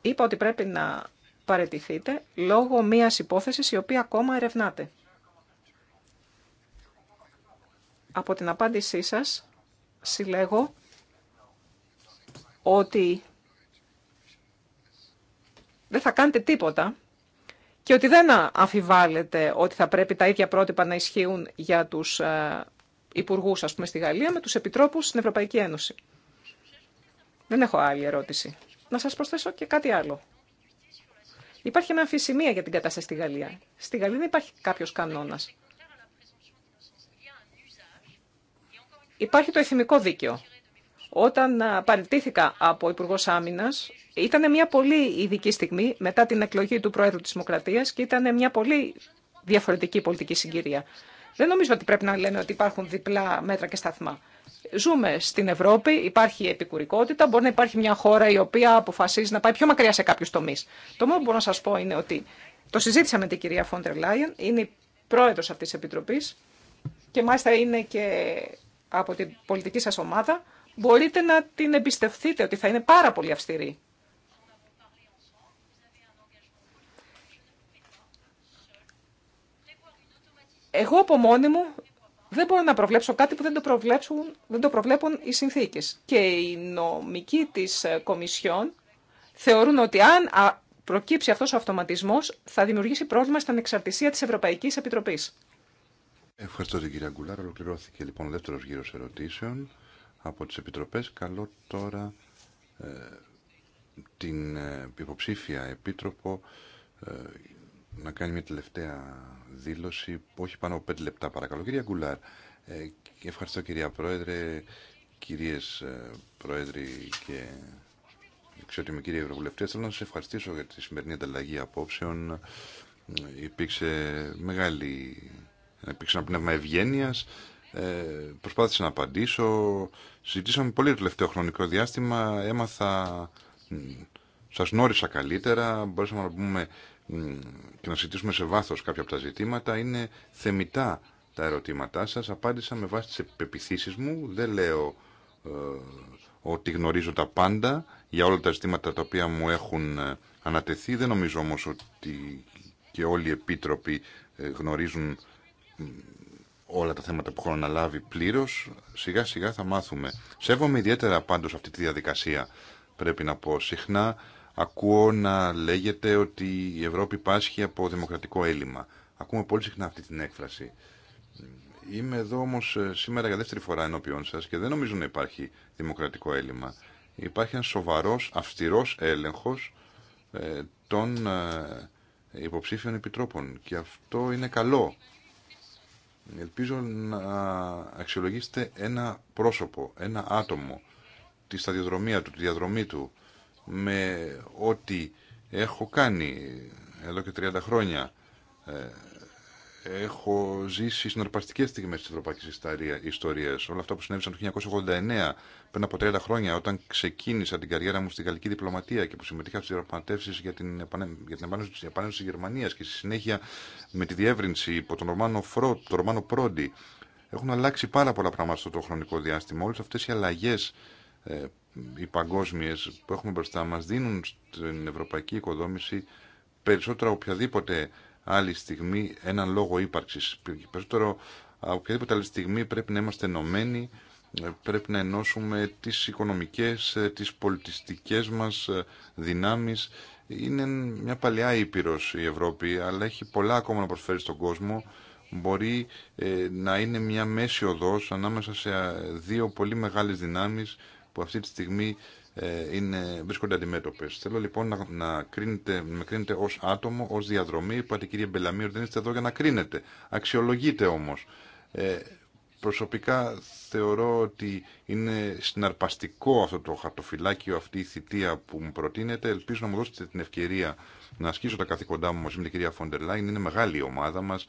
Είπα ότι πρέπει να παρετηθείτε λόγω μιας υπόθεσης η οποία ακόμα ερευνάτε. Από την απάντησή σας συλλέγω ότι δεν θα κάνετε τίποτα και ότι δεν αμφιβάλλετε ότι θα πρέπει τα ίδια πρότυπα να ισχύουν για τους ε, υπουργούς, ας πούμε, στη Γαλλία με τους επιτρόπους στην Ευρωπαϊκή Ένωση. Δεν έχω άλλη ερώτηση να σας προσθέσω και κάτι άλλο. Υπάρχει μια αμφισημία για την κατάσταση στη Γαλλία. Στη Γαλλία δεν υπάρχει κάποιος κανόνας. Υπάρχει το εθνικό δίκαιο. Όταν παραιτήθηκα από Υπουργό Άμυνα, ήταν μια πολύ ειδική στιγμή μετά την εκλογή του Προέδρου τη Δημοκρατία και ήταν μια πολύ διαφορετική πολιτική συγκυρία. Δεν νομίζω ότι πρέπει να λένε ότι υπάρχουν διπλά μέτρα και σταθμά. Ζούμε στην Ευρώπη, υπάρχει επικουρικότητα, μπορεί να υπάρχει μια χώρα η οποία αποφασίζει να πάει πιο μακριά σε κάποιου τομεί. Το μόνο που μπορώ να σα πω είναι ότι το συζήτησα με την κυρία Φόντερ Λάιον, είναι η πρόεδρο αυτή τη επιτροπή και μάλιστα είναι και από την πολιτική σα ομάδα. Μπορείτε να την εμπιστευτείτε ότι θα είναι πάρα πολύ αυστηρή. Εγώ από μόνη μου δεν μπορώ να προβλέψω κάτι που δεν το, προβλέψουν, δεν το προβλέπουν οι συνθήκες. Και οι νομικοί της ε, Κομισιόν θεωρούν ότι αν προκύψει αυτός ο αυτοματισμός θα δημιουργήσει πρόβλημα στην ανεξαρτησία της Ευρωπαϊκής Επιτροπής. Ευχαριστώ την κυρία Γκουλάρα. Ολοκληρώθηκε λοιπόν ο δεύτερος γύρος ερωτήσεων από τις Επιτροπές. Καλό τώρα ε, την ε, υποψήφια Επίτροπο ε, να κάνει μια τελευταία δήλωση, όχι πάνω από 5 λεπτά παρακαλώ. Κυρία Γκουλάρ, ε, ευχαριστώ κυρία Πρόεδρε, κυρίες ε, Πρόεδροι και εξωτιμοί κύριοι Ευρωβουλευτές. Θέλω να σας ευχαριστήσω για τη σημερινή ανταλλαγή απόψεων. Υπήρξε μεγάλη, υπήρξε ένα πνεύμα ευγένεια. Ε, προσπάθησα να απαντήσω. Συζητήσαμε πολύ το τελευταίο χρονικό διάστημα. Έμαθα, σας γνώρισα καλύτερα. Μπορούσαμε να πούμε και να συζητήσουμε σε βάθος κάποια από τα ζητήματα. Είναι θεμητά τα ερωτήματά σας. Απάντησα με βάση τις επιπιθήσεις μου. Δεν λέω ε, ότι γνωρίζω τα πάντα για όλα τα ζητήματα τα οποία μου έχουν ε, ανατεθεί. Δεν νομίζω όμως ότι και όλοι οι επίτροποι ε, γνωρίζουν όλα τα θέματα που έχουν αναλάβει πλήρως. Σιγά σιγά θα μάθουμε. Σέβομαι ιδιαίτερα πάντως αυτή τη διαδικασία πρέπει να πω συχνά ακούω να λέγεται ότι η Ευρώπη πάσχει από δημοκρατικό έλλειμμα. Ακούμε πολύ συχνά αυτή την έκφραση. Είμαι εδώ όμω ε, σήμερα για δεύτερη φορά ενώπιον σα και δεν νομίζω να υπάρχει δημοκρατικό έλλειμμα. Υπάρχει ένα σοβαρό, αυστηρό έλεγχο ε, των ε, υποψήφιων επιτρόπων και αυτό είναι καλό. Ελπίζω να αξιολογήσετε ένα πρόσωπο, ένα άτομο, τη σταδιοδρομία του, τη διαδρομή του με ό,τι έχω κάνει εδώ και 30 χρόνια. Ε, έχω ζήσει συναρπαστικές στιγμές της ευρωπαϊκής ιστορίας. Όλα αυτά που συνέβησαν το 1989, πριν από 30 χρόνια, όταν ξεκίνησα την καριέρα μου στην γαλλική διπλωματία και που συμμετείχα στις διαπραγματεύσεις για την, για την επανένωση της επανένωση της Γερμανίας και στη συνέχεια με τη διεύρυνση υπό τον Ρωμάνο, Φρό, τον Ρωμάνο Πρόντι. Έχουν αλλάξει πάρα πολλά πράγματα στο χρονικό διάστημα. Όλες αυτές οι αλλαγές ε, οι παγκόσμιες που έχουμε μπροστά μας δίνουν στην ευρωπαϊκή οικοδόμηση περισσότερο οποιαδήποτε άλλη στιγμή έναν λόγο ύπαρξης. Περισσότερο οποιαδήποτε άλλη στιγμή πρέπει να είμαστε ενωμένοι, ε, πρέπει να ενώσουμε τις οικονομικές, ε, τις πολιτιστικές μας δυνάμεις. Είναι μια παλιά ήπειρος η Ευρώπη, αλλά έχει πολλά ακόμα να προσφέρει στον κόσμο. Μπορεί να είναι μια μέση οδός ανάμεσα σε δύο πολύ μεγάλες δυνάμεις που αυτή τη στιγμή ε, είναι, βρίσκονται αντιμέτωπε. Θέλω λοιπόν να, να κρίνετε, με κρίνετε ω άτομο, ω διαδρομή. Είπατε κύριε Μπελαμίου ότι δεν είστε εδώ για να κρίνετε. Αξιολογείτε όμω. Ε, προσωπικά θεωρώ ότι είναι συναρπαστικό αυτό το χαρτοφυλάκιο, αυτή η θητεία που μου προτείνετε. Ελπίζω να μου δώσετε την ευκαιρία να ασκήσω τα καθήκοντά μου μαζί με την κυρία Φόντερ Λάιν. Είναι μεγάλη η ομάδα μα.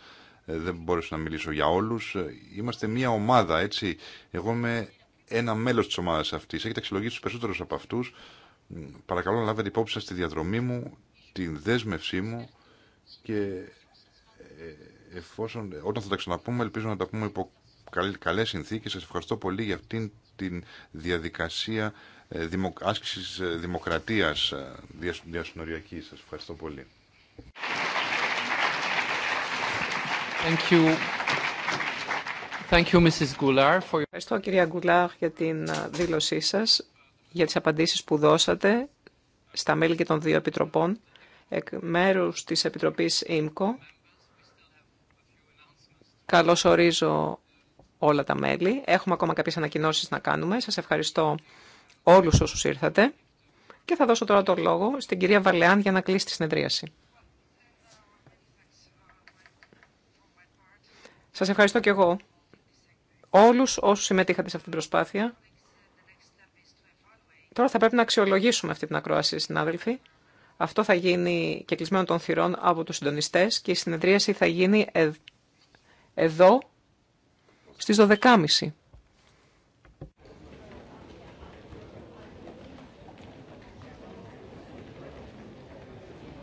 Ε, δεν μπορούσα να μιλήσω για όλου. Ε, είμαστε μία ομάδα, έτσι. Εγώ είμαι ένα μέλος τη ομάδα αυτής. Έχετε αξιολογήσει του περισσότερου από αυτούς. Παρακαλώ να λάβετε υπόψη σας τη διαδρομή μου, την δέσμευσή μου και ε, εφόσον, όταν θα τα ξαναπούμε, ελπίζω να τα πούμε υπό καλές συνθήκες. Σας ευχαριστώ πολύ για αυτήν την διαδικασία ε, άσκησης ε, δημοκρατίας διασυνοριακής. Σα ευχαριστώ πολύ. Thank you. Ευχαριστώ κυρία Γκουλάρ για την δήλωσή σας, για τις απαντήσεις που δώσατε στα μέλη και των δύο επιτροπών. Εκ μέρους της Επιτροπής ΙΜΚΟ, καλώς ορίζω όλα τα μέλη. Έχουμε ακόμα κάποιες ανακοινώσεις να κάνουμε. Σας ευχαριστώ όλους όσους ήρθατε. Και θα δώσω τώρα το λόγο στην κυρία Βαλεάν για να κλείσει τη συνεδρίαση. Σας ευχαριστώ και εγώ όλους όσους συμμετείχατε σε αυτή την προσπάθεια. Τώρα θα πρέπει να αξιολογήσουμε αυτή την ακρόαση, συνάδελφοι. Αυτό θα γίνει και κλεισμένο των θυρών από τους συντονιστές και η συνεδρίαση θα γίνει εδώ στις 12.30.